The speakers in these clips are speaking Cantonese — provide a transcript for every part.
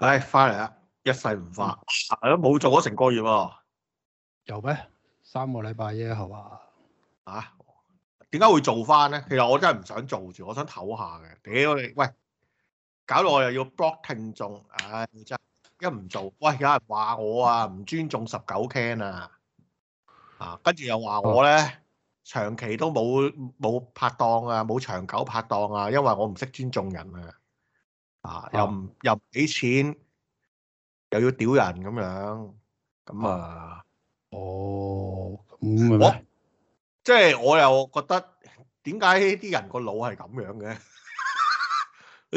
唉，翻嚟啦，一世唔化，都、啊、冇做咗成個月喎、啊，有咩？三個禮拜啫，係嘛？啊？點解會做翻咧？其實我真係唔想做住，我想唞下嘅。屌你，喂，搞到我又要 block 聽眾、哎，唉，真一唔做，喂，有人話我啊，唔尊重十九 can 啊，啊，跟住又話我咧，長期都冇冇拍檔啊，冇長久拍檔啊，因為我唔識尊重人啊。啊！又唔又俾錢，又要屌人咁樣，咁啊，啊哦咁啊即係我又覺得點解啲人個腦係咁樣嘅？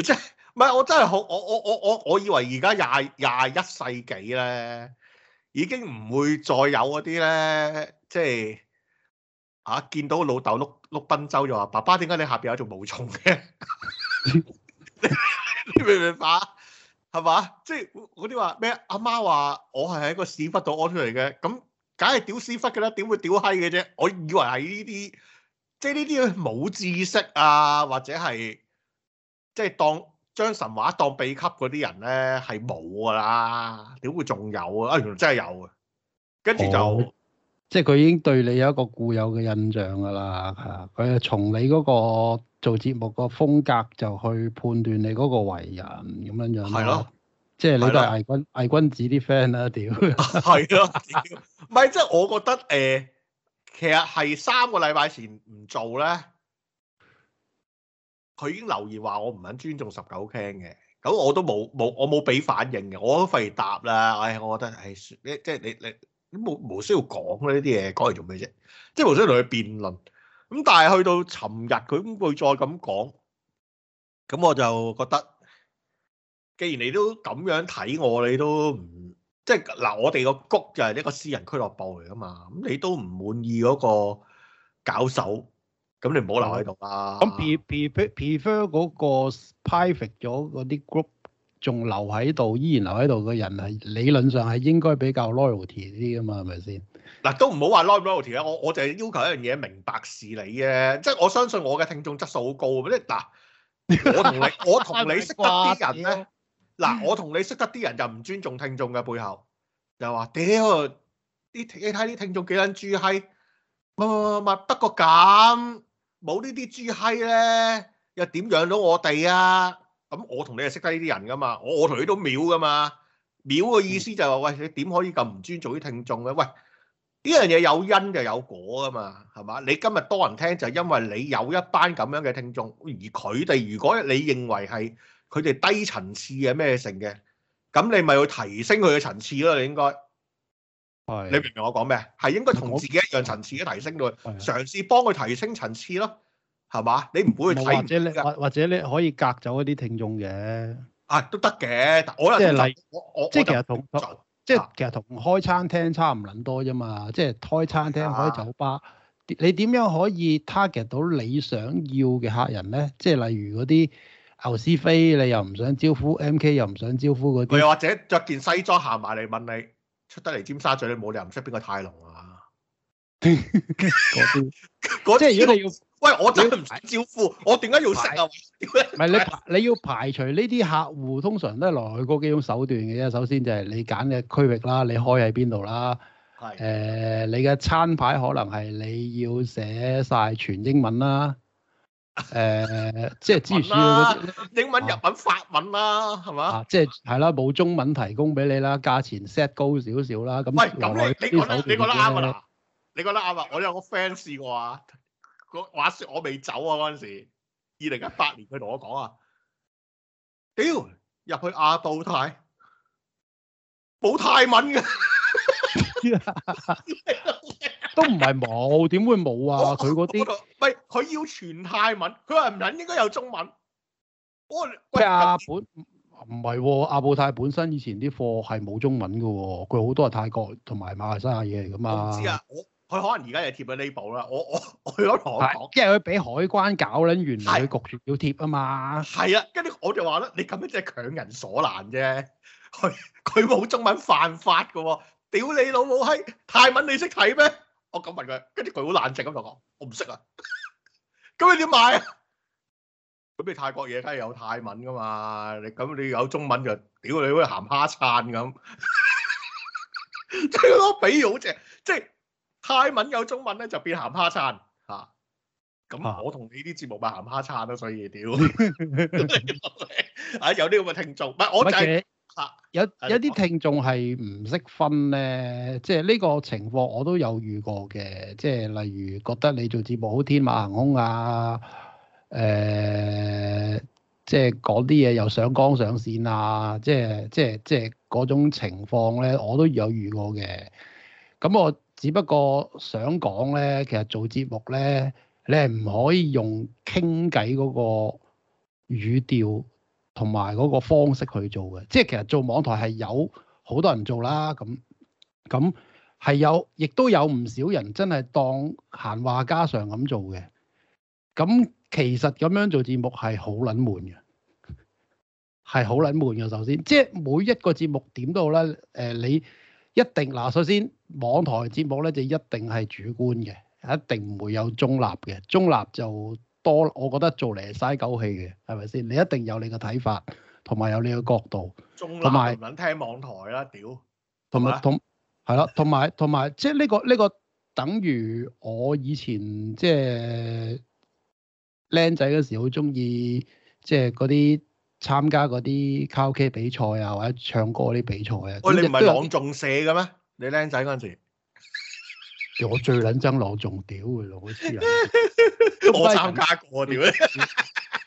即係唔係我真係好我我我我我以為而家廿廿一世紀咧，已經唔會再有嗰啲咧，即係啊見到老豆碌，碌碌賓州又話爸爸，點解你下面有一種毛蟲嘅？ 明唔明白？係嘛？即係嗰啲話咩？阿媽話我係喺個屎忽度屙出嚟嘅，咁梗係屌屎忽嘅啦，點會屌閪嘅啫？我以為係呢啲，即係呢啲冇知識啊，或者係即係當將神話當秘笈嗰啲人咧，係冇噶啦，點會仲有啊？哎，原來真係有啊。跟住就，哦即係佢已經對你有一個固有嘅印象噶啦，吓佢啊，從你嗰個做節目個風格就去判斷你嗰個為人咁樣樣係咯，的即係你都係偽君偽的君子啲 friend 啦屌，係咯的，唔係即係我覺得誒、呃，其實係三個禮拜前唔做咧，佢已經留言話我唔肯尊重十九 k 嘅，咁我都冇冇我冇俾反應嘅，我都費答啦，唉、哎，我覺得係、哎，即係你你。你你你冇冇需要講呢啲嘢講嚟做咩啫？即係無需要同佢辯論。咁但係去到尋日佢咁佢再咁講，咁我就覺得，既然你都咁樣睇我，你都唔即係嗱，我哋個谷就係一個私人俱樂部嚟噶嘛。咁你都唔滿意嗰個搞手，咁你唔好留喺度啦。咁、嗯、pre, pre, prefer 嗰個 private 咗嗰啲 group。仲留喺度，依然留喺度嘅人係理論上係應該比較 loyalty 啲噶嘛，係咪先？嗱，都唔好話 loyalty 啊！我我就係要求一樣嘢，明白事理啫。即係我相信我嘅聽眾質素好高，即，嗱，我同你，我同你識得啲人咧，嗱， 我同你識得啲人就唔尊重聽眾嘅背後，就話屌，啲、呃、你睇啲聽眾幾撚豬閪，乜乜乜乜，不過咁冇呢啲豬閪咧，又點養到我哋啊？咁我同你係識得呢啲人噶嘛，我我同你都秒噶嘛，秒嘅意思就係話，喂，你點可以咁唔尊重啲聽眾嘅？喂，呢樣嘢有因就有果噶嘛，係嘛？你今日多人聽就係因為你有一班咁樣嘅聽眾，而佢哋如果你認為係佢哋低層次嘅咩成嘅，咁你咪去提升佢嘅層次咯，你應該係的你明唔明我講咩？係應該同自己一樣層次，而提升佢，嘗試幫佢提升層次咯。係嘛？你唔會去睇嘅，或者你可以隔走一啲聽眾嘅，啊都得嘅。我有即係例，我我即係其實同即係其實同開餐廳差唔撚多啫嘛。即係開餐廳開酒吧，你點樣可以 target 到你想要嘅客人咧？即係例如嗰啲牛斯菲，你又唔想招呼，MK 又唔想招呼嗰啲，或者着件西裝行埋嚟問你出得嚟尖沙咀，你冇理由唔識邊個泰龍啊？嗰啲，即係如果你要。喂，我真係唔使招呼，排我點解要食啊？唔 係你你要排除呢啲客戶，通常都係來去幾種手段嘅啫。首先就係你揀嘅區域啦，你開喺邊度啦？係誒的、呃，你嘅餐牌可能係你要寫晒全英文啦，誒、 呃，即係、啊、英文、啊、些英文、日文、啊、日文法文啦、啊，係嘛、啊？即係係啦，冇中文提供俾你啦，價錢 set 高少少啦。咁喂，咁你你覺得你覺得你覺得啱啊？我有個 friend 試過啊。個話説我未走啊，嗰陣時二零一八年佢同我講啊，屌入去阿布泰冇泰文嘅。 都唔係冇，點會冇啊？佢嗰啲唔係佢要全泰文，佢話唔撚應該有中文。我係亞、啊、本唔係阿布泰本身以前啲貨係冇中文嘅喎、哦，佢好多係泰國同埋馬來西亞嘢嚟㗎嘛。佢可能而家又貼咗呢部 b 啦，我我我去咗同佢講，因為佢俾海關搞撚完，佢焗住要貼啊嘛。係啊，跟住我就話咧，你咁樣即係強人所難啫。佢佢冇中文犯法嘅喎，屌你老母閪，泰文你識睇咩？我咁問佢，跟住佢好冷靜咁同我講，我唔識啊。咁 你點買啊？咁你泰國嘢梗係有泰文噶嘛？你咁你有中文就屌你，好似鹹蝦餐咁， 即係嗰個比喻好正，即係。泰文有中文咧，就變鹹蝦燦嚇。咁我同你啲節目咪鹹蝦燦啦，所以屌。啊，啊啊 有啲咁嘅聽眾，唔係我就嚇、是麼啊、有有啲聽眾係唔識分咧，即係呢個情況我都有遇過嘅。即、就、係、是、例如覺得你做節目好天馬行空啊，誒、呃，即係講啲嘢又上綱上線啊，即係即係即係嗰種情況咧，我都有遇過嘅。咁我。只不過想講咧，其實做節目咧，你係唔可以用傾偈嗰個語調同埋嗰個方式去做嘅。即係其實做網台係有好多人做啦，咁咁係有，亦都有唔少人真係當閒話家常咁做嘅。咁其實咁樣做節目係好撚悶嘅，係好撚悶嘅。首先，即係每一個節目點都好啦，誒、呃、你。一定嗱，首先網台節目咧就一定係主觀嘅，一定唔會有中立嘅。中立就多，我覺得做嚟嘥狗氣嘅，係咪先？你一定有你嘅睇法，同埋有你嘅角度。中立同埋唔撚聽網台啦，屌！同埋同係咯，同埋同埋即係呢個呢個等於我以前即係靚仔嗰時好中意即係嗰啲。參加嗰啲卡拉 OK 比賽啊，或者唱歌啲比賽啊。喂、哦就是，你唔係朗誦社嘅咩？你僆仔嗰陣時，我最撚憎朗誦屌嘅咯，好似我參加過屌，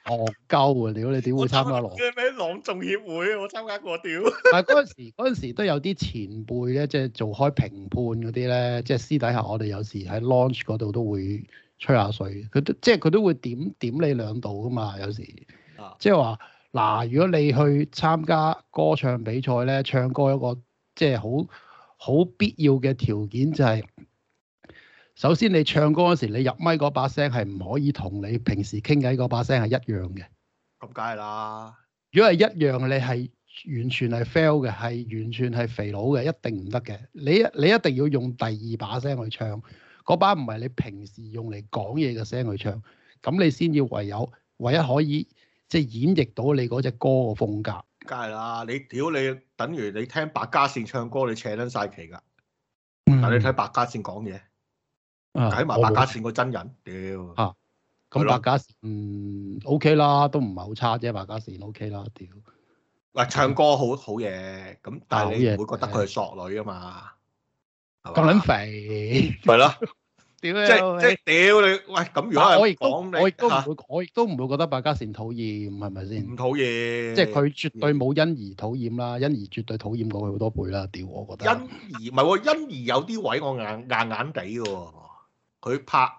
戇交啊！屌、 哦、你點會參加朗？咩朗誦協會？我參加過屌。但係嗰陣時，嗰陣時都有啲前輩咧，即係做開評判嗰啲咧，即係私底下我哋有時喺 launch 嗰度都會吹下水，佢都即係佢都會點點你兩度噶嘛，有時即係話。 嗱，如果你去參加歌唱比賽咧，唱歌有一個即係好好必要嘅條件就係，首先你唱歌嗰時你入咪嗰把聲係唔可以同你平時傾偈嗰把聲係一樣嘅。咁梗係啦，如果係一樣，你係完全係 fail 嘅，係完全係肥佬嘅，一定唔得嘅。你你一定要用第二把聲去唱，嗰把唔係你平時用嚟講嘢嘅聲去唱，咁你先要唯有唯一可以。即係演繹到你嗰隻歌嘅風格，梗係啦！你屌你，等於你聽百家倩唱歌，你扯撚晒旗㗎。嗯、但你睇百家倩講嘢，啊、解埋百家倩個真人，屌嚇。咁百了、啊、家倩，嗯 OK 啦，都唔係好差啫。百家倩 OK 啦，屌。喂、哎，唱歌好的好嘢，咁但係你唔會覺得佢係索女啊嘛？咁撚肥，係啦。屌！即係即係屌你喂，咁如果你我亦都我亦都唔會 我亦都唔會覺得百家倩討厭係咪先？唔討厭。是是討厭即係佢絕對冇欣宜討厭啦，欣宜絕對討厭過佢好多倍啦，屌我覺得。欣宜唔係，欣宜有啲位我硬硬硬地嘅喎，佢拍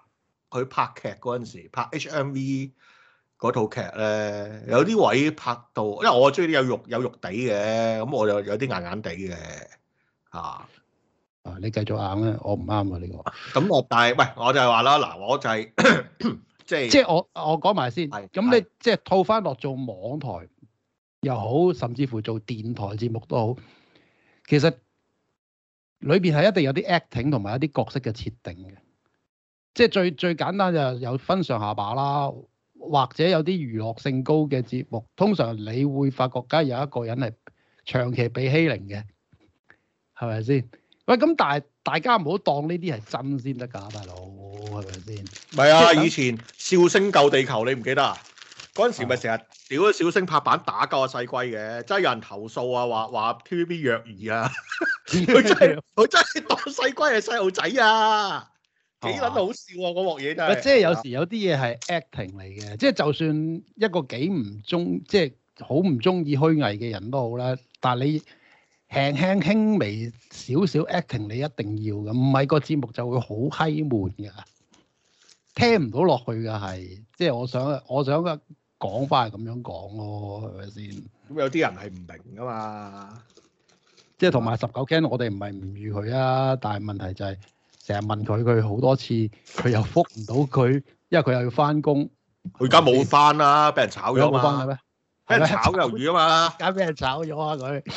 佢拍劇嗰陣時拍 H M V 嗰套劇咧，有啲位拍到，因為我中意啲有肉有肉地嘅，咁我又有啲硬硬地嘅啊。你繼續硬咧，我唔啱啊！呢、這個咁落低，喂，我就係話啦，嗱，我就係、係就係、即係即係我我講埋先，咁是你是即係套翻落做網台又好，甚至乎做電台節目都好，其實裏邊係一定有啲 acting 同埋一啲角色嘅設定嘅，即係最最簡單就有分上下把啦，或者有啲娛樂性高嘅節目，通常你會發覺，梗係有一個人係長期被欺凌嘅，係咪先？喂，咁但係大家唔好當呢啲係真先得噶，大佬，係咪先？唔係啊，等以前笑星救地球，你唔記得啊？嗰陣時咪成日屌咗小星拍板打救阿細龜嘅，真係有人投訴啊，話話 TVB 虐兒啊，佢 真係是佢 真係當細龜係細路仔啊，幾撚好笑啊！嗰鑊嘢真係即係有時有啲嘢係 acting 嚟嘅，即係的就，就算一個幾唔中，即係好唔中意虛偽嘅人都好啦，但係你。輕輕輕微少少 acting，你一定要嘅，唔係個節目就會好閪悶嘅，聽唔到落去嘅係，即係我想我想講翻係咁樣講咯，係咪先？咁有啲人係唔明噶嘛，即係同埋十九 Ken 我哋唔係唔預佢啊，但係問題就係成日問佢，佢好多次佢又覆唔到佢，因為佢又要翻工。佢而家冇翻啦，俾以人炒咗啊嘛！俾人炒魷魚啊嘛！而家俾人炒咗啊佢。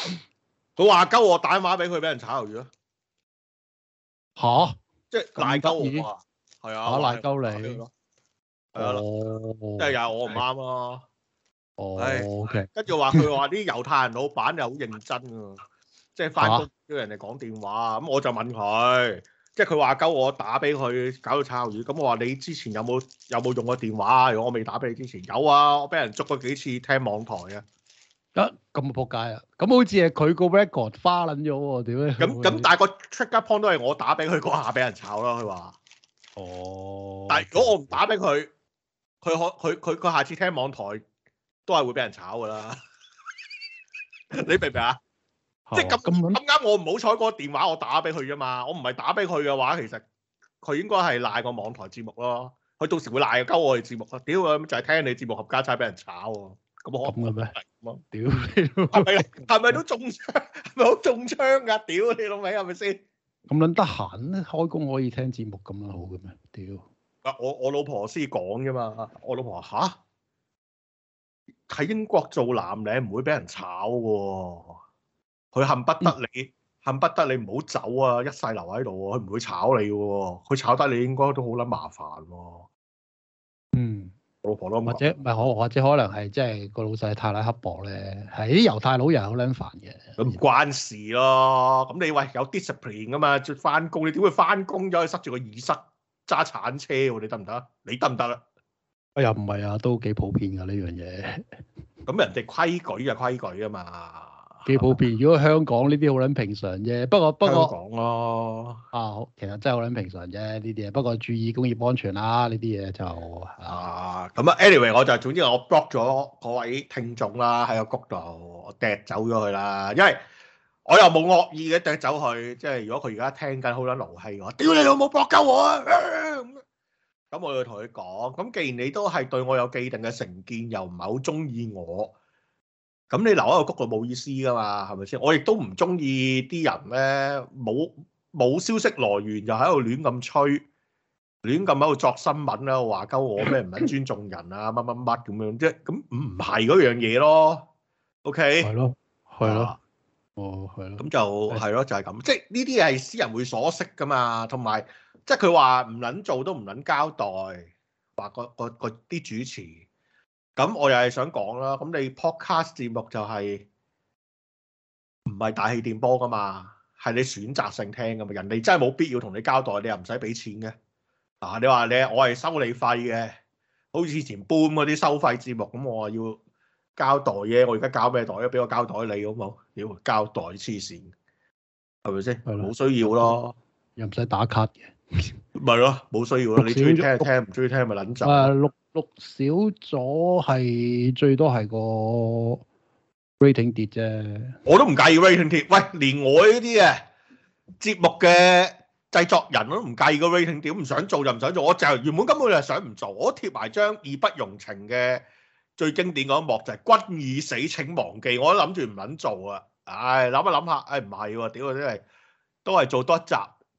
佢話鳩我打電話俾佢，俾人炒魷魚啊？嚇！即係賴鳩我啩？係啊，賴鳩你。啊、哦，啊、哦即係又係我唔啱咯。哎、哦，OK。跟住話佢話啲猶太人老闆又好認真啊，即係翻工叫人哋講電話咁、啊、我就問佢，即係佢話鳩我打俾佢搞到炒魷魚。咁我話你之前有冇有冇用過電話？如果我未打俾你之前，有啊，我俾人捉過幾次聽網台啊。啊咁，啊，仆街啊！咁、啊、好似係佢個 record 花捻咗喎，點樣？咁咁，但係個 checkup pong 都係我打俾佢嗰下俾人炒咯，佢話。哦。但係如果我唔打俾佢，佢可佢佢佢下次聽網台都係會俾人炒噶啦。 你明唔明啊？ 即係咁咁啱，我唔好彩嗰個電話我打俾佢啫嘛。我唔係打俾佢嘅話，其實佢應該係賴個網台節目咯。佢到時會賴鳩我哋節目啊！屌啊，就係聽你節目冚家鏟俾人炒。咁好咁嘅咩？屌你老味，係咪 都中槍？係咪好中槍噶？屌你老味？係咪先？咁捻得閒咧，開工可以聽節目咁樣好嘅咩？屌好！啊， 我我老婆先講啫嘛。我老婆話吓，喺英國做藍領，你唔會俾人炒嘅。佢恨不得你恨 不得你唔好走啊，一世留喺度啊。佢唔會炒你嘅。佢炒得你應該都好捻麻煩。老婆咯，或者咪我，或者可能係即係個老細太拉刻薄咧，係啲猶太佬又好撚煩嘅，佢唔關事咯。咁你喂有 discipline 噶嘛？翻工你點會翻工走去塞住個耳塞揸鏟車？你得唔得？你得唔得啊？你行行哎呀，唔係啊，都幾普遍噶呢樣嘢。咁 人哋規矩啊規矩啊嘛。幾普遍，如果香港呢啲好撚平常啫。不過不過，香港咯啊，啊，其實真係好撚平常啫呢啲嘢。不過注意工業安全啦，呢啲嘢就啊咁啊。啊啊、anyway，我就總之我 block 咗嗰位聽眾啦，喺個谷度我掟走咗佢啦。因為我又冇惡意嘅掟走佢，即係如果佢而家聽緊好撚勞氣，我屌你老母，搏鳩我啊！咁、啊、我要同佢講，咁既然你都係對我有既定嘅成見，又唔係好中意我。咁你留喺個谷度冇意思噶嘛，係咪先？我亦都唔中意啲人咧，冇冇消息來源就喺度亂咁吹，亂咁喺度作新聞呀，話鳩我咩唔肯尊重人啊，乜乜乜咁樣啫，咁唔係嗰樣嘢咯，OK？係咯，係咯，哦，係咯。咁就係咯，就係咁，即係呢啲係私人會所識噶嘛，同埋即係佢話唔撚做都唔撚交代，話個個個啲主持。咁我又係想講啦，咁你 podcast 節目就係唔係大氣電波㗎嘛？係你選擇性聽㗎嘛？人哋真係冇必要同你交代，你又唔使俾錢嘅。嗱、啊，你話你我係收你費嘅，好似以前搬嗰啲收費節目咁，我話要交代嘅、啊。我而家搞咩代啊？俾我交代你好唔好？妖，交代黐線，係咪先？係咯，冇需要咯，又唔使打卡嘅，咪咯，冇需要咯。你中意聽就聽，唔中意聽咪撚走。六少咗係最多係個 rating 跌啫，我都唔介意 rating 跌。喂，連我呢啲嘅節目嘅製作人我都唔介意個 rating 跌，唔想做就唔想做。我就原本根本就係想唔做，我貼埋張義不容情嘅最經典嗰一幕就係君已死，請忘記。我都諗住唔肯做啊，唉諗下諗下，唉唔係，屌真係都係做多一集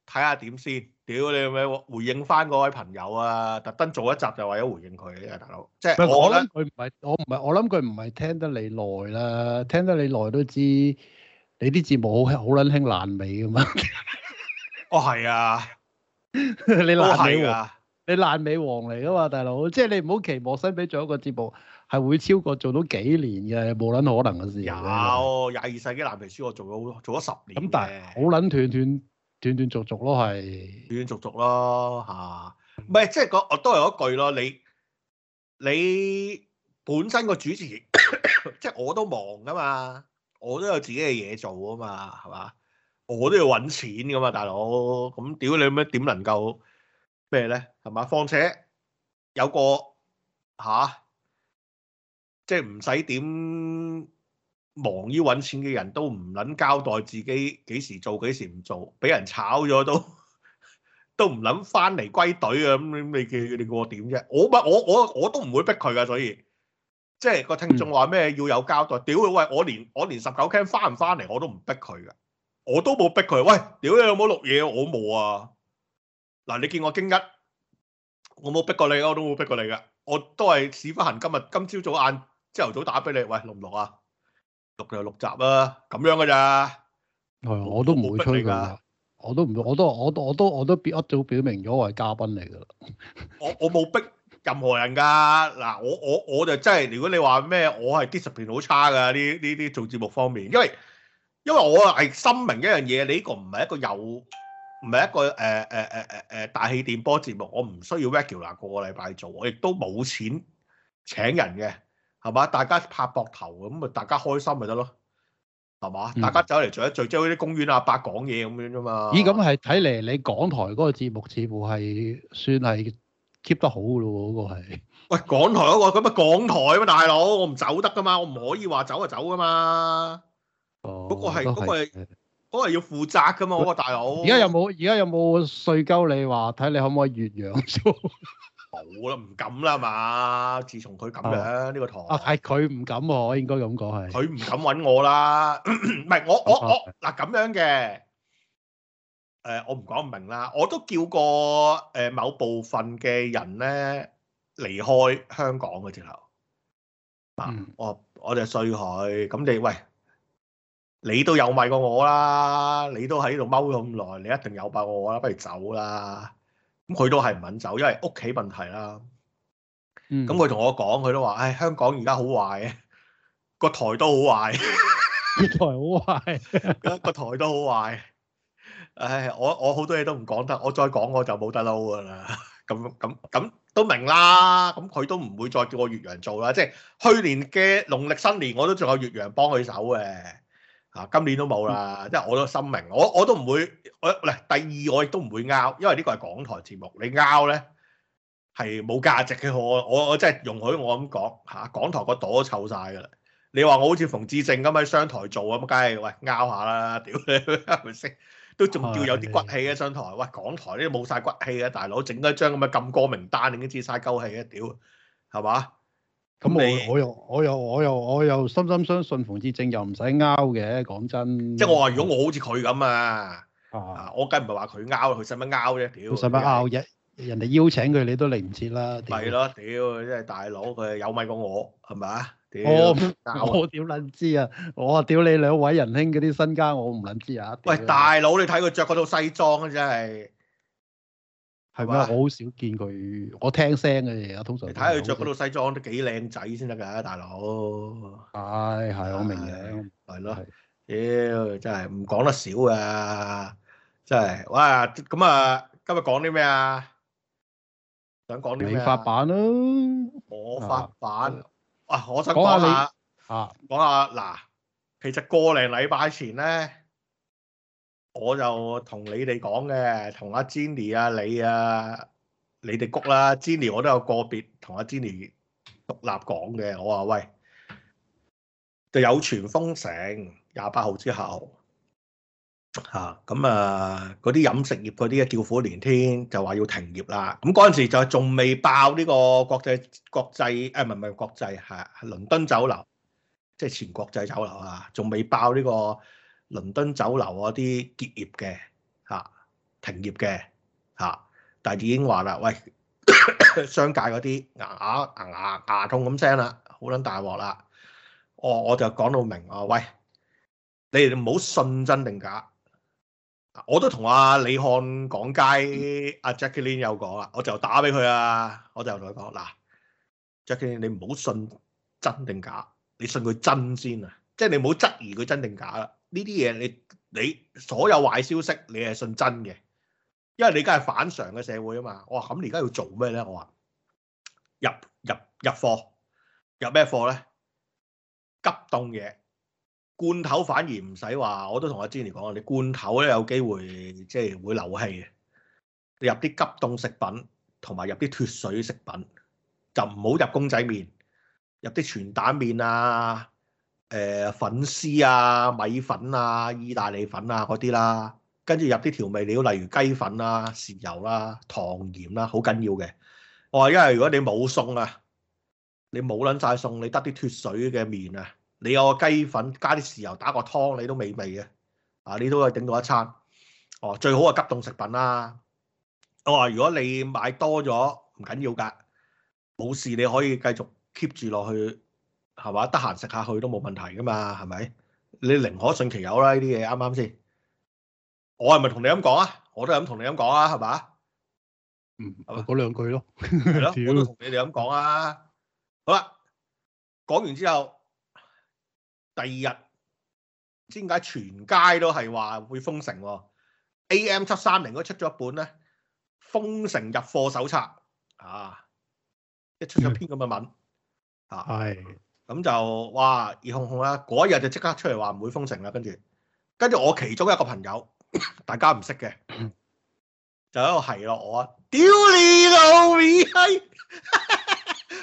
睇下點先。屌你咪回應翻嗰位朋友啊！特登做一集就為咗回應佢啊，大佬。即係我諗佢唔係，我唔係，我諗佢唔係聽得你耐啦，聽得你耐都知你啲節目好好捻興爛尾噶嘛。哦，係啊，你爛尾啊，你爛尾王嚟噶嘛，大佬。即係你唔好期望新俾做一個節目係會超過做到幾年嘅，冇捻可能嘅事。有廿二世紀爛皮書我做咗做咗十年嘅，但係好捻斷斷。斷斷續續咯，係斷斷續續咯，吓，唔係即係講，我、就是、都係嗰句咯。你你本身個主持，即 係我都忙噶嘛，我都有自己嘅嘢做啊嘛，係嘛，我都要搵錢噶嘛，大佬。咁屌你咩？點能夠咩咧？係嘛？況且有個吓，即係唔使點。就是忙於揾錢嘅人都唔諗交代自己幾時做幾時唔做，俾人炒咗都都唔諗翻嚟歸隊啊！咁你你叫你叫我點啫？我唔我我我都唔會逼佢噶，所以即係個聽眾話咩要有交代，屌佢喂！我連我連十九 K 翻唔翻嚟我都唔逼佢噶，我都冇逼佢。喂，屌你有冇錄嘢？我冇啊！嗱，你見我驚一，我冇逼過你，我都冇逼過你㗎，我都係屎忽痕。今日今朝早晏朝頭早打俾你，喂錄唔錄啊？錄有六集啊，咁樣噶咋？係、嗯、我都唔會催佢，我都唔，我都，我都，我都，我都一早表明咗我係嘉賓嚟噶啦。我我冇逼任何人噶。嗱，我我我就真係，如果你話咩，我係 discipline 好差噶呢？呢啲做節目方面，因為因為我係深明一樣嘢，你呢個唔係一個有，唔係一個誒誒誒誒誒大氣電波節目，我唔需要 regular 個個禮拜做，我亦都冇錢請人嘅。係嘛？大家拍膊頭咁，咪大家開心咪得咯？係嘛？大家走嚟聚一聚，即係啲公園阿伯講嘢咁樣啫嘛。咦？咁係睇嚟你港台嗰個節目，似乎係算係 keep 得好咯？嗰、嗰個係喂港台嗰個咁啊，港台啊、那個、嘛，大佬，我唔走得噶嘛，我唔可以話走就走噶嘛。哦，嗰個係嗰是個係是要負責噶嘛，嗰個大佬。而家有冇而家有冇稅鳩，你話睇你可唔可以越洋 冇啦，唔敢啦嘛！自從佢咁樣呢個堂，係佢唔敢喎，應該咁講係。佢唔敢搵我啦，唔係我我我嗱咁樣嘅，誒，我唔講唔明啦。我都叫過誒某部分嘅人咧離開香港嘅之後，嗱，我我就衰佢，咁你喂，你都有賣過我啦，你都喺度踎咗咁耐，你一定有賣過我啦，不如走啦。佢都係唔肯走，因為屋企問題啦。咁佢同我講，佢都話，唉，香港而家好壞，個台都好壞，個台好壞，個 台都好壞。唉，我我好多嘢都唔講得，我再講我就冇得撈噶啦。咁咁咁都明啦。咁佢都唔會再叫我粵陽做啦。即係去年嘅農曆新年，我都仲有粵陽幫佢手嘅。啊！今年都冇啦，即係我都心明，我我都唔會，我唔第二，我亦都唔會拗，因為呢個係港台節目，你拗呢係冇價值嘅。我我我真係容許我咁講吓，港台個朵都臭晒㗎啦！你話我好似馮志正咁喺商台做咁，梗係喂拗下啦，屌你咪先？ 都仲叫有啲骨氣啊！商台，喂港台呢冇晒骨氣啊！大佬整咗一張咁嘅禁歌名單，已經知晒鳩氣啊！屌，係嘛？咁我、嗯、我又我又我又我又，我又深深相信馮志正又唔使拗嘅，講真。即係我話如果我好似佢咁啊，啊，啊我梗唔係話佢拗，佢使乜拗啫？屌！使乜拗啫？人哋邀請佢，你都嚟唔切啦。係咯，屌！真係大佬，佢有米過我係咪，嗯我？我我屌捻知啊！ 我屌你兩位仁兄嗰啲身家，我唔捻知啊！ 喂，大佬，你睇佢着嗰套西裝啊，真係～係咩？好哇少見佢，我聽聲嘅嘢啊，通常。你睇佢着嗰套西裝都幾靚仔先得噶，大佬。係係，哎，哎，我明嘅。係咯，妖真係唔講得少噶，真係哇！咁啊，今日講啲咩啊？想講啲咩？你發版啊？我發版啊，啊！我想講下你啊，講下嗱，其實個零禮拜前咧。我就同你哋講嘅，同阿 Jenny 啊、你啊、你哋谷啦，Jenny 我都有個別同阿 Jenny 獨立講嘅，我話喂，就有傳封城廿八號之後，吓，咁啊，嗰啲飲食業嗰啲叫苦連天，就話要停業啦。咁嗰陣時就仲未爆呢個國際國際誒，唔係唔係國際係倫敦酒樓，即係全國際酒樓啊，仲未爆呢個。倫敦酒樓嗰啲結業嘅嚇、啊、停業嘅嚇，但、啊、係已經話啦，喂 商界嗰啲牙牙牙牙痛咁聲啦，好撚大鑊啦！我我就講到明啊，喂你哋唔好信真定假，我都同阿李漢講街，阿、嗯啊、Jackeline 有講啦，我就打俾佢啊，我就同佢講、啊、嗱 Jackie 你唔好信真定假，你信佢真先啊，即、就、係、是、你唔好質疑佢真定假啦。呢啲嘢你你所有壞消息你係信真嘅，因為你而家係反常嘅社會啊嘛。我話咁你而家要做咩咧？我話入入入貨，入咩貨咧？急凍嘢罐頭反而唔使話，我都同阿之妮講啊，你罐頭咧有機會即係、就是、會漏氣嘅。你入啲急凍食品同埋入啲脱水食品，就唔好入公仔麵，入啲全蛋麵啊。誒粉絲啊、米粉啊、意大利粉啊嗰啲啦，跟住入啲調味料，例如雞粉啦、啊、豉油啦、啊、糖鹽啦、啊，好緊要嘅。我、哦、話因為如果你冇餸啊，你冇撚晒餸，你得啲脱水嘅麵啊，你有個雞粉加啲豉油打個湯，你都美味嘅啊，你都可以整到一餐。哦，最好係急凍食品啦。我、哦、話如果你買多咗唔緊要㗎，冇事你可以繼續 keep 住落去。係嘛？得閒食下去都冇問題噶嘛？係咪？你寧可信其有啦，呢啲嘢啱啱先？我係咪同你咁講啊？我都係咁同你咁講啊？係嘛？嗯，嗰兩句咯吧，係咯， 我都同你哋咁講啊。好啦，講完之後，第二日，知點解全街都係話會封城喎、啊、？A.M. 七三零都出咗一本咧，《封城入貨手冊》啊，一出咗篇咁嘅文的啊，係。咁就哇熱烘烘啦，嗰一日就即刻出嚟話唔會封城啦，跟住跟住我其中一個朋友，大家唔識嘅，就喺度係咯， 我屌你老味閪，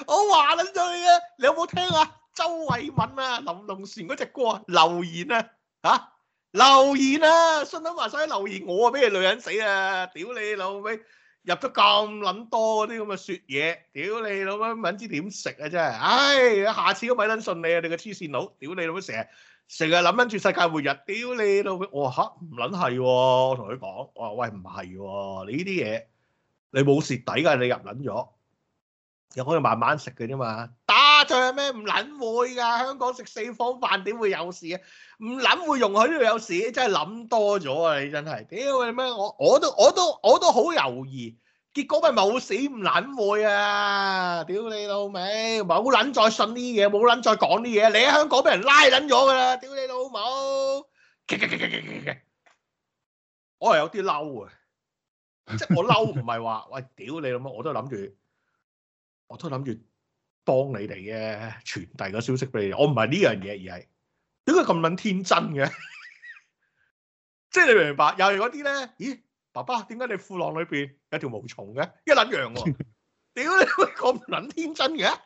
我話撚咗你啊，你有冇聽啊？周慧敏啊，林隆璇嗰隻歌啊，流言啊，嚇、啊、流言啊，信都話曬流言，我啊俾你女人死啊，屌你老味！入咗咁撚多嗰啲咁嘅雪嘢，屌你老母、啊，唔知點食啊真係！唉、哎，下次都咪撚信你啊，你個黐線佬！屌你老母，成日成日諗撚住世界末日，屌你老母、哦啊！我話嚇唔撚係喎，我同佢講，我話喂唔係喎，你呢啲嘢你冇蝕底㗎，你入撚咗，又可以慢慢食嘅啫嘛。咩唔捻會噶，香港食四方飯點會有事啊？唔捻會用喺呢度有事，真係諗多咗啊！你真係，屌你咩？我我都我都我都好猶豫，結果咪冇死唔捻會啊！屌你老味，冇捻再信啲嘢，冇捻再講啲嘢。你喺香港俾人拉捻咗噶啦！屌你老母！我係有啲嬲啊，即係我嬲唔係話喂屌你老母，我都諗住，我都諗住。幫你哋嘅傳遞個消息俾你，我唔係呢樣嘢，而係點解咁撚天真嘅？ 即係你明白有嗰啲咧？咦，爸爸點解你褲囊裏邊有條毛蟲嘅？一撚樣喎，哦！屌你，咁撚天真嘅？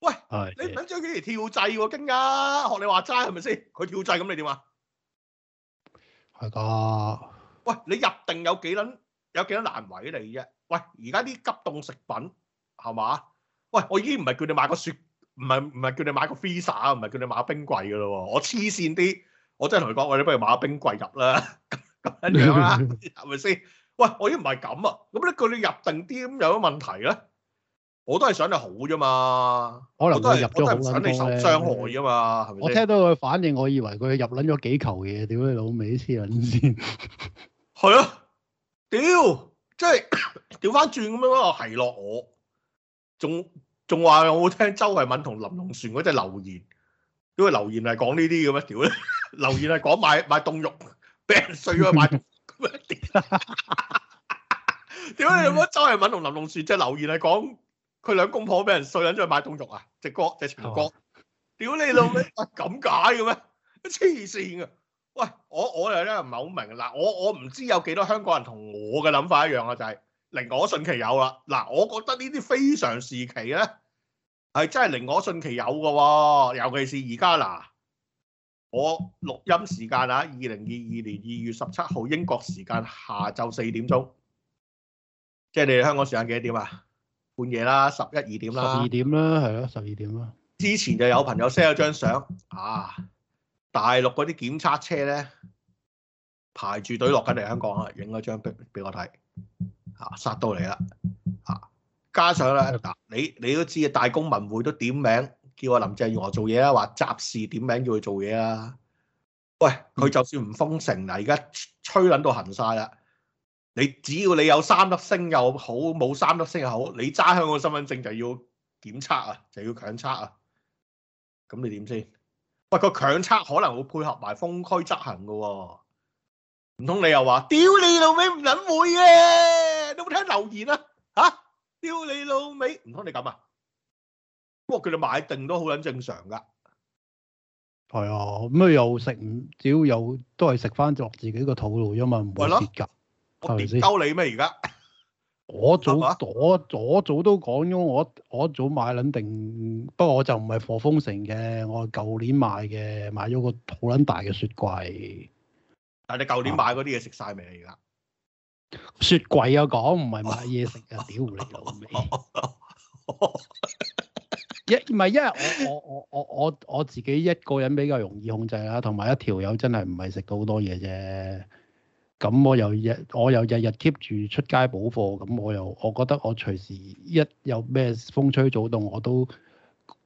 喂， 你唔撚張敬兒跳掣喎，經啊，學你話齋係咪先？佢跳掣咁，你點啊？係噶。喂，你入定有幾撚有幾多難為你啫？喂，而家啲急凍食品係嘛？喂，我已經唔係叫你買個雪，唔係唔係叫你買個 freezer 唔係叫你買冰櫃嘅咯。我黐線啲，我真係同佢講，我哋不如買個冰櫃入啦，咁樣啦、啊，係咪先？喂，我已經唔係咁啊，咁你叫你入定啲咁有乜問題咧？我都係想你好啫嘛，可能都係入咗好撚多咧。我聽到佢反應，我以為佢入撚咗幾球嘢，屌你老味黐撚線，係 啊，屌，即係調翻轉咁樣啊，係落我。仲仲話有冇聽周慧敏同林隆璇嗰隻留言？因為留言係講呢啲嘅咩？屌，留言係講買買凍肉俾人碎啊，買咁樣點啊？屌你老味，周慧敏同林隆璇即係留言係講佢兩公婆俾人碎，跟住買凍肉啊！只哥只情哥，屌你老味，咁解嘅咩？黐線啊！喂，我我又咧唔係好明嗱，我我唔知有幾多香港人同我嘅諗法一樣啊，就係。寧可信其有啦。嗱，我覺得呢啲非常時期咧，係真係寧可信其有嘅喎、哦。尤其是而家嗱，我錄音時間啊，二零二二年二月十七號英國時間下晝四點鐘，即係你哋香港時間幾多點啊？半夜啦，十一二點啦。十二點啦，係咯，十二點啦。之前就有朋友 send 咗張相啊，大陸嗰啲檢測車咧排住隊落緊嚟香港啊，影咗張俾俾我睇。啊！殺到你啦！啊！加上咧，你你都知啊，大公文匯都點名叫我林鄭月娥做嘢啦，話集事點名叫佢做嘢啦、啊。喂，佢就算唔封城嗱，而家吹捻到行晒啦。你只要你有三粒星又好，冇三粒星又好，你揸香港身份證就要檢測啊，就要強測啊。咁你點先？喂，個強測可能會配合埋封區執行嘅喎、哦。唔通你又話屌你老味唔捻會嘅、啊？有冇聽留言啊？嚇、啊！屌你老味，唔通你咁啊？不過佢哋買定都好撚正常噶。係啊，咩又食唔，只要有都係食翻落自己個肚度啫嘛，唔會蝕噶。係咪先？鳩、就是、你咩？而家我早， 我早，我早都講咗，我我早買撚定，不過我就唔係貨豐城嘅，我係舊年買嘅，買咗個好撚大嘅雪櫃。但係你舊年買嗰啲嘢食晒未啊你？而家？雪櫃啊，講唔係買嘢食啊，屌你老味！一唔係因為我我我我我我自己一個人比較容易控制啦，同埋一條友真係唔係食到好多嘢啫。咁我，我又日我又日日 keep 住出街補貨，咁我又我覺得我隨時一有咩風吹草動，我都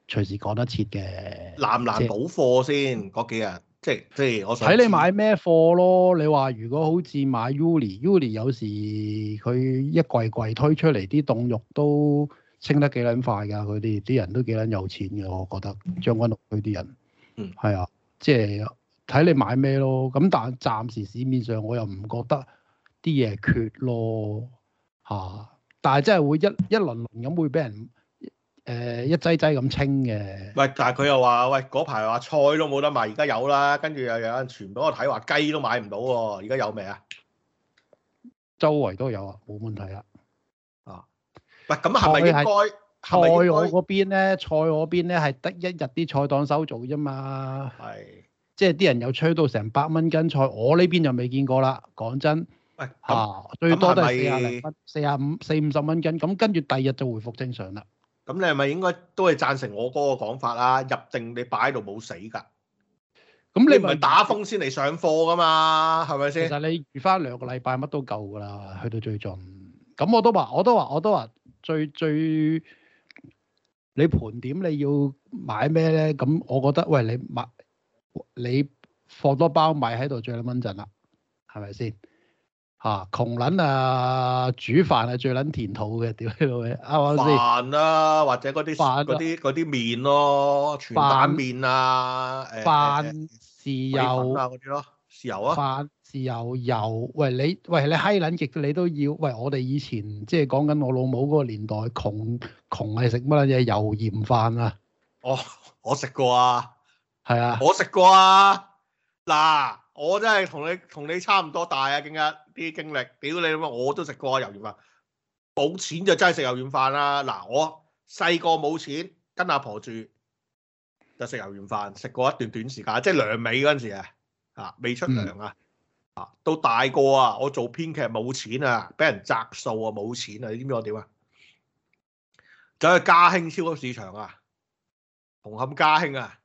隨時趕得切嘅。難唔難補貨先嗰幾日。即係即係，我睇你買咩貨咯。你話如果好似買 Uly，Uly 有時佢一櫃櫃推出嚟啲凍肉都清得幾撚快㗎。佢哋啲人都幾撚有錢嘅，我覺得將軍澳區啲人。嗯，係啊，即係睇你買咩咯。咁但係暫時市面上我又唔覺得啲嘢缺咯嚇、啊。但係真係會一一輪輪咁會俾人。誒一劑劑咁清嘅，喂！但係佢又話：喂，嗰排話菜都冇得賣，而家有啦。跟住又有人傳俾我睇，話雞都買唔到喎。而家有未啊？周圍都有啊，冇問題啦。啊，喂！咁係咪應該菜我嗰邊咧？菜我嗰邊咧係得一日啲菜檔收做啫嘛。係，即係啲人有吹到成百蚊斤菜，我呢邊就未見過啦。講真，喂，嗯、啊，最多都係四啊四啊五、四十五、五十蚊斤。咁跟住第二日就回復正常啦。咁你係咪應該都係贊成我哥個講法啦、啊？入定你擺喺度冇死噶？咁那你唔係打風先嚟上貨噶嘛？係咪先？其實你預返兩個禮拜乜都夠噶啦，去到最盡。咁我都話，我都話，我都話，最最你盤點你要買咩咧？咁我覺得，喂，你買你放多包米喺度最穩陣啦，係咪先？吓窮捻啊，啊，煮飯係最捻填肚嘅，屌你老味啱唔啱先？飯啦，或者嗰啲嗰啲嗰啲麵咯，全蛋麵啊，誒，豉油豉、啊、油啊，飯豉油油喂，你喂你嗨捻極你都要餵我哋以前即係講緊我老母嗰個年代窮窮係食乜嘢油鹽飯啊？哦，我食過啊，係啊，我食過啊，嗱、啊、我真係同你同你差唔多大啊勁一。啲經歷，屌你咁啊！我都食過啊，油鹽飯冇錢就真係食油鹽飯啦。嗱，我細個冇錢，跟阿婆住就食油鹽飯，食過一段短時間，即係糧尾嗰陣時啊，啊，未出糧啊，啊、嗯，到大個啊，我做編劇冇錢啊，俾人摘數啊，冇錢啊，你知唔知我點啊？走去嘉興超級市場啊，紅磡嘉興啊，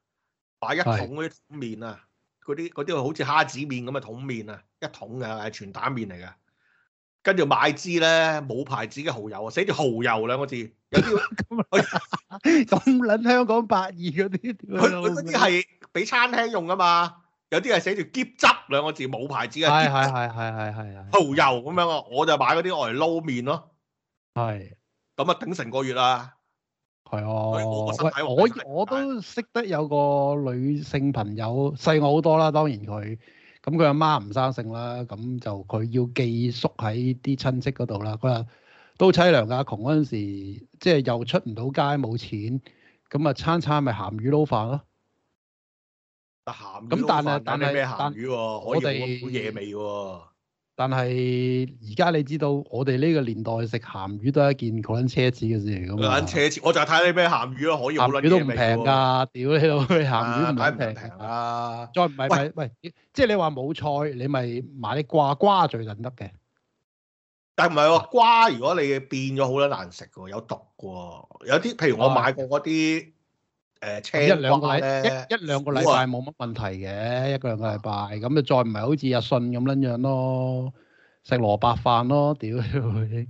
買一桶嗰啲麵啊，嗰啲嗰啲好似蝦子麵咁嘅桶麵啊！一桶嘅係全蛋麵嚟㗎，跟住買支咧冇牌子嘅蠔油，寫住蠔油兩個字，有啲咁撚香港百二嗰啲。佢嗰啲係俾餐廳用噶嘛，有啲係寫住蠍汁兩個字，冇牌子嘅蠔油咁樣啊！我就買嗰啲嚟撈麵咯。係，咁啊，頂成個月啦。係啊。我我我都識得有個女性朋友細我好多啦，當然佢。咁佢阿媽唔生性啦，咁就佢要寄宿喺啲親戚嗰度啦。佢話都淒涼噶，窮嗰陣時，即係又出唔到街，冇錢，咁啊餐餐咪鹹魚撈飯咯。但鹹魚，咁但係，但係是咩是鹹魚、啊、但我哋好野味喎、啊。但係而家你知道，我哋呢個年代食鹹魚都係一件好撚奢侈嘅事嚟嘅嘛。奢侈，我就係睇你咩鹹魚咯，可以鹹魚都唔平㗎，屌你鹹魚唔平唔平啊！再唔係唔係，喂，喂即係你話冇菜，你咪買啲瓜瓜最緊得嘅。但係唔係喎，瓜、啊、如果你變咗好多難食嘅，有毒嘅，有啲譬如我買過嗰啲。啊誒，一兩個禮，一兩個禮拜冇乜問題嘅，一個兩個禮拜，咁就再唔係好似阿信咁樣樣咯，食蘿蔔飯咯，屌佢！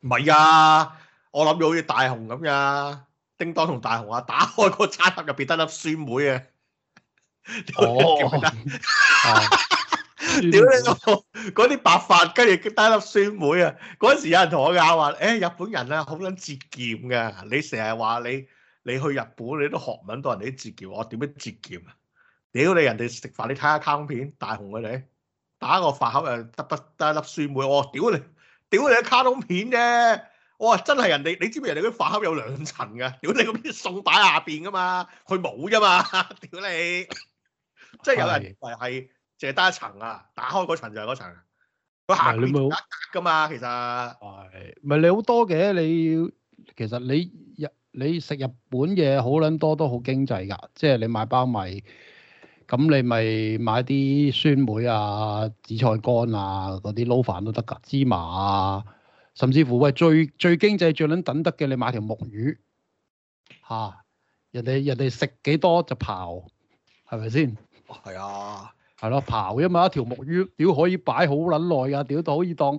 唔係啊，我諗住好似大雄咁樣，叮當同大雄，oh, 啊，打開個餐盒入邊得粒酸梅啊！哦，屌你嗰啲白飯跟住得粒酸梅啊！嗰時有人同我咬話，誒，日本人啊，好捻節儉嘅，你成日話你。你去日本，你都學唔到人哋啲節儉，我點樣節儉啊？屌你！人哋食飯，你睇下卡通片，大雄佢你打個飯盒又得不得粒酸梅？我屌你！屌你卡通片啫！我話、啊、真係人哋，你知唔知人哋啲飯盒有兩層㗎？屌你嗰啲餸擺下邊㗎嘛，佢冇㗎嘛！屌你，即、就、係、是、有人以為係淨係得一層啊？打開嗰層就係嗰層，佢下邊有隔㗎嘛，其實係咪你，你好多嘅？你其實你。你食日本嘢好撚多都好經濟㗎，即係你買包米，咁你咪買啲酸梅啊、紫菜乾啊嗰啲撈飯都得㗎，芝麻啊，甚至乎喂最最經濟最撚等得嘅，你買條木魚嚇，人哋人哋食幾多就刨，係咪先？係啊，係咯，刨。因為一條木魚，屌、啊哦啊、可以擺好撚耐㗎，屌都可以當。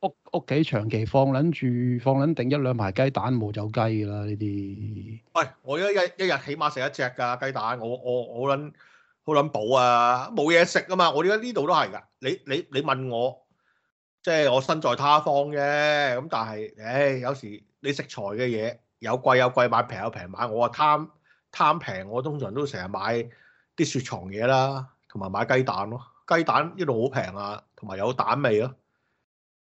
屋屋企長期放撚住，放撚定一兩排雞蛋冇走雞噶啦，呢啲。喂、哎，我一一一日起碼食一隻㗎雞蛋，我我我撚，好撚補啊，冇嘢食啊嘛。我而家呢度都係㗎。你你你問我，即、就、係、是、我身在他方啫。咁但係，唉、哎，有時你食材嘅嘢有貴有貴買，平有平買，買。我啊貪貪平，我通常都成日買啲雪藏嘢啦，同埋買雞蛋咯。雞蛋呢度好平啊，同埋有，有蛋味咯。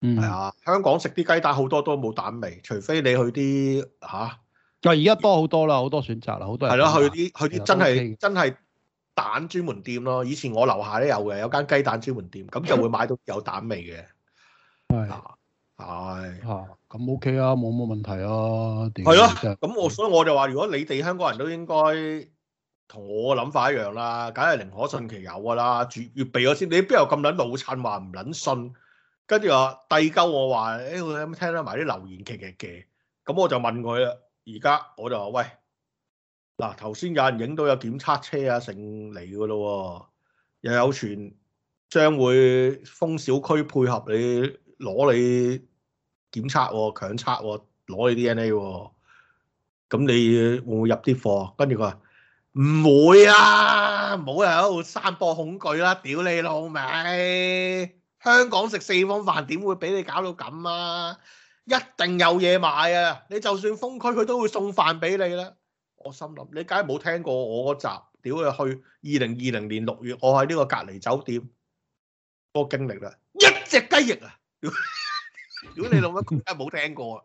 嗯，係啊，香港食啲雞蛋好多都冇蛋味，除非你去啲吓，就而家多好多啦，好多選擇啦，好多人係咯，的去啲去啲真係的真係蛋專門店咯。以前我樓下都有嘅，有間雞蛋專門店，咁就會買到有蛋味嘅。係係吓，咁 OK 啊，冇冇問題啊，點係咯？咁，的是我所以我就話，如果你哋香港人都應該同我諗法一樣啦，梗係寧可信其有噶啦，預預備咗先。你邊有咁撚腦殘話唔撚信？跟住話遞鳩我話，誒我、哎、有冇聽得埋啲留言奇奇？其實嘅咁，我就問佢啦。而家我就話喂，嗱頭先有人影到有檢測車啊成嚟噶咯，又有傳將會封小區配合你攞你檢測，啊，強測攞你 DNA，啊。咁你會唔會入啲貨？跟住佢話唔會啊，唔好喺度散播恐懼啦，屌你老味！香港食四方飯點會俾你搞到咁啊？一定有嘢買啊！你就算封區，佢都會送飯俾你啦。我心諗你梗係冇聽過我嗰集，屌啊！去二零二零年六月，我喺呢個隔離酒店嘅經歷啦，一隻雞翼啊！屌你老母，梗係冇聽過啊！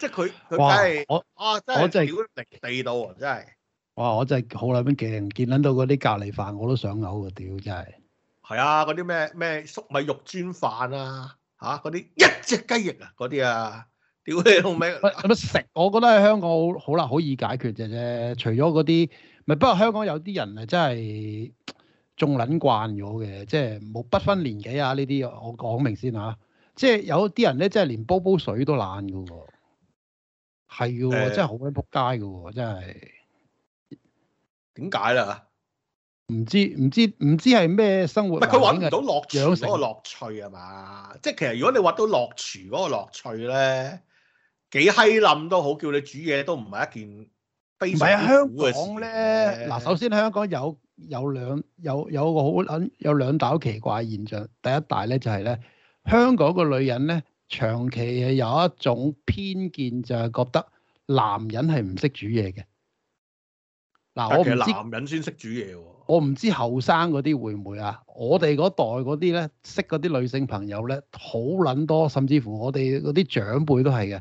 即係佢佢真係，我啊真係屌，地道真係。哇！我真係好耐冇見，見撚到嗰啲隔離飯，我都想嘔啊！屌真係。係 啊，嗰啲咩咩粟米肉煎飯啊，嚇嗰啲一隻雞翼啊，嗰啲啊，屌你老味，有乜食？我覺得喺香港好好難可以解決嘅啫，除咗嗰啲咪，不過香港有啲人啊，真係仲撚慣咗嘅，即係冇不分年紀啊呢啲，我講明先嚇。即係有啲人咧，真係連煲煲水都懶嘅喎、哦，係嘅、欸哦，真係好鬼仆街嘅喎，真係點解啦？唔知唔知唔知係咩生活，佢搵唔到樂廚嗰個樂趣啊嘛！即係其實如果你搵到樂廚嗰個樂趣咧，幾閪冧都好，叫你煮嘢都唔係一件非常苦嘅事。嗱，首先香港有有兩有有個好撚有兩大好奇怪現象。第一大咧就係、是、咧，香港個女人咧長期係有一種偏見，就係覺得男人係唔識煮嘢嘅。嗱，我其實我男人先識煮嘢。我唔知後生嗰啲會唔會啊？我哋嗰代嗰啲咧，識嗰啲女性朋友咧，好撚多，甚至乎我哋嗰啲長輩都係嘅。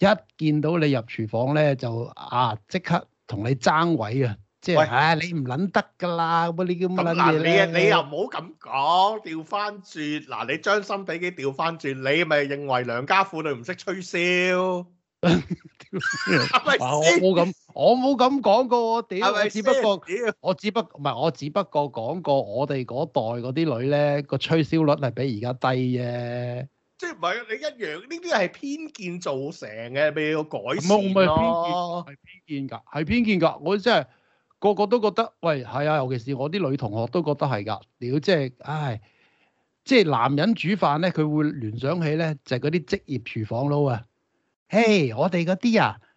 一見到你入廚房咧，就啊即刻同你爭位啊！即係唉，你唔撚得㗎啦！咁啊，你咁啊，你啊你，你又唔好咁講，調翻轉嗱，你將心比己調翻轉，你咪認為良家婦女唔識吹簫， 我我咁。 我冇咁講過，我屌，只不過我只不唔係我只不過講過， 我哋嗰代嗰啲女咧、嗰個吹銷率係比而家低嘅。即係唔係？你一樣呢啲係偏見造成嘅，你要改善咯、啊。係偏見㗎，係偏見㗎。我真、就、係、是、個個都覺得，喂係啊，尤其是我啲女同學都覺得係㗎。屌、就是，即係唉，即、就、係、是、男人煮飯咧，佢會聯想起咧就係嗰啲職業廚房佬、hey，啊。嘿，我哋嗰啲啊～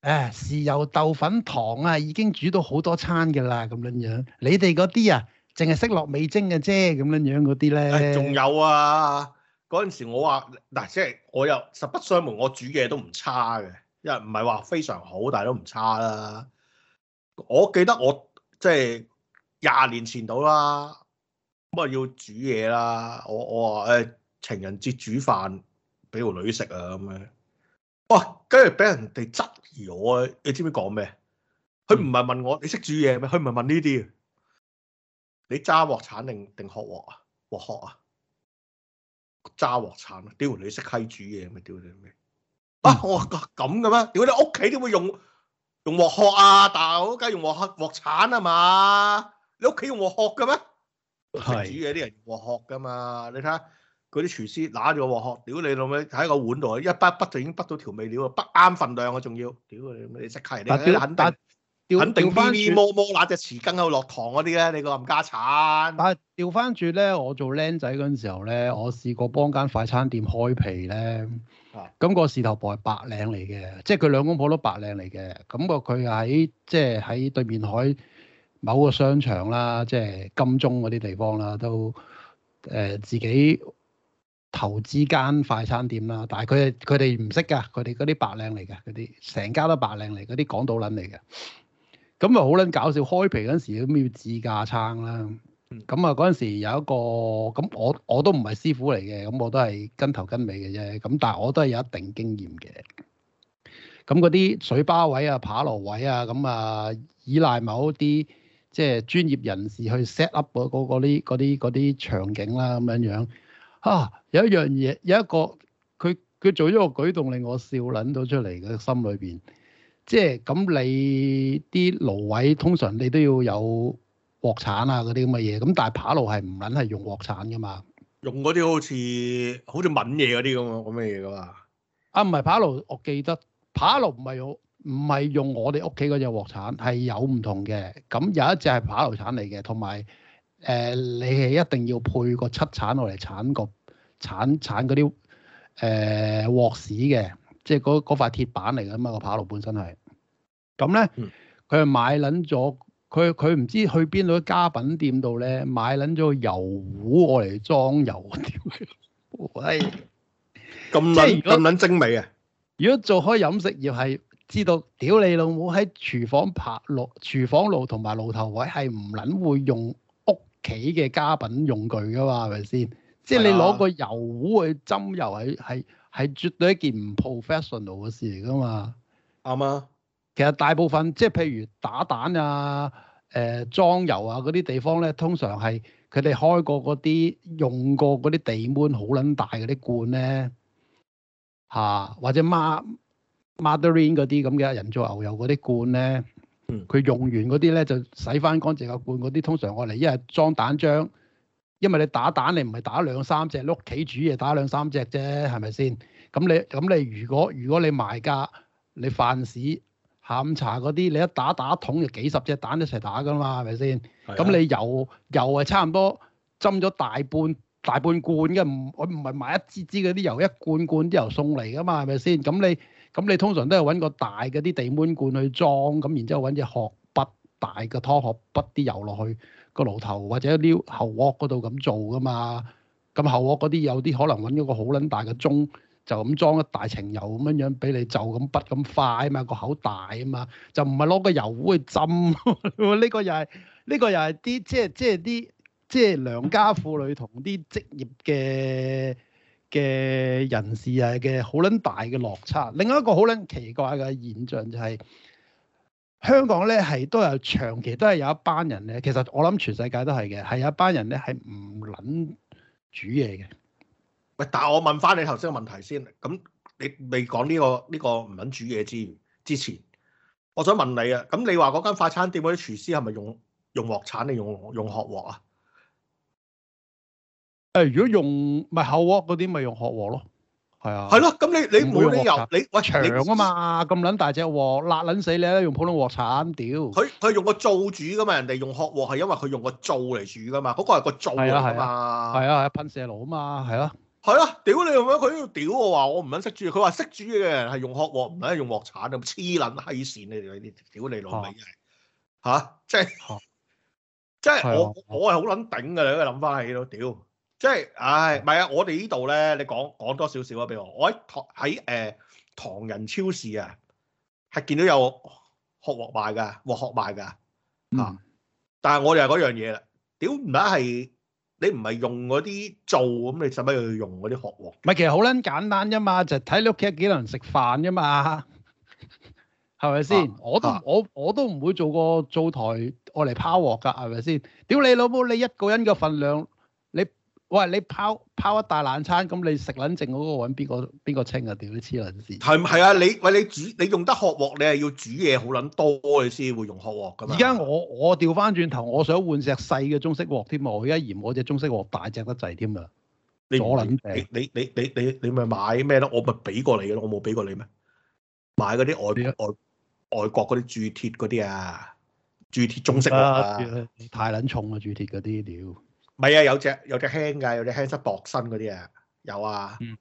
誒、哎，豉油、豆粉、糖啊，已經煮到好多餐嘅啦，咁樣樣。你哋嗰啲啊，淨係識落味精嘅啫，咁樣樣嗰啲咧。仲有啊，嗰陣時我話嗱，即係、就是、我又實不相瞞，我煮嘢都唔差嘅，因為唔係話非常好，但係都唔差啦。我記得我即係廿年前度啦，咁啊要煮嘢啦。我我話誒、哎，情人節煮飯俾條女食啊，咁樣。喂，跟住俾人哋質疑我，你知唔知講咩？佢唔係問我你識煮嘢咩？佢唔係問呢啲嘅。你揸鑊鏟定定殼鑊啊？鑊殼啊？揸鑊鏟啊？屌你識閪煮嘢咩？屌你咩？啊！我咁嘅咩？屌你屋企都會用用鑊殼啊？大佬梗係用鑊殼鑊鏟吖嘛？你屋企用鑊殼嘅咩？係煮嘢啲人用鑊殼噶嘛？你睇下。嗰啲廚師拿住鑊殼，屌你老味，喺個碗度一揼一揼就已經揼到調味料啊，揼啱份量我仲要，屌你刻！你識揩人哋，肯定，肯定。調翻轉，屌！翻轉咧，我做僆仔嗰陣時候咧，我試過幫間快餐店開皮咧，咁、那個事頭婆係白領嚟嘅，即係佢兩公婆都白領嚟嘅，咁個佢喺即係喺對面海某個商場啦，即係金鐘嗰啲地方啦，都誒、呃、自己。投資間快餐店啦，但係佢佢哋唔識噶，佢哋嗰啲白領嚟噶，嗰啲成家都白領嚟，嗰啲港島人嚟嘅。咁啊好撚搞笑，開皮嗰時都咩自架撐啦。咁啊嗰陣時有一個，咁我我都唔係師傅嚟嘅，咁我都係跟頭跟尾嘅啫。咁但係我都係有一定經驗嘅。咁嗰啲水吧位啊、扒爐位啊，咁啊依賴某啲即係專業人士去 set up 嗰啲嗰啲嗰啲場景啦、啊，咁樣樣。啊！有一樣嘢，有一個佢佢做咗個舉動，令我笑撚到出嚟嘅心裏邊。即係咁，你啲爐位通常你都要有鑊鏟啊嗰啲咁嘅嘢。咁但係扒爐係唔撚係用鑊鏟噶嘛？用嗰啲好似好似炆嘢嗰啲咁嘅咁嘅嘢噶嘛？啊，唔係、啊、扒爐，我記得扒爐唔係我唔係用我哋屋企嗰隻鑊鏟，係有唔同嘅。咁、嗯、有一隻係扒爐鏟嚟嘅，同埋誒你係一定要配個七鏟落嚟鏟個。鏟鏟嗰啲誒鑊屎嘅，即係嗰嗰塊鐵板嚟㗎嘛，個扒爐本身係，咁咧佢買撚咗佢，佢唔知去邊度啲家品店度咧買撚咗個油壺，我嚟裝油，屌、哎、嘅，喂，咁撚咁撚精美啊！如果做開飲食業係知道，屌你老母喺廚房拍爐，廚房爐同埋爐頭位係唔撚會用屋企嘅家品用具㗎嘛係咪先？是即係你攞個油壺去斟油係係係絕對一件唔 professional 嘅事嚟㗎嘛，啱啊媽。其實大部分即係譬如打蛋啊、誒、呃、裝油啊嗰啲地方咧，通常係佢哋開過嗰啲，用過嗰啲地罐好撚大嗰啲罐咧嚇，或者 mar margarine 嗰啲咁嘅人造牛油嗰啲罐咧，佢、嗯、用完嗰啲咧就洗翻乾淨個罐嗰啲，通常我嚟一係裝蛋漿。因為你打蛋，你唔係打兩三隻，屋企煮嘢打兩三隻啫，係咪先？咁你咁你如果如果你賣價，你飯市下午茶嗰啲，你一打一打一桶就幾十隻蛋一齊打㗎嘛，係咪先？咁、啊、你油油係差唔多浸咗大半大半罐嘅，唔我唔係買一支支嗰啲油，一罐罐啲油送嚟㗎嘛，係咪先？咁你咁你通常都係揾個大嘅啲地碗罐去裝，咁然之後揾隻殼筆大嘅湯殼筆啲油落去。個爐頭或者啲後鑊嗰度咁做㗎嘛，咁後鑊嗰啲有啲可能揾咗個好撚大嘅鐘，就咁裝一大程油咁樣樣俾你，就咁筆咁快啊嘛，個口大啊嘛，就唔係攞個油壺去浸。呢 個又係呢個又係啲即係即係啲即係良家婦女同啲職業嘅嘅人士啊嘅好撚大嘅落差。另外一個好撚奇怪嘅現象就係、是。香港咧，係都有長期都係有一班人咧，其實我諗全世界都係嘅，係有一班人咧係唔撚煮嘢嘅。喂，但係我問翻你頭先個問題先，咁你未講呢個呢、呢個唔撚煮嘢之之前，我想問你啊，咁你話嗰間快餐店嗰啲廚師係咪用用鑊鏟定用用殼鑊啊？誒，如果用咪口鑊嗰啲咪用殼鑊咯。係啊，係咯，咁你你冇理由，你喂長啊嘛，咁卵大隻鑊，辣卵死你啦，用普通鑊鏟屌。佢佢用個灶煮噶嘛，人哋用殼鑊係因為佢用個灶嚟煮噶嘛，嗰個係個灶啊噶嘛。係啊，噴射爐啊嘛，係啊，係啊！屌你老味，佢要屌我話我唔卵識煮，佢話識煮嘅人係用殼鑊，唔係用鑊鏟咁黐卵閪線你哋啲，屌你老味啊，吓，即係即係我我係好卵頂噶，你而家諗翻起都屌。即係，唉、哎，唔係啊！我哋呢度咧，你講講多少少啊，俾我。我喺唐喺誒唐人超市啊，係見到有殼鑊賣㗎，鑊殼賣㗎啊。嗯、但係我哋係嗰樣嘢啦，屌唔得係你唔係用嗰啲做，咁，你使乜要用嗰啲殼鑊？唔係其實好撚簡單啫嘛，就睇你屋企幾多人食飯啫嘛，係咪先？我都我我都唔會做個灶台我嚟拋鑊㗎，係咪先？屌你老母，你一個人嘅份量。喂，你拋拋一大冷餐，咁你食撚剩嗰個揾邊個邊個清啊？屌你黐撚線！係係啊，你喂你煮你用得殼鑊，你係要煮嘢好撚多你先會用殼鑊噶嘛。而家我我調翻轉頭，我想換隻細嘅中式鑊添啊！我而家嫌我隻中式鑊大隻得滯添啊！你你你你你你咪買咩咯？我咪俾過你嘅咯，我冇俾過你咩？買嗰啲外外外國嗰啲鑄鐵嗰啲啊，鑄鐵中式啊，太撚重啊！鑄鐵嗰啲屌！咪啊，有隻有隻輕㗎，有隻輕身薄身嗰啲啊，有啊。嗯。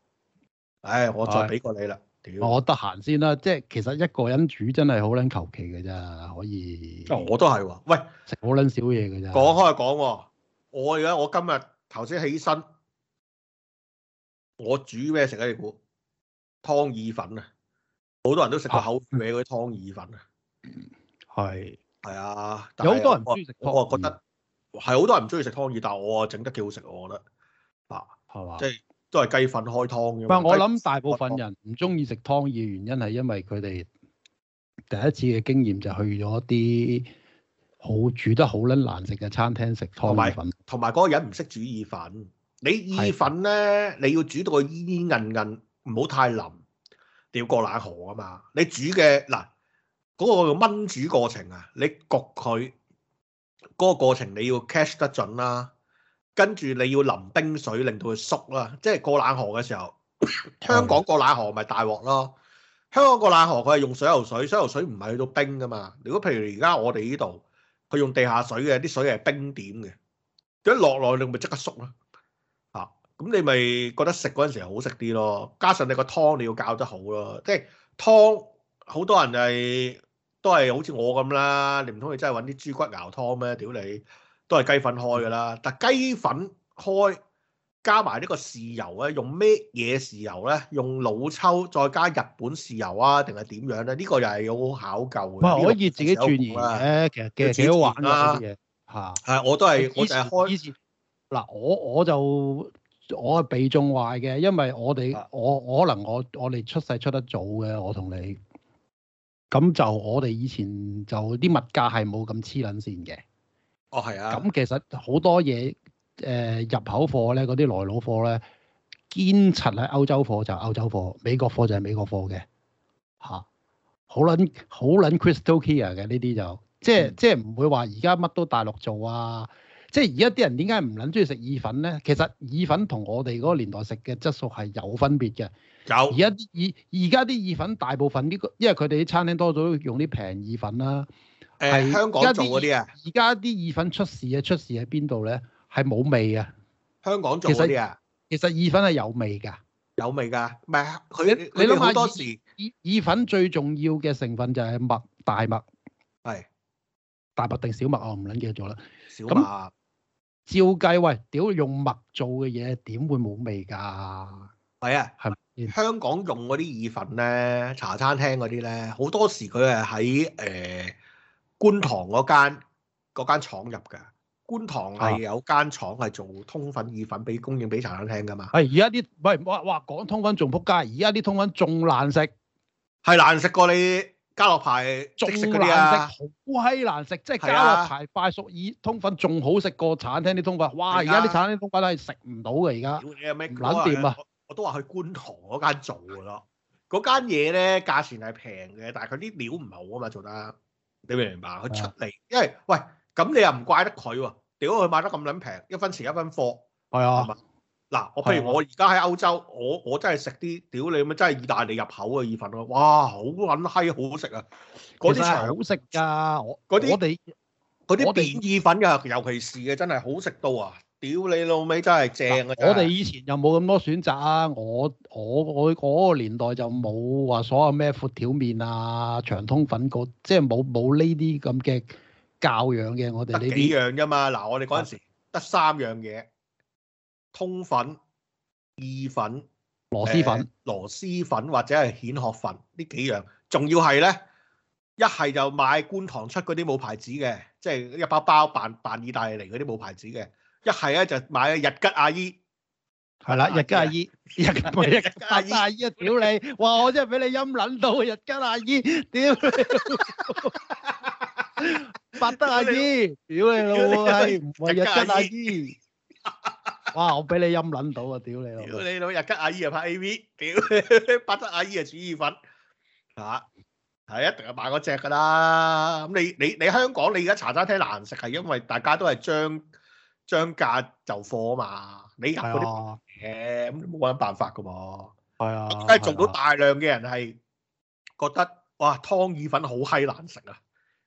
唉，我再俾個你啦。屌。我得閒先啦，即係其實一個人煮真係好撚求其嘅啫，可以。我都係喎。喂。食好撚少嘢嘅啫。講開又講，我而家我今日頭先起身，我煮咩食咧？你估湯意粉啊？好多人都食過口味嗰啲湯意粉啊。嗯，係。係啊。有好多人中意食。我覺得。係好多人唔中意食湯意，但係我整得幾好食，我覺得嗱，係嘛吧，即係都係雞粉開湯。唔係不我諗，大部分人唔中意食湯意，原因係因為佢哋第一次嘅經驗就去咗啲好煮得好撚難食嘅餐廳食湯意粉，同埋嗰個人唔識煮意粉。你意粉咧，的你要煮到佢煙煙韌韌，唔好太腍，掉過冷河啊嘛。你煮嘅嗱嗰個炆煮過程啊，你焗佢。嗰個過程你要 cash 得準啦，跟住你要淋冰水令到佢縮啦，即係過冷河嘅時候，香港過冷河咪大鑊咯。香港過冷河佢係用水喉水，水喉水唔係去到冰噶嘛。如果譬如而家我哋呢度，佢用地下水嘅，啲水係冰點嘅，一落落你咪即刻縮啦。啊，咁你咪覺得食嗰陣時好食啲咯。加上你個湯你要搞得好咯，即係湯好多人係。都係好似我咁啦，你唔通你真係揾啲豬骨熬湯咩？屌你，都係雞粉開噶啦。但雞粉開加埋呢個豉油咧，用咩嘢豉油咧？用老抽再加日本豉油啊，定係點樣咧？呢、呢個又係要考究嘅。唔不可以自己轉移嘅，其實其實幾好玩㗎啲嘢我都係，我就係開。嗱，我我就我係被縱壞嘅，因為我哋、啊、我我，我，我，我可能我我哋出世出得早嘅，我同你。咁就我哋以前就啲物價係冇咁黐撚線嘅。哦，係啊。咁其實好多嘢誒、呃，入口貨咧，嗰啲來佬貨咧，堅持喺歐洲貨就歐洲貨，美國貨就係美國貨嘅。嚇、啊！好撚好撚 Crystal Clear 嘅呢啲就，即係、嗯、即係唔會話而家乜都大陸做啊。即係而家啲人點解唔撚中意食意粉咧？其實意粉同我哋嗰個年代食嘅質素係有分別嘅。有而家意，而家啲意粉大部分呢個，因為佢哋啲餐廳多咗，都用啲平意粉啦、啊。誒、呃，香港做嗰啲啊。而家啲意粉出事嘅出事喺邊度咧？係冇味啊！香港做嗰啲啊。其實意粉係有味㗎。有味㗎，唔係佢你諗下，多時意，意粉最重要嘅成分就係麥、大麥。大麥定小麥我唔撚記咗啦。小麥啊，咁照計喂，屌用麥做嘅嘢點會冇味㗎？係啊，係咪？香港用嗰啲意粉咧，茶餐廳嗰啲咧，好多時佢係喺誒觀塘嗰間嗰間廠入㗎。觀塘係有間廠係做通粉意粉俾供應俾茶餐廳㗎嘛。係而家啲喂哇哇講通粉仲撲街，而家啲通粉仲難食，係難食過你。嘉樂牌仲難食，好鬼難食，即係加樂牌快速意通粉仲好食過餐廳啲通粉。啊、哇！而家啲餐廳通粉都係食唔到嘅，而家冷店啊，啊我！我都話去觀塘嗰間做噶咯，嗰間嘢咧，價錢係平嘅，但係佢啲料唔好啊嘛做得，你明唔明白？佢的出嚟，因為喂咁你又唔怪、啊、得佢喎，屌佢賣得咁撚平，一分錢一分貨，係啊。的嗱，我譬如我而家喺歐洲，我我真係食啲屌你咁樣，真係意大利入口嘅意粉咯，哇，好撚閪，好食啊！嗰啲搶食㗎，些我些我哋嗰啲便意粉㗎，尤其是嘅真係好食到啊！屌你老味，真係正啊！我哋以前又冇咁多選擇啊，我我我嗰個年代就冇話所謂咩闊條麵啊、長通粉嗰，即係冇冇呢啲咁嘅教養嘅我哋。得幾樣㗎嘛？嗱，我哋嗰陣時得三樣嘢。嗯通粉、意粉、螺絲粉、螺絲粉或者係蜆殼粉呢幾樣，仲要係咧，一係就買觀塘出嗰啲冇牌子嘅，即係一包包扮扮意大利嚟嗰啲冇牌子嘅，一係咧就買日吉阿姨係啦，日吉阿姨，日吉阿姨，日吉阿姨，屌你，哇！我真係俾你陰撚到，日吉阿姨，屌你，日吉阿姨，屌你老味，唔係日吉阿姨。哇！我俾你陰撚到啊！屌你老！屌你老！日吉阿姨又拍 AV，屌八德阿姨又煮意粉，吓，係一定係買嗰隻噶啦。咁你你你香港你而家茶餐廳難食係因為大家都係將將價就貨啊嘛。你係啊，咁冇搵辦法噶噃。係啊，梗係做到大量嘅人係覺得哇湯意粉好閪難食啊，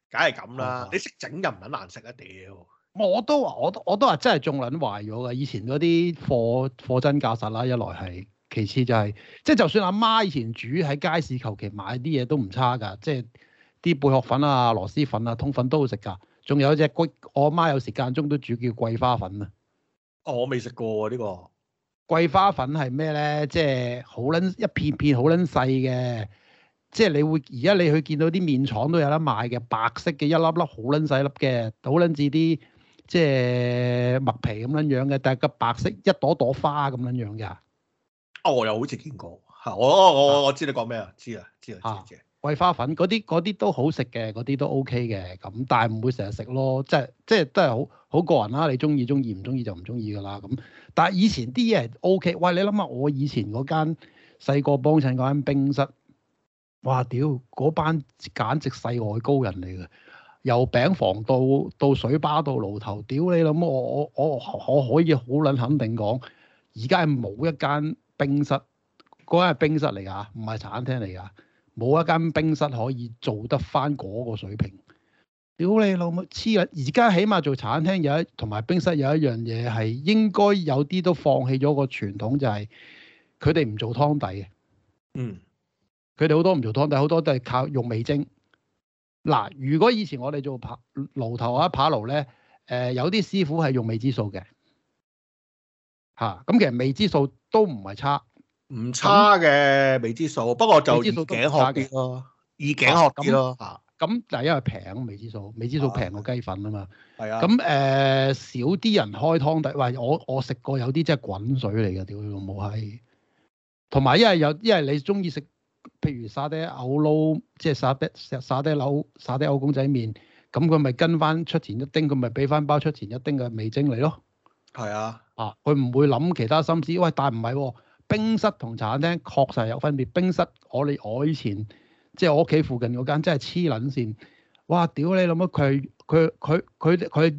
梗係咁啦。你識整又唔肯難食啊屌！我都話，我都我都話真係仲撚壞咗㗎。以前嗰啲貨貨真價實啦，一來係，其次就係、是，即係就算阿媽以前煮喺街市求其買啲嘢都唔差㗎。即係啲貝殼粉啊、螺絲粉啊、通粉都好食㗎。仲有一隻骨，我阿媽有時間中都煮叫桂花粉啊。哦，我未食過呢、啊呢個桂花粉係咩咧？即係好撚一片片，好撚細嘅。即係你會而家你去見到啲麵廠都有得賣嘅，白色嘅一粒粒好撚細粒嘅，好撚似啲。即係麥皮咁樣樣嘅，但係個白色一朵朵花咁樣樣嘅。啊、哦，我又好似見過嚇，我我我，我，我知你講咩啊？知啊，知啊，知嘅、啊。桂花粉嗰啲啲都好食嘅，嗰啲都 OK 嘅。咁但係唔會成日食咯，即係即係都係好好個人啦。你中意中意，唔中意就唔中意㗎啦。咁但係以前啲嘢 OK。喂，你諗下我以前嗰間細個幫襯嗰間冰室，哇屌嗰班簡直世外高人嚟嘅。由餅房到到水吧到爐頭，屌你老母！我我我可以好撚肯定講，而家係冇一間冰室，嗰間係冰室嚟㗎，唔係茶餐廳嚟㗎。冇一間冰室可以做得返嗰個水平。屌你老母黐撚！而家起碼做茶餐廳有一同埋冰室有一樣嘢係應該有啲都放棄咗個傳統、就係，就係佢哋唔做湯底嘅。嗯，佢哋好多唔做湯底，好、嗯、多，多都係靠用味精。嗱，如果以前我哋做扒爐頭爬爬爬呢、呃、啊，扒爐咧，誒，有啲師傅係用味之素嘅，吓，咁其實味之素都唔係差，唔差嘅味樣之素，不過就二頸殼啲咯，二頸殼啲咯，吓、啊，咁、啊、嗱，但因為平味之素，味之素平過雞粉啊嘛，係的啊，咁誒，少啲人開湯底，喂，我我食過有啲即係滾水嚟嘅，屌你老母閪，同埋因為有，因為你中意食。譬如沙爹牛撈，即係沙爹，沙爹牛，沙爹牛公仔麵，咁佢咪跟翻出前一丁，佢咪俾翻包出前一丁嘅味精你咯。係啊，啊佢唔會諗其他心思。喂，但係唔係冰室同茶餐廳確實係有分別。冰室我哋我以前即係我屋企附近嗰間真係黐撚線。哇！屌你諗乜，佢佢佢佢佢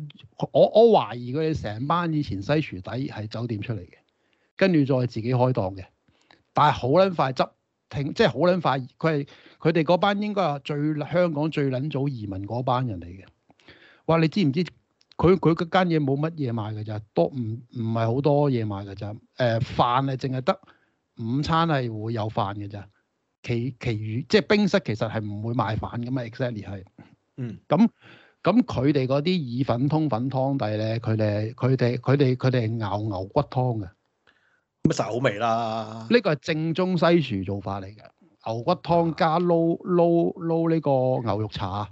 我我懷疑佢哋成班以前西廚底係酒店出嚟嘅，跟住再自己開檔嘅，但係好撚快執。即係好撚快。佢係佢哋嗰班應該係最香港最撚早移民嗰班人嚟嘅。話，你知唔知佢佢間嘢冇乜嘢賣㗎咋？都唔唔係好多嘢賣㗎咋？誒、呃、飯係，淨係得午餐係會有飯嘅咋。其其餘，即係，就是，冰室其實係唔會賣飯㗎嘛。exactly 係。嗯。咁咁佢哋嗰啲意粉通粉湯底咧，佢哋佢哋佢哋佢哋係熬牛骨湯嘅。乜晒好味啦！呢個係正宗西廚做法嚟嘅，牛骨湯加撈撈撈呢個牛肉茶啊！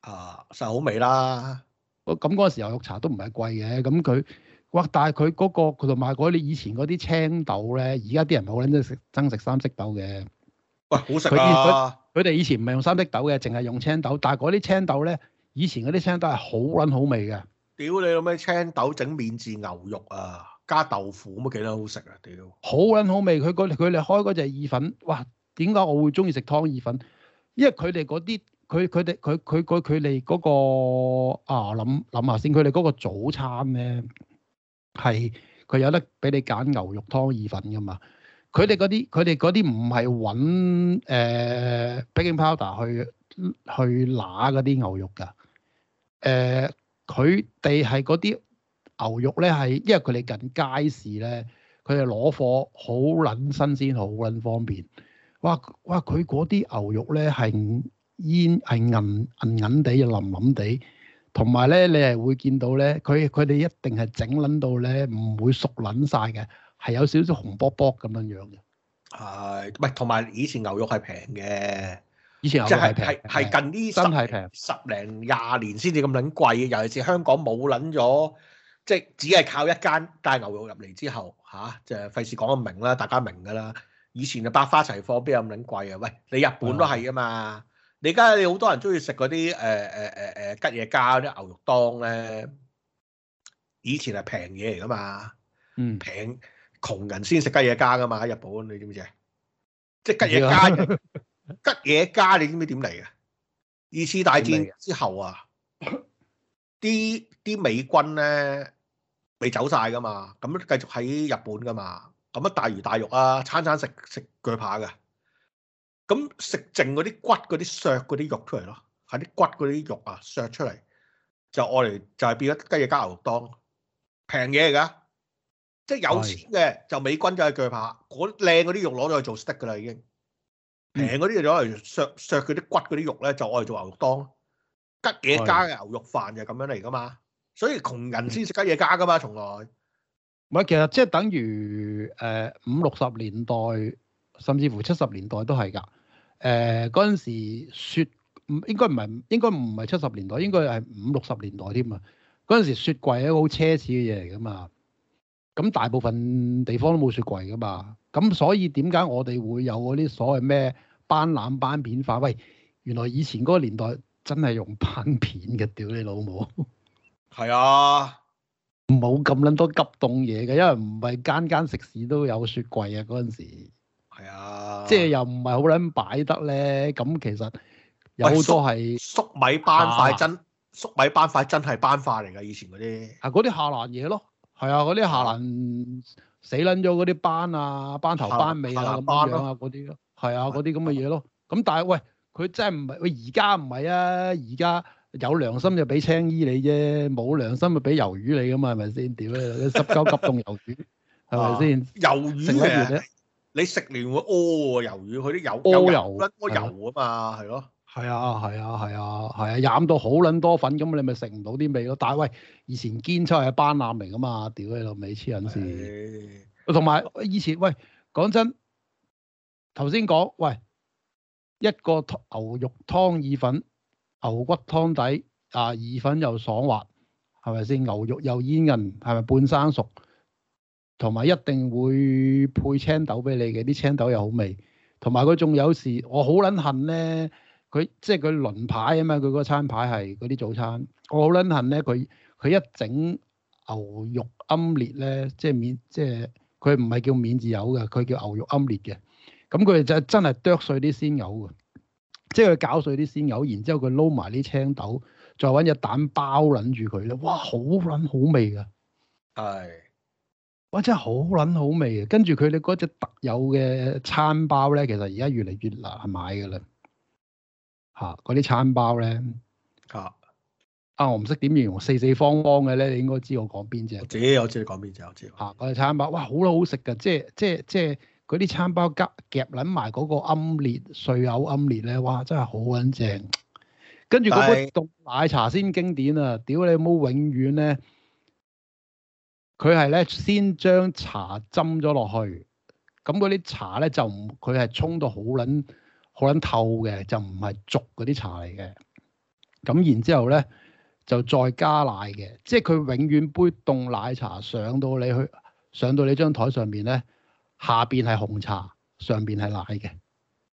啊，好味啦！咁嗰陣時牛肉茶都唔係貴嘅，咁佢哇，但係佢嗰個佢同埋嗰啲以前嗰啲青豆咧，而家啲人冇卵都食增食三色豆嘅。喂，好食啊！佢哋以前唔係用三色豆嘅，淨係用青豆，但係嗰啲青豆咧，以前嗰啲青豆係好卵好味嘅。屌你，有咩青豆整麵豉牛肉啊？加豆腐咁，啊幾得好食啊屌！好撚好味，佢、佢哋開嗰隻意粉，哇！點解我會中意食湯意粉？因為佢哋嗰啲佢、佢哋佢、佢、佢哋嗰個啊，諗諗下先，佢哋嗰個早餐咧係佢有得俾你揀牛肉湯意粉噶嘛？佢哋嗰啲佢哋嗰啲唔係揾誒 baking powder 去去攞嗰啲牛肉噶誒，佢哋係嗰啲。牛肉咧係，因為佢哋近街市咧，佢哋攞貨好撚新鮮，好撚方便。哇哇，佢嗰啲牛肉咧係煙係韌韌韌地又腍腍地，同埋咧你係會見到咧，佢佢哋一定係整撚到咧，唔會熟撚晒嘅，係有少少紅卜卜咁樣樣嘅。係，唔同埋以前牛肉係平嘅，以前牛肉係平，係是近呢真係平。十零廿年先至咁撚貴，尤其是香港冇撚咗。即係只係靠一間帶牛肉入嚟之後，嚇、啊、就費事講咁明啦，大家明㗎啦。以前啊，百花齊放，邊有咁撚貴啊？喂，你日本都係㗎嘛？哦、你而家你好多人中意食嗰啲誒誒誒誒吉野家嗰啲牛肉丼咧，以前係平嘢嚟㗎嘛？嗯，平窮人先食吉野家㗎嘛？喺日本你知唔知啊？即係吉野家， 吉野家你知唔知點嚟㗎？二次大戰之後啊，啲啲美軍咧。未走晒噶嘛，咁繼續喺日本噶嘛，咁啊大魚大肉啊，餐餐食食鋸扒嘅，咁食剩嗰啲骨嗰啲削嗰啲肉出嚟咯，喺啲骨嗰啲肉啊削出嚟就愛嚟就係、是、變咗吉野家牛肉湯，平嘢嚟噶，即係有錢嘅就美軍就係鋸扒，嗰靚嗰啲肉攞咗去做 steak 噶啦已經，平嗰啲就攞嚟削削嗰啲骨嗰啲肉咧就愛嚟做牛肉湯，吉野家嘅牛肉飯就咁樣嚟噶嘛。是所以窮人先食雞嘢。加噶嘛，從來唔係、嗯，其實即係等於誒、呃、五六十年代，甚至乎七十年代都係噶。誒嗰陣時雪唔應該唔係，應該唔係七十年代，應該係五六十年代添啊。嗰陣時雪櫃係一個，好奢侈嘅嘢嚟噶嘛。咁大部分地方都冇雪櫃噶嘛。咁所以點解我哋會有嗰啲所謂咩斑腩斑片化？喂，原來以前嗰個年代真係用斑片嘅，屌你老母！係啊，冇咁撚多急凍嘢嘅，因為唔係間間食肆都有雪櫃啊。嗰陣時，係啊，即係又唔係好撚擺得咧。咁其實有好多係粟米斑塊真，粟米斑塊真係斑塊嚟㗎。以前嗰啲啊，嗰啲下欄嘢咯，係啊，嗰啲下欄死撚咗嗰啲斑啊，斑頭斑尾啊咁啊，嗰啲咯，係啊，嗰啲咁嘅嘢咯。咁但係喂，佢真係唔係喂，而家唔係啊，而家。有良心就俾青衣你啫，冇良心就俾魷魚你噶嘛，係咪先？屌你！十九急凍魷魚係咪先？魷魚啊！你食完會屙喎魷魚，佢啲有屙油，多油啊嘛，係咯。係啊，係啊，係啊，係啊，飲到好撚多粉咁，你咪食唔到啲味咯。但係喂，以前堅真係班腩嚟噶嘛，屌你老味黐撚線。同埋以前喂，講真，頭先講喂，一個牛肉湯意粉。牛骨湯底啊，意粉又爽滑，係咪先？牛肉又煙韌，係咪半生熟？同埋一定會配青豆俾你嘅，啲青豆又好味。同埋佢仲有時，我好撚恨咧，佢即係佢輪牌啊嘛，佢嗰餐牌係嗰啲早餐。我好撚恨咧，佢佢一整牛肉奄列咧，即係免即係佢唔係叫免治牛嘅，佢叫牛肉奄列嘅。咁佢就真係剁碎啲鮮牛㗎。即係佢攪碎啲鮮藕，然之後佢撈埋啲青豆，再揾隻蛋包撚住佢咧，哇！好撚好味㗎。係的，哇！真係好撚好味啊！跟住佢哋嗰隻特有嘅餐包咧，其實而家越嚟越難買㗎啦。嚇、啊，嗰啲餐包咧嚇的啊！我唔識點形容，四四方方嘅咧，你應該知我講邊隻。我知，我知你講邊隻，我知。嚇、啊，嗰啲餐包，哇！好撚好食㗎，即係即係即係。嗰啲餐包夾夾夾捻埋嗰個暗裂碎口暗裂咧，哇！真係好撚正。跟住嗰杯凍奶茶先經典啊！屌你冇永遠咧，佢係咧先將茶斟咗落去，咁嗰啲茶咧就唔，佢係沖到好撚好撚透嘅，就唔係濁嗰啲茶嚟嘅。咁然之後咧，就再加奶嘅，即係佢永遠杯凍奶茶上到你去，上到你張台上面咧。下邊係紅茶，上邊係奶嘅。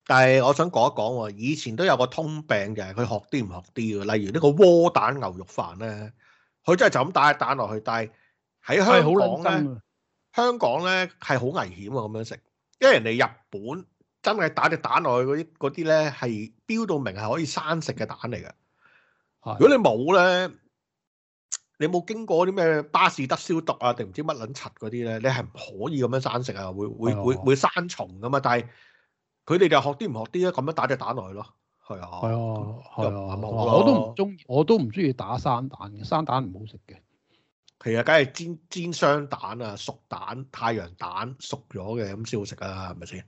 但係我想講一講，以前都有個通病嘅，佢學啲唔學啲嘅。例如呢個窩蛋牛肉飯咧，佢真係就咁打隻蛋落去，但係喺香港咧，哎啊、香港咧係好危險啊！咁樣食，因為人哋日本真係打隻蛋落去嗰啲嗰啲咧係標到明係可以生食嘅蛋嚟嘅。的如果你冇咧。你有冇經過啲咩巴士德消毒啊，定唔知乜撚柒嗰啲咧？你係唔可以咁樣生食啊，會會會會生蟲噶嘛。但係佢哋就學啲唔學啲啊，咁樣打隻蛋落去咯。係啊，係啊，係我都唔中，我都唔中意打生蛋嘅，生蛋唔好食嘅。其實梗係煎煎雙蛋啊，熟蛋、太陽蛋熟咗嘅咁先好食啊，係咪先？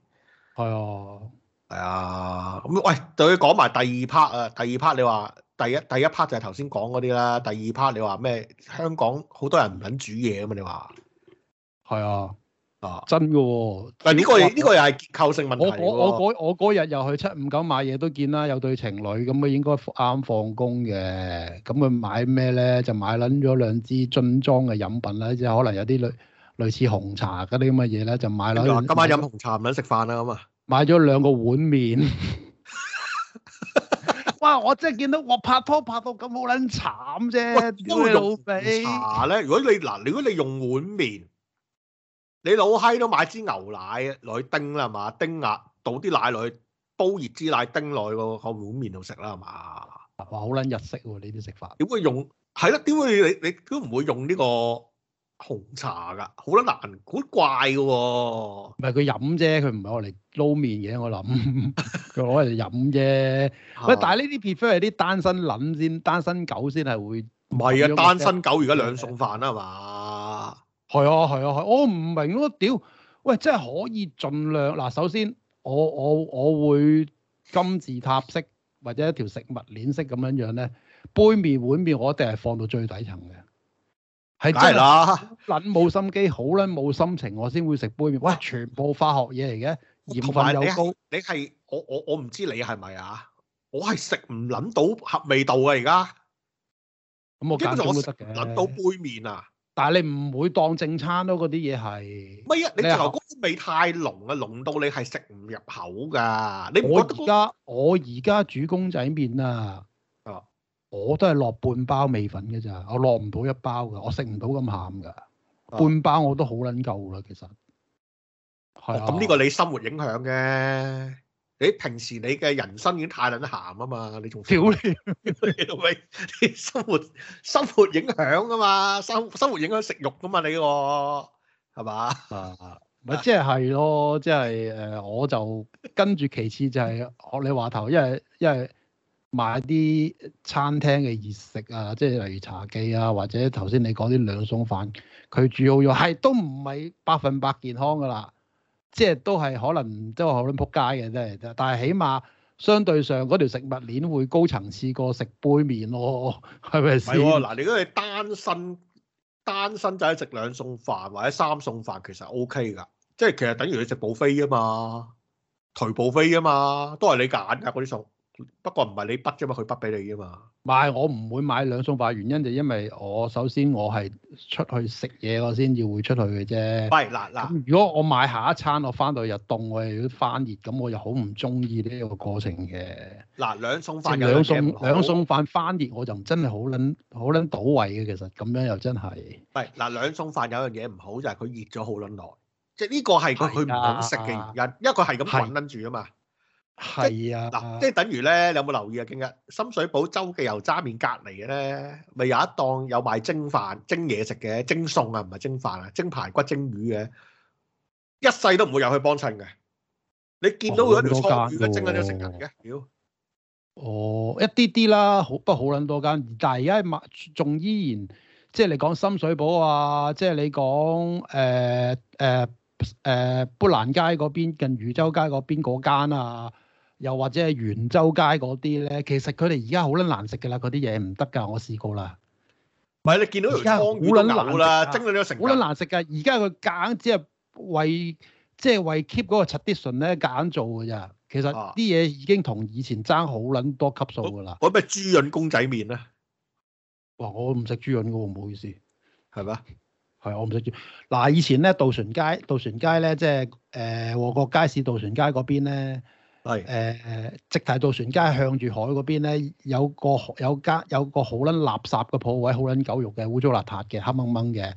係啊，係啊、嗯。咁喂，對佢講埋第二 part 啊，第二 part 你話。第一第一 part 就係頭先講嗰啲啦，第二 part 你話咩？香港好多人唔肯煮嘢啊嘛，你話係啊啊真㗎喎、哦！但呢、這個呢我個又係結構性問題，我我嗰日又去七五九買嘢都見啦，有對情侶咁佢應該啱放工嘅，咁佢買咩咧？就買撚咗兩支樽裝嘅飲品啦，即係可能有啲類類似紅茶嗰啲咁嘅嘢啦，就、嗯、買。你今晚飲紅茶唔撚食飯啊？咁、嗯、啊、嗯，買咗兩個碗麵。 哇！我真係見到我拍拖拍到咁好撚慘啫，啲老味肥。茶咧，如果你嗱，如果你用碗麵，你老閪都買支牛奶落去叮啦，係嘛？叮呀，倒啲奶落去，煲熱支奶叮落去個碗麵度、嗯、食啦，係嘛？哇！好撚日式喎、啊，呢啲食法。點會用？係咯、嗯，點會你你都唔會用呢、這個？紅茶㗎，好得難，好怪嘅喎、啊。唔係佢飲啫，佢唔係攞嚟撈麵嘅，我諗佢攞嚟飲啫。喂 但係呢啲 prefer 係啲單身諗先，單身狗先係會。唔係啊，單身狗而家兩餸飯啦嘛。係啊，係啊，係、啊啊。我唔明咯，屌！喂，真係可以盡量嗱，首先我我我會金字塔式或者一條食物鏈式咁樣樣咧，杯麪碗麪我一定係放到最底層嘅。係真係啦，撚冇心機，好撚冇心情，我先會食杯麵。哇，全部化學嘢嚟嘅，鹽我分又高。你係我我我唔知你係咪啊？我係食唔諗到合味道、嗯、啊。而家。咁我基本上我諗到杯麵啊！但係你唔會當正餐咯，嗰啲嘢係。唔係啊，你啲公骨味太濃啊，濃到你係食唔入口噶、那個。我而家我而家煮公仔麵啊！我都係落半包味粉嘅咋，我落唔到一包噶，我食唔到咁鹹噶，半包我都好撚夠啦，其實。係咁呢個你生活影響嘅，你平時你嘅人生已經太撚鹹啊嘛，你仲屌 你老味你生活生活影響啊嘛，生生活影響食肉啊嘛，你喎係嘛？ 啊，咪即係係咯，即係誒，我就跟住其次就係、是、學你話頭，因為因為。買啲餐廳嘅熱食啊，即係例如茶記啊，或者頭先你講啲兩餸飯，佢主要用係都唔係百分百健康噶啦，即係都係可能即係可能仆街嘅啫。但係起碼相對上嗰條食物鏈會高層次過食杯麵咯，係咪係嗱，如果你單身單身仔食兩餸飯或者三餸飯，其實 O K 噶，即係其實等於你食 buffet 啊嘛，頹 buffet 啊嘛，都係你揀嘅嗰啲餸。不過唔係你滗啫嘛，佢滗俾你啫嘛。唔係，我唔會買兩餸飯，原因就因為我首先我係出去食嘢，我先至會出去嘅啫。唔嗱嗱，啊、如果我買下一餐，我翻到去又凍，我又要翻熱，咁我又好唔中意呢個過程嘅。嗱、啊，兩餸飯有樣嘢唔好。兩兩餸飯翻熱，我就真係好卵好卵倒胃嘅，其實咁樣又真係。唔嗱、啊，兩餸飯有樣嘢唔好，就係佢熱咗好卵耐，即係呢個係佢佢唔肯食嘅原因，因為佢係咁滾住啊嘛。係即啊，嗱，即係等於咧，你有冇留意啊？今日深水埗周記油渣麵隔籬咧，咪有一檔有賣蒸飯、蒸嘢食嘅，蒸餸啊，唔係蒸飯啊，蒸排骨、蒸魚嘅，一世都唔會有去幫襯嘅。你見到佢一條菜魚咧，蒸緊咗食人嘅，屌、啊！哦，一啲啲啦，不過好捻多間，但係而家仲依然，即係你講深水埗啊，即係你講誒誒誒砵蘭街嗰邊近汝州街嗰邊嗰間啊。又或者係元州街嗰啲咧，其實佢哋而家好撚難食嘅啦，嗰啲嘢唔得噶。我試過啦，唔係你見到而家，好撚難啦，整到成，好撚難食㗎。而家佢夾硬只係為即係為 keep 嗰個 tradition 咧，夾硬做㗎咋。其實啲嘢已經同以前爭好撚多級數㗎啦。嗰咩豬潤公仔麵咧？哇！我唔食豬潤嘅，唔好意思，係咪？係我唔食豬。嗱，以前咧，渡船街，渡船街咧即係誒旺角街市渡船街嗰邊咧。係誒是、呃，直提渡船街向住海嗰邊咧，有個有間有個好撚垃圾嘅鋪位，好撚狗肉嘅，污糟邋遢嘅，黑掹掹嘅。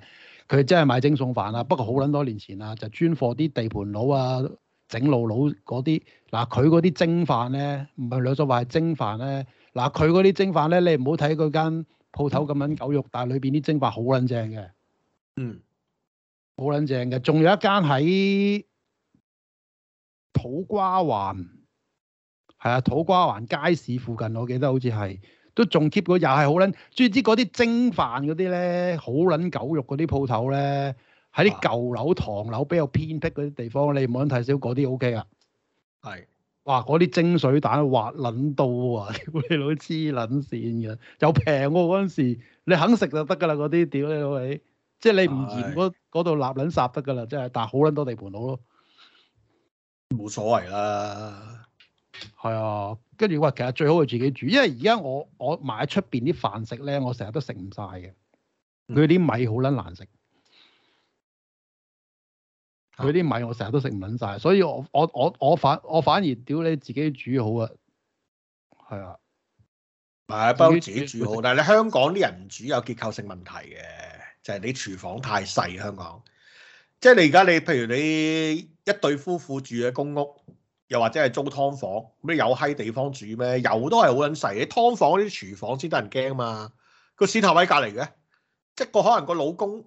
佢真係賣蒸餸飯啊！不過好撚多年前啦，就專貨啲地盤佬啊、整路佬嗰啲。嗱、啊，佢嗰啲蒸飯咧，唔係兩種話係蒸飯咧。嗱、啊，佢嗰啲蒸飯咧，你唔好睇佢間鋪頭咁撚狗肉，但係裏邊啲蒸飯好撚正嘅。嗯，好撚正嘅。仲有一間喺土瓜灣。係啊，土瓜灣街市附近，我記得好似係都仲 keep 過，又係好卵。總之啲嗰啲蒸飯嗰啲咧，好卵狗肉嗰啲鋪頭咧，喺啲舊樓、唐樓比較偏僻嗰啲地方，你唔好睇少嗰啲 O K 啊。係哇，嗰啲蒸水蛋滑卵到啊！屌你老黐卵線嘅，又平喎嗰陣時，你肯食就得噶啦嗰啲，屌你老味，即係你唔嫌嗰度立卵殺得噶啦，即係，但係好卵多地盤佬咯，冇所謂啦。係啊，跟住話，其實最好係自己煮，因為而家我我買喺出邊啲飯食咧，我成日都食唔晒嘅。佢啲、嗯、米好捻難食，佢啲、嗯、米我成日都食唔捻晒，所以我我我我反我反而屌你自己煮好啊。係啊不，唔係幫自己煮好，吃但係你香港啲人唔煮有結構性問題嘅，就係、是、你廚房太細，香港。嗯、即係你而家你，譬如你一對夫婦住嘅公屋。又或者係租劏房，咩有閪地方煮咩？油都係好撚細嘅，劏房嗰啲廚房先得人驚吖嘛。個廁廁位隔離嘅，即係個可能個老公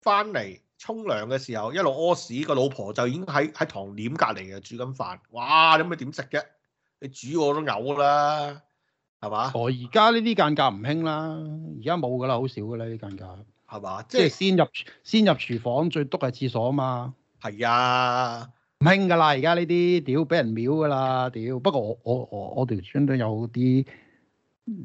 翻嚟沖涼嘅時候，一路屙屎，個老婆就已經喺喺堂簾隔離嘅煮緊飯。哇！你咁咪點食嘅？你煮我都嘔啦，係嘛？我而家呢啲間隔唔興啦，而家冇㗎啦，好少㗎啦，呢啲間隔係嘛？即係先入先入廚房，最篤係廁所啊嘛。係啊。唔興噶啦，而家呢啲屌俾人秒噶啦，屌！不過我我我我條村都有啲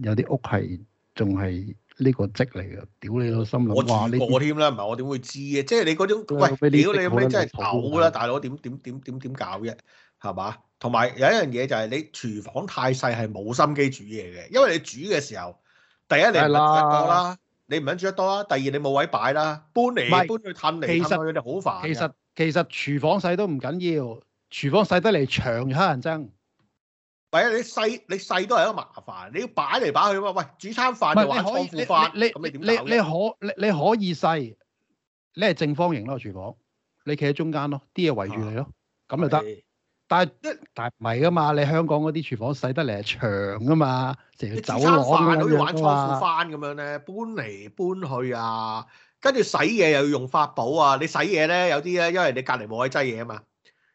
有啲屋係仲係呢個積嚟嘅，屌你老心諗。我話過添啦，唔係我點會知嘅？即係你嗰種喂屌你咩，真係嘔啦！大佬點點點點點搞啫？係嘛？同埋有一樣嘢就係你廚房太細係冇心機煮嘢嘅，因為你煮嘅時候，第一你唔煮得多啦，你唔肯煮得多啦；第二你冇位擺啦，搬嚟搬去褪嚟褪去你好煩。其實廚房細都唔緊要，廚房細得嚟長又乞人憎。係啊，你細你細都係一個麻煩，你要擺嚟擺去嘛。喂，煮餐飯你話，你你你你可你你可以細你，你係正方形咯，廚房，你企喺中間咯，啲嘢圍住你咯，咁、啊、就得的。但係但係唔係噶嘛，你香港嗰啲廚房細得嚟係長噶嘛，成日、嗯、走來咁樣噶嘛。你煮餐飯可以玩倉庫翻咁樣咧，搬嚟搬去啊。跟住洗嘢又要用法寶啊！你洗嘢咧有啲咧，因為你隔籬冇位擠嘢啊嘛，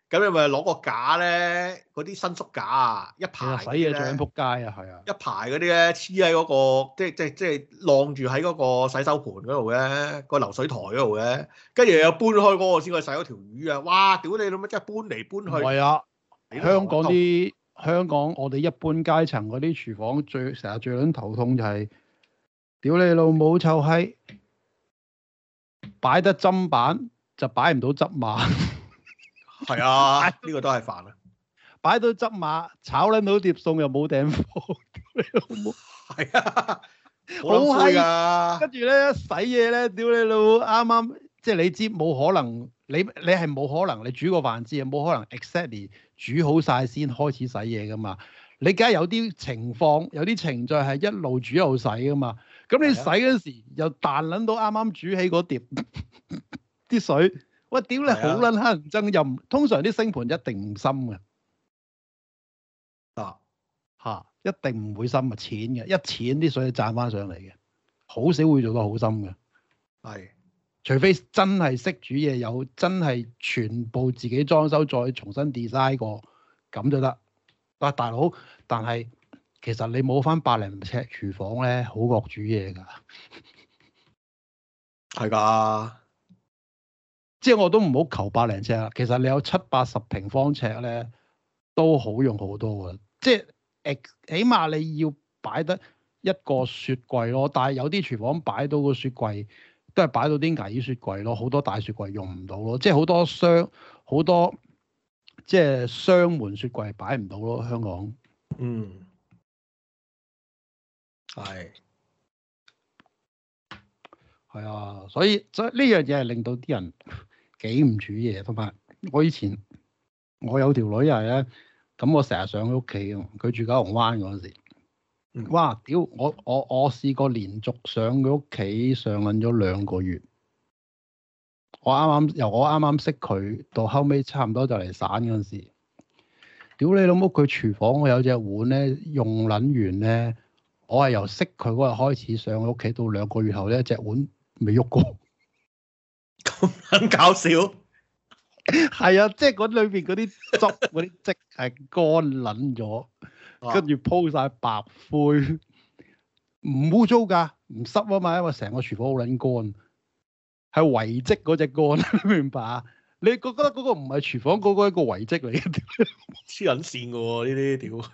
咁你咪攞個架咧，嗰啲伸縮架啊，一排洗嘢最撲街啊，係啊，一排嗰啲咧黐喺嗰個，即係即係即係晾住喺嗰個洗手盤嗰度嘅，個流水台嗰度嘅，跟住又搬開嗰個先去洗嗰條魚啊！哇，屌你老母，真係搬嚟搬去。係啊，香港啲香港我哋一般階層嗰啲廚房最成日最撚頭痛就係，屌你老母臭閪！擺得砧板就擺唔到執馬，係啊，呢、這個都係煩 好好啊！擺到執馬炒撚到碟餸又冇訂貨，屌你老母！係啊，好閪啊！跟住咧洗嘢咧，屌你老，啱啱即係你知冇可能，你你係冇可能你煮個飯先，冇可能 exactly 煮好晒先開始洗嘢噶嘛！你梗係有啲情況有啲程序係一路煮一路洗噶嘛？咁你洗嗰時、啊、又彈撚到啱啱煮起嗰碟啲 水，哇！屌你好撚乞人憎，啊、又唔通常啲星盤一定唔深嘅，啊嚇、啊、一定唔會深啊，淺嘅一淺啲水就賺翻上嚟嘅，好少會做得好深嘅，係、啊、除非真係識煮嘢，有真係全部自己裝修再重新 design 過咁就得、啊。但大佬，但係。其實你冇翻百零尺廚房咧，好惡煮嘢㗎，係 㗎的。即係我都唔好求百零尺啦。其實你有七八十平方尺咧，都好用好多嘅。即係誒，起碼你要擺得一個雪櫃咯。但係有啲廚房擺到個雪櫃，都係擺到啲矮雪櫃咯。好多大雪櫃用唔到咯。即係好多雙，好多即係雙門雪櫃擺唔到咯。香港，嗯。係，係啊，所以所以呢樣嘢係令到啲人幾唔煮嘢，同埋我以前我有條女又係咧，咁我成日上佢屋企啊。佢住九龍灣嗰時，哇屌！我我我試過連續上佢屋企上捻咗兩個月，我啱啱由我啱啱識佢到後尾差唔多就嚟散嗰時，屌你老母！佢廚房我有隻碗咧用捻完咧。我係由識佢嗰日開始上佢屋企，到兩個月後咧，隻碗未喐過，咁搞笑，係 啊，即係嗰裏邊嗰啲汁、嗰啲跡係乾撚咗，跟住哇鋪晒白灰，唔污糟㗎，唔濕啊嘛，因為成個廚房好撚乾，係遺跡嗰隻乾，你明白啊？你覺得嗰個唔係廚房嗰、嗰個一個遺跡嚟，黐撚線㗎喎呢啲屌！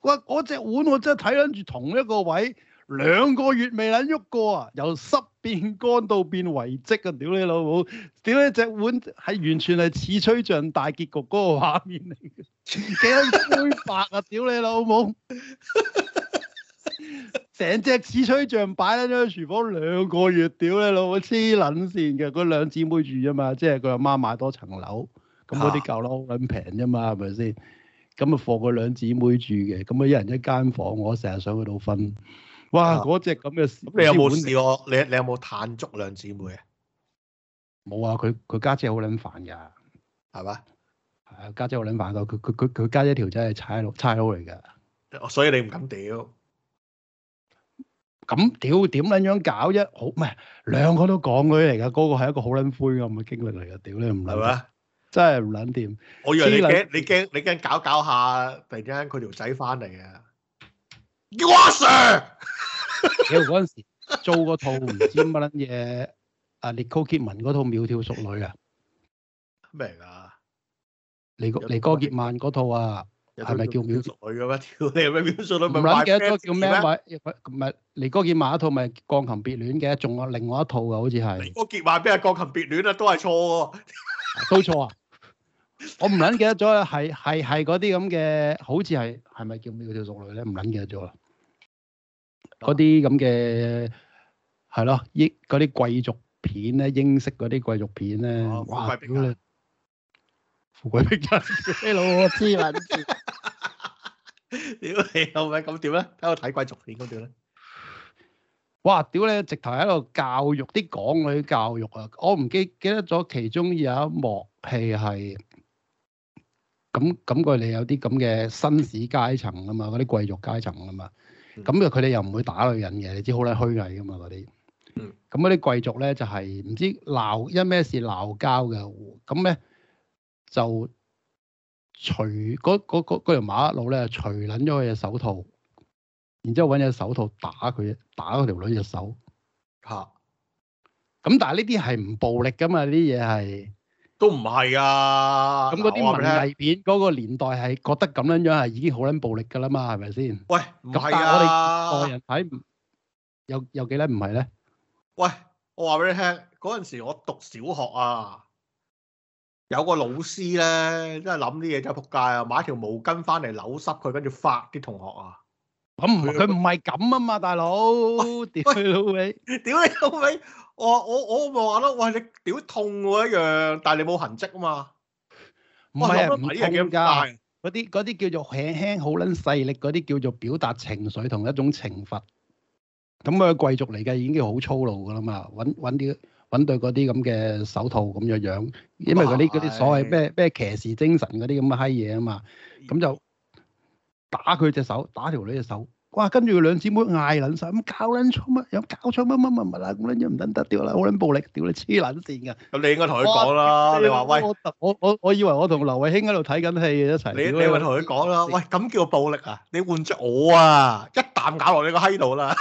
我嗰隻碗我真係睇捻住同一個位，兩個月未捻喐過啊！由濕變乾到變遺跡啊！屌你老母，屌你隻碗係完全係似吹像大結局嗰個畫面嚟嘅，幾鬼灰白啊！ 屌你老母，成隻似吹像擺喺張廚房兩個月，屌你老母黐捻線嘅。佢兩姊妹住啫嘛，即係佢阿媽買多層樓，咁嗰啲舊樓咁平啫嘛，係咪先？是咁啊，放佢兩姊妹住嘅，咁啊一人一間房，我成日上去度瞓。哇！嗰隻咁嘅事，咁你有冇試過？你你有冇嘆足兩姊妹啊？冇啊！佢佢家姐好撚煩㗎，係嘛？係啊，家姐好撚煩㗎。佢佢佢佢家姐條仔係差佬差佬嚟㗎，所以你唔敢屌。咁屌點撚樣搞啫？好唔係兩個都講佢嚟㗎。嗰個係一個好撚灰咁嘅經歷嚟㗎。屌你唔撚係嘛？真係唔捻掂！我以為你你驚你驚搞搞下，突然間佢條仔翻嚟啊！叫阿 Sir，你嗰陣時做嗰套唔知乜撚嘢？啊，尼哥傑曼嗰套苗條淑女啊？咩嚟噶？尼哥尼哥傑曼嗰套啊，係咪叫苗條淑女嘅咩？條你係咪苗條淑女？唔撚記得咗叫咩位？唔係尼哥傑曼一套咪鋼琴別戀嘅，仲有另外一套嘅，好似係尼哥傑曼邊係鋼琴別戀啊？都係錯喎，都錯啊！我唔撚記得咗，係係係嗰啲咁嘅，好似係係咪叫咩嗰條淑女咧？唔撚記得咗啦。嗰啲咁嘅係咯，英嗰啲貴族片咧，英式嗰啲貴族片咧，哇！富貴逼人，呢佬我知啦。屌你老味，咁點咧？喺度睇貴族片嗰點咧？哇！屌你，直頭喺度教育啲港女教育啊！我唔記記得咗其中有一幕戲係。咁咁佢哋有啲咁嘅紳士階層啊嘛，嗰啲貴族階層啊嘛，咁又佢哋又唔會打女人嘅，你知好撚虛偽噶嘛嗰啲。咁嗰啲貴族咧就係、是、唔知鬧因咩事鬧交嘅，咁咧就除嗰嗰條馬路咧，除撚咗佢隻手套，然之後揾隻手套打佢，打嗰條女隻手。嚇、啊！咁但係呢啲係唔暴力噶嘛，呢啲嘢係。都唔係啊！咁嗰啲文藝片嗰個年代係覺得咁樣樣係已經好撚暴力㗎啦嘛，係咪先？喂，唔係啊！我哋個人睇有有幾多唔係咧？喂，我話俾你聽，嗰陣時我讀小學啊，有個老師咧，即係諗啲嘢就撲街啊！買條毛巾翻嚟扭濕佢，跟住發啲同學啊。咁唔佢唔係咁啊嘛，大佬！屌你老味！屌你老味！我我我咪話咯，餵你屌痛喎一樣，但係你冇痕跡啊嘛，唔係唔痛㗎，嗰啲嗰啲叫做，輕輕好撚細力嗰啲叫做表達情緒同一種懲罰。咁佢貴族嚟嘅已經好粗魯㗎啦嘛，揾揾啲揾對嗰啲咁嘅手套咁樣樣，因為嗰啲嗰啲所謂咩咩騎士精神嗰啲咁嘅閪嘢啊嘛，咁就打佢隻手，打條女隻手。哇！跟住兩姊妹嗌撚曬，咁搞撚錯乜？又搞錯乜乜乜乜啦！咁撚忍唔忍得屌啦，好撚暴力！屌你黐撚線㗎！咁你應該同佢講啦。你話喂，我我我以為我同劉慧卿喺度睇緊戲一齊。你你咪同佢講啦。喂，咁叫暴力啊？你換著我啊，一啖咬落你個閪度啦！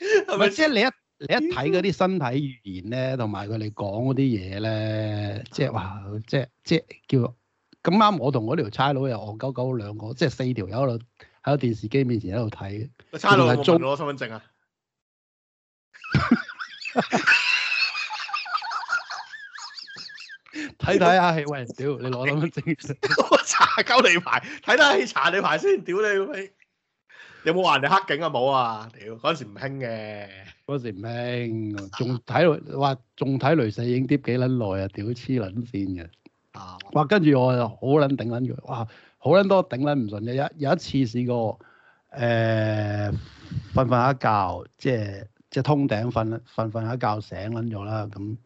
係咪即係你一你一睇嗰啲身體語言咧，同埋佢哋講嗰啲嘢咧，即係話即即叫。咁啱我同嗰條差佬又戇鳩鳩兩個，即係四條友喺度喺個電視機面前喺度睇。個差佬攞身份證啊！睇睇啊！喂，屌你攞身份證！我查鳩你牌，睇睇啊！查你牌先，屌你！有冇話人哋黑警啊？冇啊！屌嗰時唔興嘅，嗰時唔興，仲睇哇，仲睇雷射影碟幾撚耐啊！屌黐撚線嘅。哇、啊！跟住我就好撚頂撚住，哇！好撚多頂撚唔順嘅。有有一次試過誒瞓瞓下覺，即係即係通頂瞓瞓瞓下覺醒撚咗啦。咁、嗯、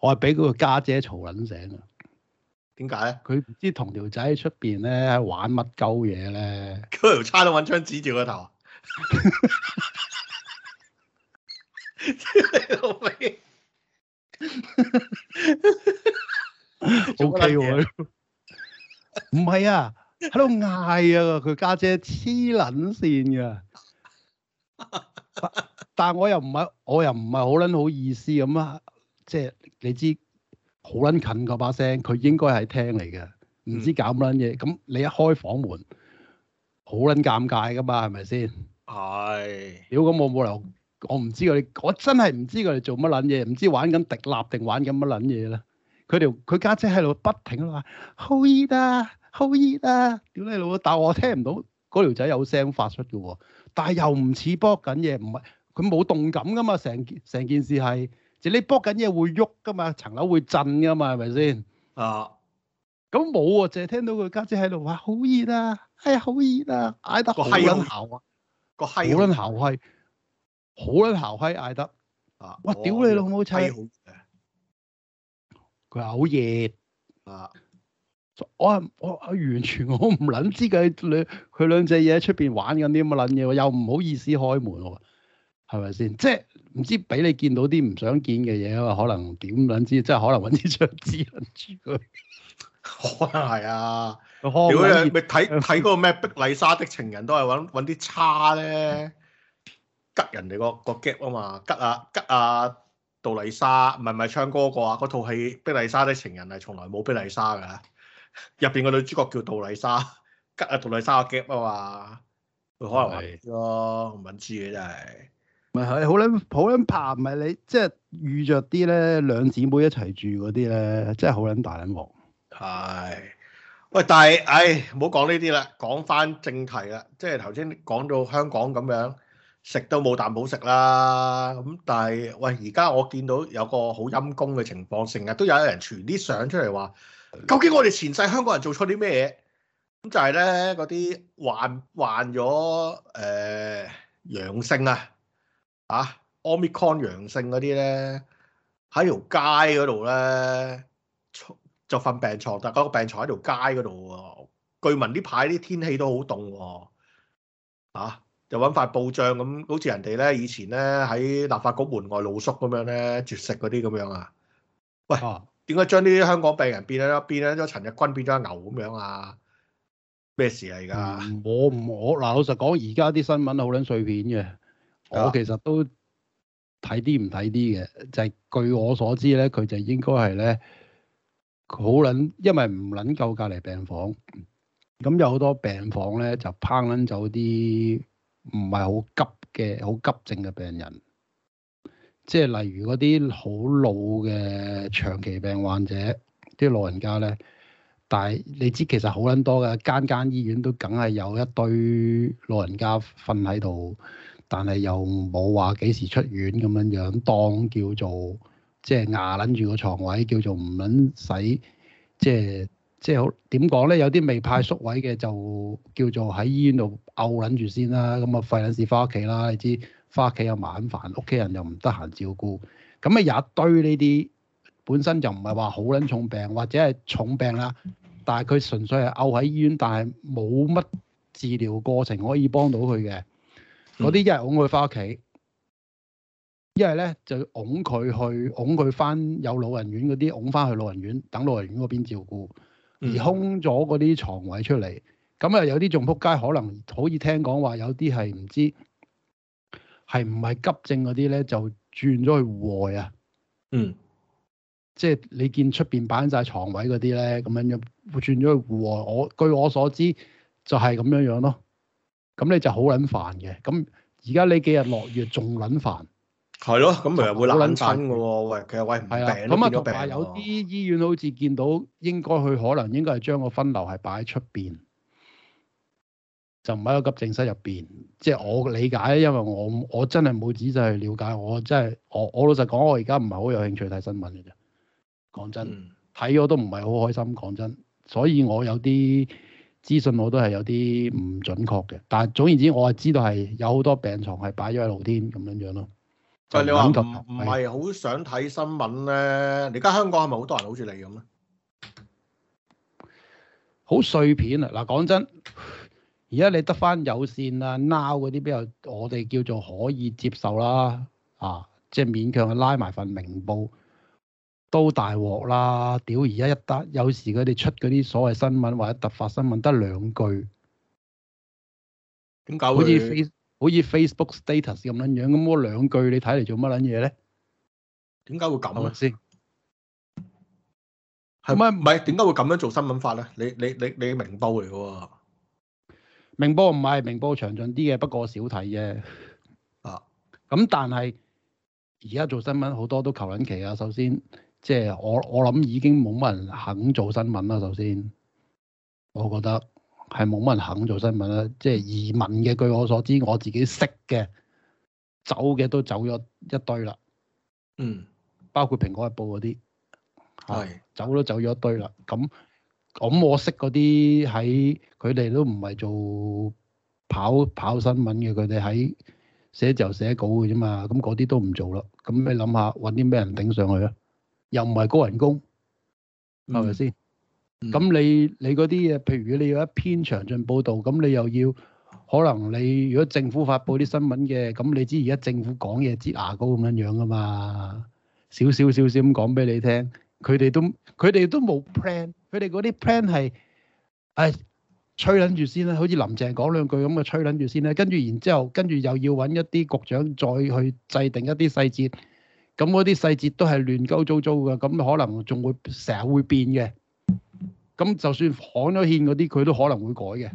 我係俾嗰個家姐嘈撚醒啊！點解咧？佢唔知同條仔喺出邊咧玩乜鳩嘢咧？佢條差都揾槍指住個頭。 哪裡 O K 喎，唔係啊，喺度嗌啊，佢家姐黐撚線噶， 但係我又唔係，我又唔係好撚好意思咁啊，即、就、係、是、你知好撚近嗰把聲，佢應該係聽嚟嘅，唔知搞乜撚嘢，咁、嗯、你一開房門，好撚尷尬噶嘛，係咪先？係、哎，屌咁我冇理由，我唔知佢，哋，我真係唔知佢哋做乜撚嘢，唔知在玩緊迪立定玩緊乜撚嘢咧。佢條佢家姐喺度不停喺度話好熱啊，好熱啊！屌你老豆！但係我聽唔到嗰條仔有聲發出嘅喎，但係又唔似卜緊嘢，唔係佢冇動感噶嘛，成成件事係就你卜緊嘢會喐噶嘛，層樓會震噶嘛，係咪先啊？咁冇喎，淨係聽到佢家姐喺度話好熱啊，哎呀，好熱啊，嗌得個閪撚姣啊，個閪撚姣係，好撚姣係嗌得啊！哇！屌你老母柒！佢好熱啊！我我我完全我唔撚知佢兩佢兩隻嘢喺出邊玩緊啲咁嘅撚嘢喎？又唔好意思開門喎，係咪先？即係唔知俾你見到啲唔想見嘅嘢啊嘛？可能點撚知？即係可能揾啲錫紙撚住佢，可能係啊！ 啊如果你咪睇睇嗰個咩《碧麗莎的情人》，都係揾啲叉咧，吉人哋個個 gap 啊嘛，吉啊吉啊！杜麗莎唔係唔係唱歌啩？嗰套戲《碧麗莎的情人》係從來冇碧麗莎㗎，入邊個女主角叫杜麗莎，吉啊杜麗莎嘅 gap 啊嘛，佢是可能係咯，唔敏智嘅真係。唔係係好撚好撚怕，唔係你即係遇著啲咧兩姊妹一齊住嗰啲咧，真係好撚大撚忙，係，喂，但係唉，唔好講呢啲啦，講返正題啦，即係頭先講到香港咁樣。食都冇啖好食啦，咁但係喂，而家我見到有個好陰公嘅情況，成日都有人傳啲相出嚟話，究竟我哋前世香港人做錯啲咩嘢？咁就係咧，嗰啲患患咗誒、呃、陽性啊，啊，Omicron 陽性嗰啲咧，喺條街嗰度咧，就瞓病床。但嗰個病床喺條街嗰度喎。據聞呢排啲天氣都好凍喎，啊！就揾塊布障咁，好似人哋咧以前咧喺立法局門外露宿咁樣咧絕食嗰啲咁樣啊！喂，點解將呢啲香港病人變咗變咗？陳日君變咗牛咁樣啊？咩事啊？而家、嗯、我我嗱，老實講，而家啲新聞好撚碎片嘅，的我其實都睇啲唔睇啲嘅，就係、是、據我所知咧，佢就應該係咧好撚，因為唔撚夠隔離病房，咁有好多病房咧就拫撚走啲。唔係好急嘅，好急症嘅病人，即係例如嗰啲好老嘅長期病患者，啲老人家咧。但係你知其實好撚多嘅，間間醫院都梗係有一堆老人家瞓喺度，但係又冇話幾時出院咁樣樣，當叫做，即係牙撚住個床位，叫做唔撚使，即係。即係好點講咧？有啲未派宿位嘅就叫做喺醫院度嘔撚住先啦。咁啊，費撚事翻屋企啦。你知翻屋企又麻撚煩，屋企人又唔得閒照顧。咁啊，有一堆呢啲本身就唔係話好撚重病或者係重病啦，但係佢純粹係嘔喺醫院，但係冇乜治療過程可以幫到佢嘅。嗰啲一係擁佢翻屋企，一係咧就擁佢去擁佢翻有老人院嗰啲，擁翻去老人院等老人院嗰邊照顧。而空咗嗰啲床位出嚟，咁啊，有啲仲仆街，可能可以聽講話，有啲係唔知係唔係急症嗰啲咧，就轉咗去戶外啊。嗯，即係你見出邊擺晒床位嗰啲咧，咁樣樣會轉咗去戶外。我據我所知就係咁樣樣咯。咁你就好捻煩嘅。咁而家呢幾日落雨仲捻煩。係咯，咁咪又會冷身嘅喂，其實喂病咗病咁啊，有啲醫院好似見到應該佢可能應該係將個分流係擺喺出邊，就唔喺個急症室入邊。即係我理解，因為我我真係冇仔細去了解，我真係我我老實講，我而家唔係好有興趣睇新聞嘅啫。講真睇咗都唔係好開心，講真，所以我有啲資訊我都係有啲唔準確嘅。但係總言之，我係知道係有好多病床係擺咗喺露天咁樣樣咯。就你話唔唔係好想睇新聞咧？你而家香港係咪好多人好似你咁咧？好碎片啊！嗱，講真，而家你得翻有綫啊、now 嗰啲，比較我哋叫做可以接受啦。啊，即係勉強去拉埋份明報都大鑊啦！屌而家一得有時佢哋出嗰啲所謂新聞或者突發新聞得兩句，點解好似。好似 Facebook status 咁樣樣，咁嗰兩句你睇嚟做乜撚嘢咧？點解會咁啊？先係咪唔係？點解會咁樣做新聞法咧？你你你你明報嚟嘅啊？明報唔係明報，詳盡啲嘅，不過少睇啫。啊，咁但係而家做新聞好多都求撚其啊！首先，即係我我諗已經冇乜人肯做新聞啦。首先，我覺得。係冇乜人肯做新聞啦，即係移民嘅。據我所知，我自己識嘅走嘅都走咗一堆啦。嗯，包括蘋果日報嗰啲，係是走都走咗一堆啦。咁咁我識嗰啲喺佢哋都唔係做跑跑新聞嘅，佢哋喺寫就寫稿嘅啫嘛。咁嗰啲都唔做啦。咁你諗下搵啲咩人頂上去啊？又唔係高人工，係咪先？是。咁你你嗰啲嘢，譬如你有一篇詳盡報道，咁你又要可能你如果政府發布啲新聞嘅，咁你知而家政府講嘢擠牙膏咁樣樣噶嘛？少少少少咁講俾你聽，佢哋都佢哋都冇 plan，佢哋嗰啲 plan 係誒吹捻住先啦，好似林鄭講兩句咁啊吹捻住先啦，跟住然之後跟住又要揾一啲局長再去制定一啲細節，咁嗰啲細節都係亂鳩糟糟嘅，咁可能仲會成日會變嘅。咁就算講咗欠嗰啲，佢都可能會改嘅。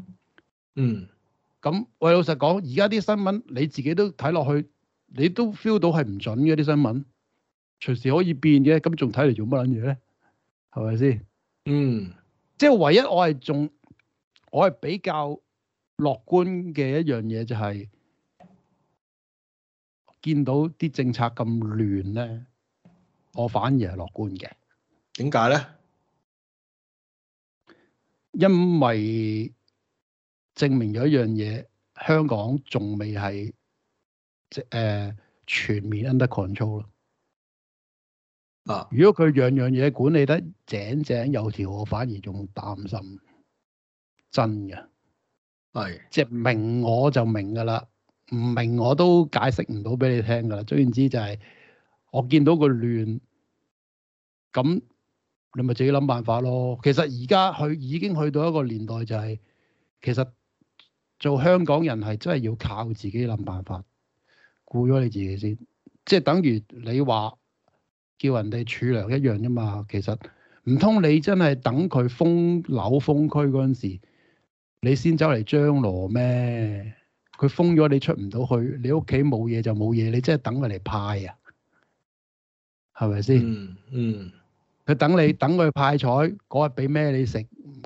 嗯。咁，喂，老實講，而家啲新聞你自己都睇落去，你都 feel 到係唔準嘅啲新聞，隨時可以變嘅。咁仲睇嚟做乜撚嘢咧？係咪先？嗯。即係唯一我係仲，我係比較樂觀嘅一樣嘢，就係，就係見到啲政策咁亂咧，我反而係樂觀嘅。點解咧？因為證明咗一樣嘢，香港仲未係即係全面 under control 咯。啊！如果佢樣樣嘢管理得井井有條，我反而仲擔心。真嘅係，是即係明我就明噶啦，唔明我都解釋唔到俾你聽噶啦。總言之就係我見到個亂咁。你咪自己諗辦法咯。其實而家佢已經去到一個年代，就是，就係其實做香港人係真係要靠自己諗辦法，顧咗你自己先。即係等於你話叫人哋儲糧一樣啫嘛。其實唔通你真係等佢封樓封區嗰陣時，你先走嚟張羅咩？佢封咗你出唔到去，你屋企冇嘢就冇嘢，你真係等佢嚟派啊？係咪先？嗯嗯。佢等你等佢派彩嗰日俾咩你食，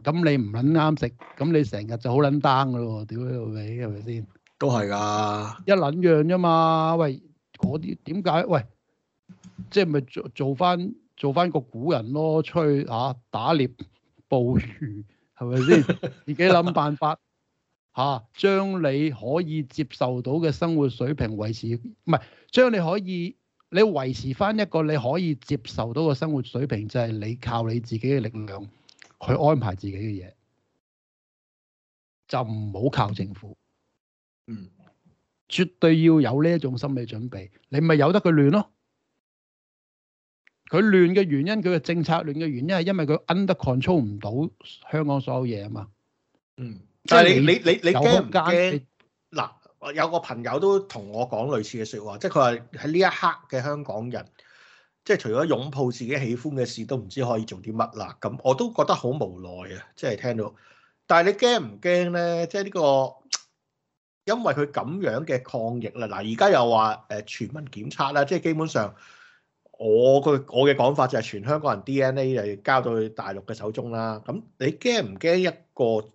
咁你唔撚啱食，咁你成日就好撚 down 嘅咯喎！屌你老味，係咪先？都係㗎，一撚樣啫嘛！喂，嗰啲點解？喂，即係咪做做翻做翻個古人咯？出去吓打獵捕魚係咪先？自己諗辦法吓，將你可以接受到嘅生活水平維持，唔係將你可以。你維持翻一個你可以接受到嘅生活水平，就係你靠你自己嘅力量去安排自己嘅嘢，就唔好靠政府。嗯，絕對要有呢一種心理準備，你咪由得佢亂咯。佢亂嘅原因，佢嘅政策亂嘅原因係因為佢 under control 唔到香港所有嘢啊嘛。嗯，但係你你你你驚唔驚？嗱。我有個朋友都同我講類似嘅説話，即係佢話喺呢一刻嘅香港人，即係除咗擁抱自己喜歡嘅事，都唔知可以做啲乜啦。咁我都覺得好無奈啊！即係聽到，但係你驚唔驚呢？即係呢個因為佢咁樣嘅抗疫啦，嗱而家又話誒全民檢測啦，即係基本上我個我嘅講法就係全香港人 DNA 又要交到去大陸嘅手中啦。咁你驚唔驚一個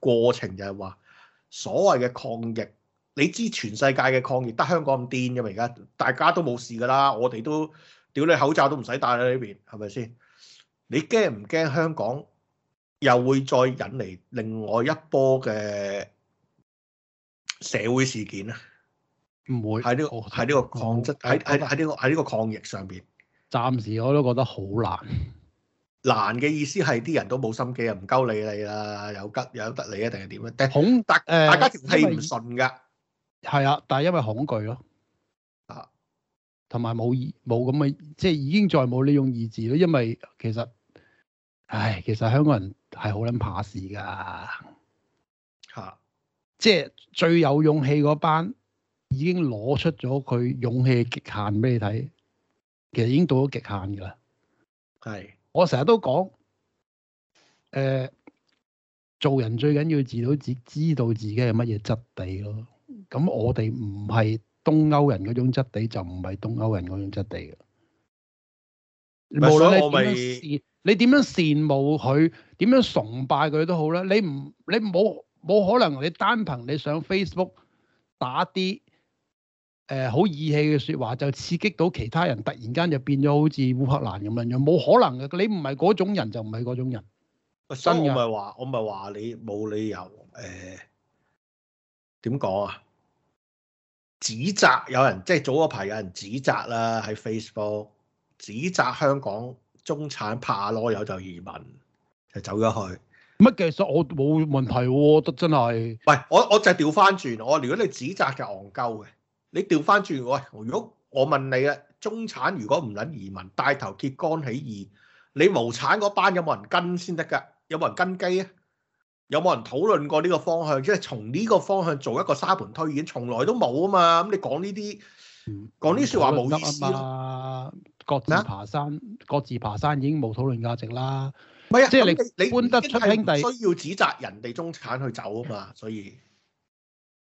過程就係話所謂嘅抗疫？你知全世界嘅抗疫得香港咁癲㗎嘛？而家大家都冇事噶啦，我哋都屌你口罩都唔使戴啦呢邊，係咪先？你驚唔驚香港又會再引嚟另外一波嘅社會事件啊？唔會喺呢、呢個喺呢我、呢個抗疫喺喺呢個喺呢個抗疫上邊，暫時我都覺得好難。難嘅意思係啲人都冇心機啊，唔鳩理你啦，有吉有得你一定係點樣？但但誒，恐呃、大家條氣唔順㗎。係啊，但係因為恐懼咯，啊，同埋冇意冇咁嘅，即係已經再冇呢種意志咯，因為其實，唉，其實香港人係好撚怕事噶，吓、啊啊，即係最有勇氣嗰班已經攞出咗佢勇氣嘅極限俾你睇，其實已經到咗極限噶啦，係的，我成日都講，誒、呃，做人最緊要知道自知道自己係乜嘢質地咯。咁我哋唔係東歐人嗰種質地，就唔係東歐人嗰種質地嘅。無論你點樣羨，你點樣羨慕佢，點樣崇拜佢都好啦。你唔，你冇冇可能，你單憑你上 Facebook 打啲誒好義氣嘅説話，就刺激到其他人突然間就變咗好似烏克蘭咁樣樣，冇可能嘅。你唔係嗰種人，就唔係嗰種人。真唔係話，我唔係話你冇理由誒點講啊？指責有人，即係早嗰排有人指責啦，喺 Facebook 指責香港中產怕咯，有就移民就走咗去乜。其實我冇問題喎、啊，得真係。喂，我我就調翻轉，我如果你指責就戇鳩嘅，你調翻轉喂，如果我問你啦，中產如果唔撚移民，帶頭揭竿起義，你無產嗰班有冇人跟先得㗎？有冇人跟機？有冇人討論過呢個方向？即係從呢個方向做一個沙盤推演，從來都冇啊嘛。咁你說、嗯、講呢啲講呢啲説話冇意思啦。各自，麼各自爬山，各自爬山已經冇討論價值啦。唔係啊，即係你你官得出兄弟，需要指責人哋中產去走啊嘛。所以、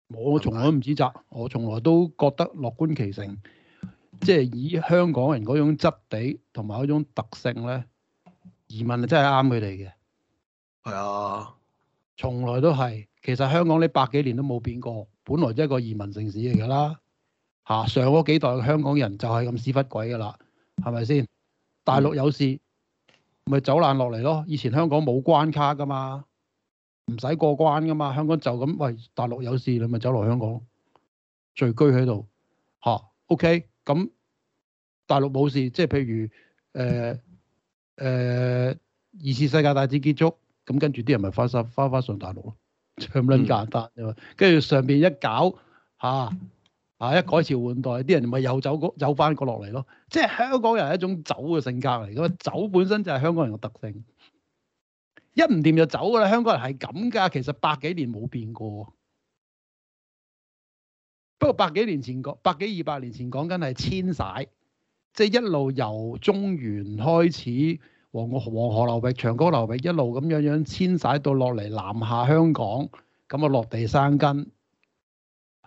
嗯啊、我從來都唔指責，我從來都覺得樂觀其成。即係以香港人嗰種質地同埋嗰種特性咧，移民啊真係啱佢哋嘅。係啊。從來都係，其實香港呢百幾年都冇變過，本來就係一個移民城市嚟㗎啦。嚇、啊，上嗰幾代香港人就係咁屎忽鬼㗎啦，係咪先？大陸有事，咪走難落嚟咯。以前香港冇關卡㗎嘛，唔使過關㗎嘛。香港就咁，喂，大陸有事你咪走落香港，聚居喺度嚇。OK，咁、嗯、大陸冇事，即係譬如誒誒、呃呃、二次世界大戰結束。咁跟住啲人咪翻曬翻翻上大陸咯，咁撚簡單啫嘛。跟住上邊一搞嚇嚇、啊啊，一改朝換代，啲人咪又走個走翻個落嚟咯。即係香港人係一種走嘅性格嚟，咁走本身就係香港人嘅特性。一唔掂就走㗎啦，香港人係咁㗎。其實百幾年冇變過。不過百幾年前講，百幾二百年前講緊係遷徙，即係一路由中原開始。黃河，黃河流域、長江流域一路咁樣樣遷徙到落嚟南下，香港，咁啊落地生根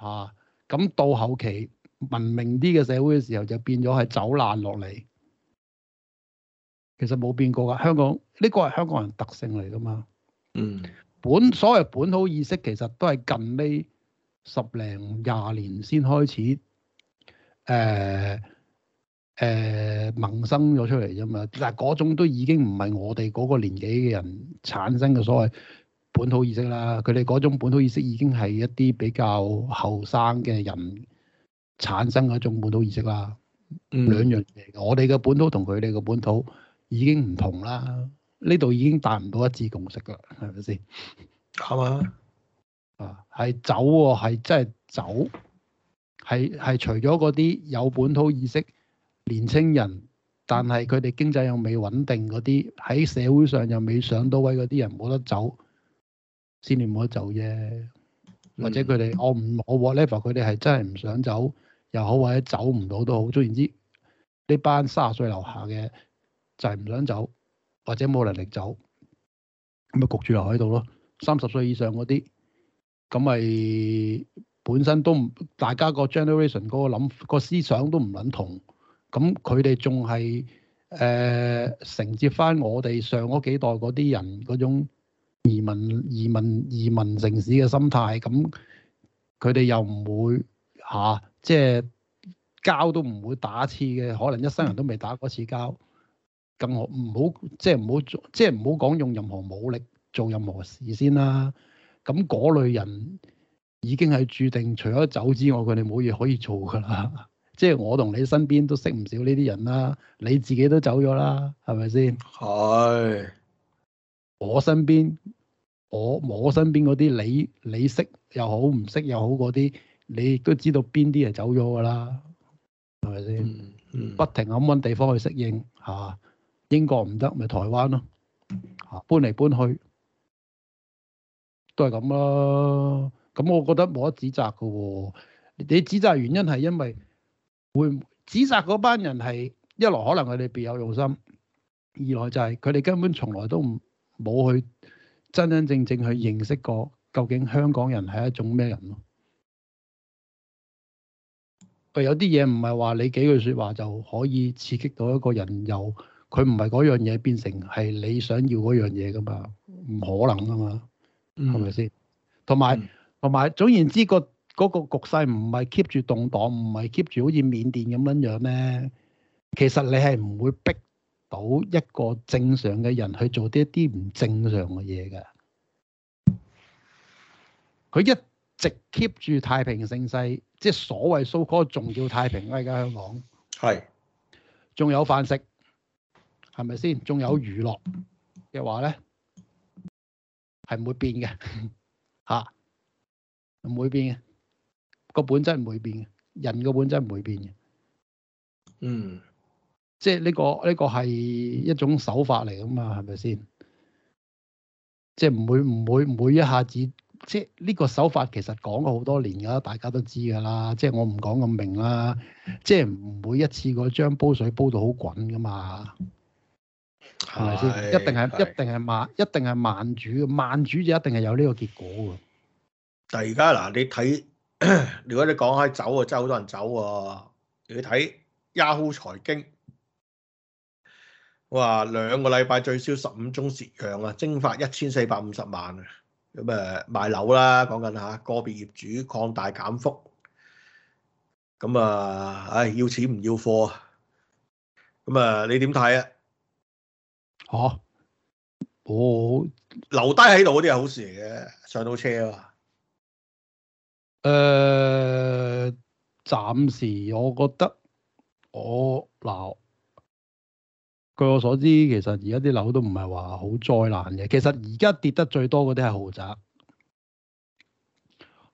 嚇。咁、啊、到後期文明啲嘅社會嘅時候，就變咗係走難落嚟。其實冇變過噶，香港呢個係香港人特性嚟噶嘛。嗯。本所謂本土意識其實都係近呢十零廿年先開始誒。呃誒、呃、萌生咗出嚟啫嘛，但係嗰種都已經唔係我哋嗰個年紀嘅人產生嘅所謂本土意識啦。佢哋嗰種本土意識已經係一啲比較後生嘅人產生嘅一種本土意識啦。兩、嗯、樣嘢，我哋嘅本土同佢哋嘅本土已經唔同啦。呢度、嗯、已經達唔到一致共識啦，係咪先？係嘛、嗯？啊，係走喎，係真係走，係係除咗嗰啲有本土意識。年青人，但係佢哋經濟又未穩定，嗰啲喺社會上又未上到位，嗰啲人冇得走先至冇得走啫。或者佢哋、嗯、我唔我我 level 佢哋係真係唔想走又好或者走唔到都好。總言之，呢班卅歲樓下嘅就係唔想走或者冇能力走咁咪焗住留喺度咯。三十歲以上嗰啲咁咪本身都唔大家個 generation 個 generation 嗰、個諗個思想都唔諗同。咁佢哋仲係誒承接翻我哋上嗰幾代嗰啲人嗰種移民移民移民城市嘅心態，咁佢哋又唔會嚇，即係交都唔會打一次嘅，可能一生人都未打過一次交，更何唔好即係唔好即係唔好講用任何武力做任何事先啦。咁嗰類人已經係注定除咗走之外，佢哋冇嘢可以做噶啦。即係我同你身邊都識唔少呢啲人啦，你自己都走咗啦，係咪先？係。我身邊，我我身邊嗰啲你你識又好，唔識又好嗰啲，你都知道邊啲人走咗噶啦，係咪先？嗯嗯，不停咁搵地方去適應，吓、啊、英國唔得，咪台灣咯，吓、啊、搬嚟搬去都係咁啦。咁我覺得冇得指責噶、哦，你指責原因係因為。會指責嗰班人係，一來可能佢哋別有用心，二來就係佢哋根本從來都唔冇去真真正正去認識過究竟香港人係一種咩人咯。誒，有啲嘢唔係話你幾句說話就可以刺激到一個人由佢唔係嗰樣嘢變成係你想要嗰樣嘢噶嘛？唔可能噶嘛？係咪先？同埋同埋，嗯、總言之個。嗰個局勢唔係 keep 住動盪，唔係 keep 住好似緬甸咁樣樣咧。其實你係唔會逼到一個正常嘅人去做啲一啲唔正常嘅嘢嘅。佢一直 keep 住太平盛世，即係所謂 so called 仲叫太平啦。而家香港係，仲是有飯食，係咪先？仲有娛樂嘅話咧，係唔會變嘅嚇，唔、 啊、會變嘅。個本質唔會變嘅，人個本質唔會變嘅。嗯，即係呢個呢個係一種手法嚟㗎嘛，係咪先？即係唔會唔會唔會一下子，即係呢個手法其實講咗好多年㗎，大家都知㗎啦。即係我唔講咁明啦，即係唔會一次過將煲水煲到好滾㗎嘛，係咪先？的一定係的一定係慢，一定係慢煮，慢煮就一定係有呢個結果㗎。但係而家嗱，你睇。如果你講開走啊，真係好多人走啊。你睇 Yahoo 財經，哇，兩個禮拜最少十五宗蝕讓啊，蒸發一千四百五十萬啊。咁、嗯、誒，賣樓啦，講緊吓，個別業主擴大減幅，咁、嗯、啊，唉、哎，要錢唔要貨、嗯嗯、啊。咁啊，你點睇啊？哦，我留低喺度嗰啲係好事嚟嘅，上到車啊嘛。誒，暫時我覺得我嗱、呃，據我所知，其實而家啲樓都唔係話好災難嘅。其實而家跌得最多嗰啲係豪宅，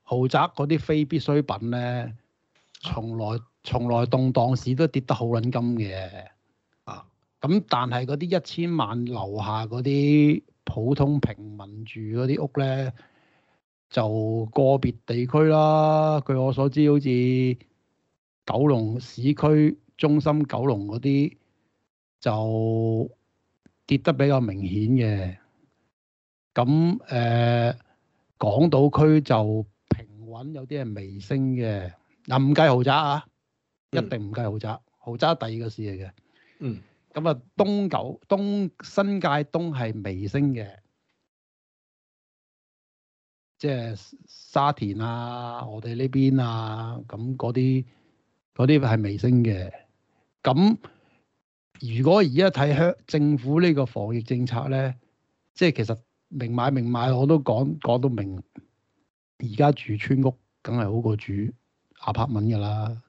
豪宅嗰啲非必需品咧，從來從來動盪市都跌得好撚金嘅。啊，咁但係嗰啲一千萬樓下嗰啲普通平民住嗰啲屋咧。就個別地區啦，據我所知，好似九龍市區中心、九龍嗰啲就跌得比較明顯嘅。咁誒、呃，港島區就平穩，有啲係微升嘅。嗱、啊，唔計豪宅啊，一定唔計豪宅，嗯、豪宅係第二個市嚟嘅。嗯。咁啊，東九、東新界東係微升嘅。即係沙田啊，我哋呢邊啊，咁嗰啲嗰啲係微升嘅。咁如果而家睇香港政府呢個防疫政策咧，即係其實明買明買我都講講到明。而家住村屋，梗係好過住阿柏文噶啦，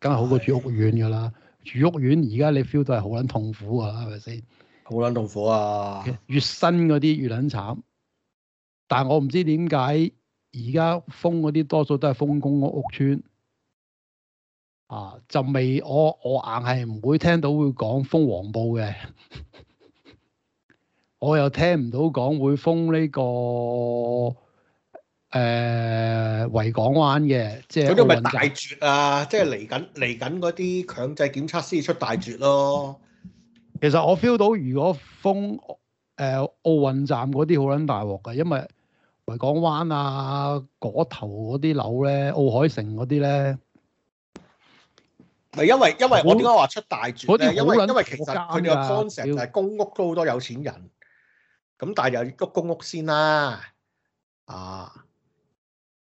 梗係好過住屋苑噶啦。的住屋苑而家你 feel 到係好撚痛苦啊，係咪先？好撚痛苦啊！越新嗰啲越撚慘。但係我唔知點解而家封嗰啲多數都係封公屋屋村啊，就未我我硬係唔會聽到會講封黃埔嘅。 我又聽唔到講會封呢、這個誒、呃、維港灣嘅，即、就、係、是。嗰啲咪大絕啊！即係嚟緊嚟緊嗰啲強制檢測先出大絕咯。其實我 feel 到如果封誒、呃、奧運站嗰啲好撚大鑊㗎，因為。港灣啊，嗰頭嗰啲樓咧，奧海城嗰啲咧，咪因為因為我點解話出大住咧？因為因為其實佢哋嘅 concept 係公屋都好多有錢人，咁要但係又要築公屋先啦，啊，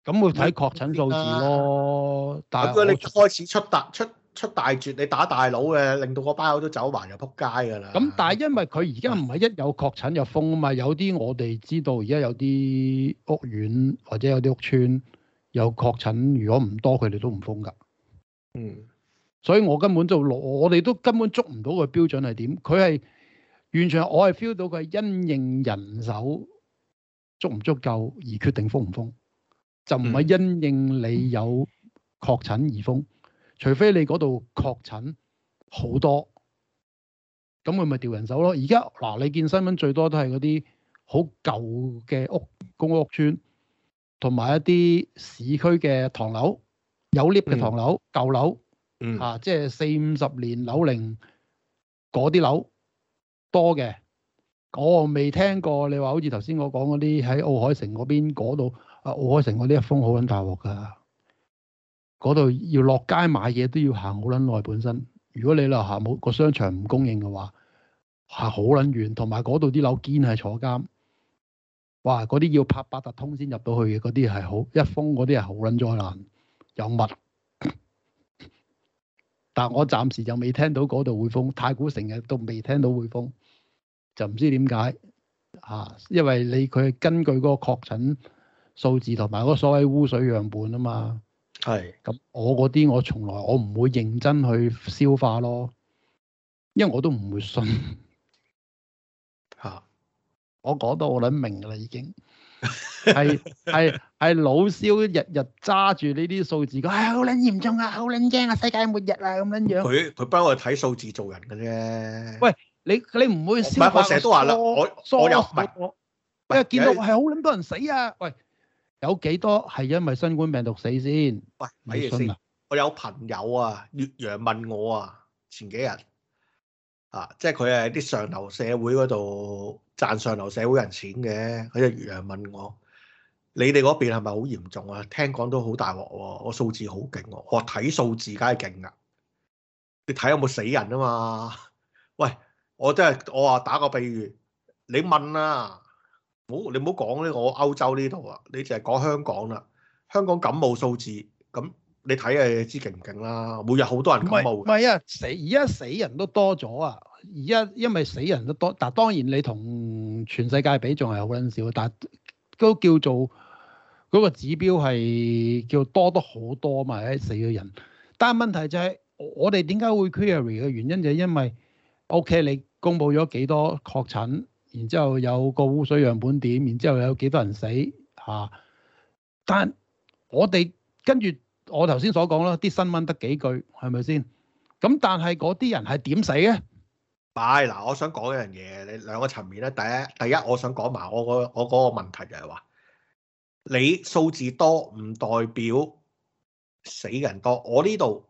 咁、啊、會睇確診數字咯。啊、但係如果你開始出達出。出大絕，你打大佬嘅，令到嗰班友都走埋，就撲街㗎啦。咁但係因為佢而家唔係一有確診就封啊嘛，有啲我哋知道而家有啲屋苑或者有啲屋邨有確診，如果唔多，佢哋都唔封㗎。嗯，所以我根本就攞，我哋都根本捉唔到個標準係點。佢係完全我係 feel 到佢係因應人手足唔足夠而決定封唔封，就唔係因應你有確診而封。嗯嗯除非你嗰度確診好多，咁佢咪調人手咯。而家嗱，你見新聞最多都係嗰啲好舊嘅屋公屋邨同埋一啲市區嘅唐樓，有 lift 嘅唐樓、舊樓，嚇、嗯嗯啊，即係四五十年樓齡嗰啲樓多嘅。我未聽過你話，好似頭先我講嗰啲喺奧海城嗰邊嗰度，啊，奧海城嗰啲一風好撚大鑊㗎。嗰度要落街買嘢都要行好撚耐本身。如果你樓下冇個商場唔供應嘅話，行好撚遠。同埋嗰度啲樓堅係坐監，哇！嗰啲要拍八達通先入到去嘅嗰啲，係好一封，嗰啲係好撚災難，有密。 但我暫時就未聽到嗰度會封，太古城亦都未聽到會封，就唔知點解嚇。因為你佢根據嗰個確診數字同埋嗰個所謂污水樣本啊嘛。係咁，是我嗰啲我從來我唔會認真去消化咯，因為我都唔會信。吓、啊，我講到我諗明噶啦，已經係係係老蕭日日揸住呢啲數字，講係好捻嚴重噶，好捻驚啊，啊，啊，世界末日啊咁樣樣。佢佢幫我哋睇數字做人噶啫。喂，你你唔會消化？唔係我成日都話啦，我梭我，我有唔係梭我，一見梭到係好捻多人死啊，喂！有幾多係因為新冠病毒死先？喂，咪嘢先。我有朋友啊，越洋問我啊，前幾日啊，即係佢喺啲上流社會嗰度賺上流社會人錢嘅。佢就越洋問我：你哋嗰邊係咪好嚴重啊？聽講都好大鑊喎。我數字好勁喎，我睇數字梗係勁啦。你睇有冇死人啊嘛？喂，我真係我話打個比喻，你問啊？唔好，你唔好講呢個歐洲呢度啊，你淨係講香港啦。香港感冒數字咁，你睇下知勁唔勁啦。每日好多人感冒，唔係啊，死而家死人都多咗啊。而家因為死人都多，但係當然你同全世界比仲係好捻少，但係都叫做嗰個指標係叫多得好多嘛，係死嘅人。但係問題就係我哋點解會 query 嘅原因就係因為，OK 你公布咗幾多確診？然之後有個污水樣本點，然之後有幾多人死嚇、啊？但我哋跟住我頭先所講啦，啲新聞得幾句係咪先？咁但係嗰啲人係點死咧？係嗱、哎，我想講一樣嘢，你兩個層面咧。第一，第一，我想講埋我個我嗰個問題就係、是、話，你數字多唔代表死嘅人多？我呢度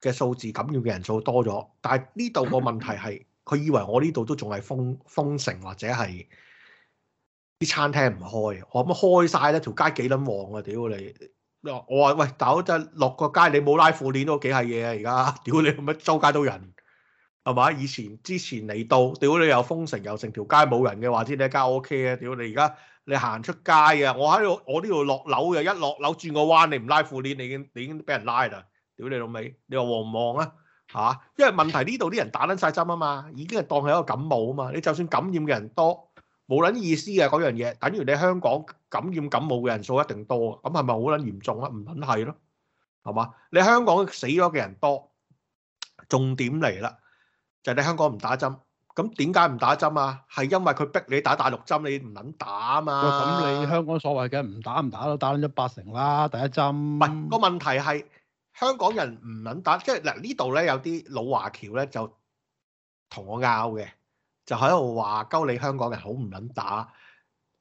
嘅數字感染嘅人數多咗，但係呢度個問題係。 佢以為我呢度都仲係封封城或者係啲餐廳唔開，我咁開晒咧條街幾撚旺啊？屌你！我話喂，大佬真係落個街你冇拉褲鏈都幾係嘢啊！而家屌你咁樣周街都人係嘛？以前之前嚟到屌你，你又封城又成條街冇人嘅話，先你間 OK 啊？屌你而家你行出街啊！我喺度我呢度落樓嘅，一落樓轉個彎你唔拉褲鏈，你已經你已經俾人拉啦！屌你老味！你話旺唔旺啊？嚇，因為問題呢度啲人打撚晒針啊嘛，已經係當係一個感冒啊嘛。你就算感染嘅人多，冇撚意思嘅嗰樣嘢，等於你香港感染感冒嘅人數一定多，咁係咪好撚嚴重啊？唔撚係咯，係嘛？你香港死咗嘅人多，重點嚟啦，就係你香港唔打針，咁點解唔打針啊？係因為佢逼你打大陸針，你唔撚打啊嘛。咁你香港所謂嘅唔打唔打都打撚咗八成啦，第一針。唔個問題係。香港人唔撚打，即係嗱呢度咧有啲老華僑咧就同我拗嘅，就喺度話鳩你香港人好唔撚打，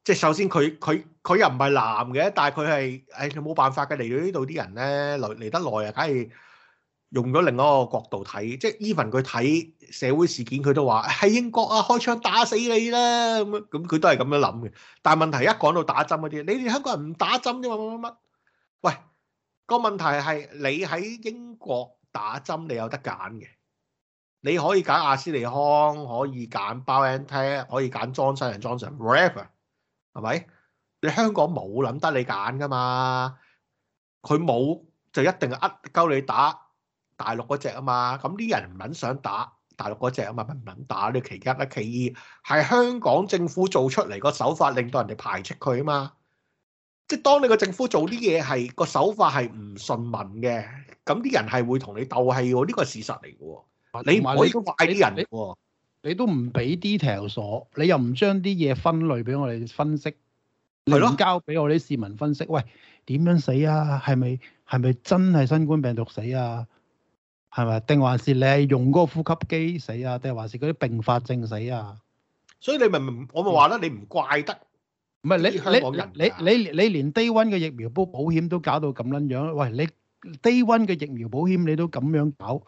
即係首先佢佢佢又唔係男嘅，但係佢係誒冇辦法嘅嚟到呢度啲人咧嚟嚟得耐啊，梗係用咗另一個角度睇，即係 even 佢睇社會事件佢都話喺英國啊開槍打死你啦咁咁佢都係咁樣諗嘅。但係問題一講到打針嗰啲，你哋香港人唔打針啫嘛乜乜乜，喂！個問題係你喺英國打針，你有得揀嘅，你可以揀阿斯利康，可以揀 BioNTech，可以揀 Johnson and Johnson，whatever，係咪？你香港冇諗得你揀噶嘛？佢冇就一定呃鳩你打大陸嗰隻啊嘛？咁啲人唔撚想打大陸嗰隻啊嘛，唔撚打呢？其一啦，其二係香港政府做出嚟個手法，令到人哋排斥佢啊嘛。即係當你個政府做啲嘢係個手法係唔順民嘅，咁啲人係會同你鬥氣喎，呢個係事實嚟嘅喎。你唔可以怪啲人喎，你都唔俾 detail 咗，你又唔將啲嘢分類俾我哋分析，係咯？交俾我啲市民分析，喂，點樣死啊？係咪係咪真係新冠病毒死啊？係咪？定還是你係用嗰個呼吸機死啊？定還是嗰啲併發症死啊？所以你明唔明，我咪話啦，你唔怪得。唔係你你你你你連低温嘅疫苗保保險都搞到咁樣樣，喂，你低温嘅疫苗保險你都咁樣搞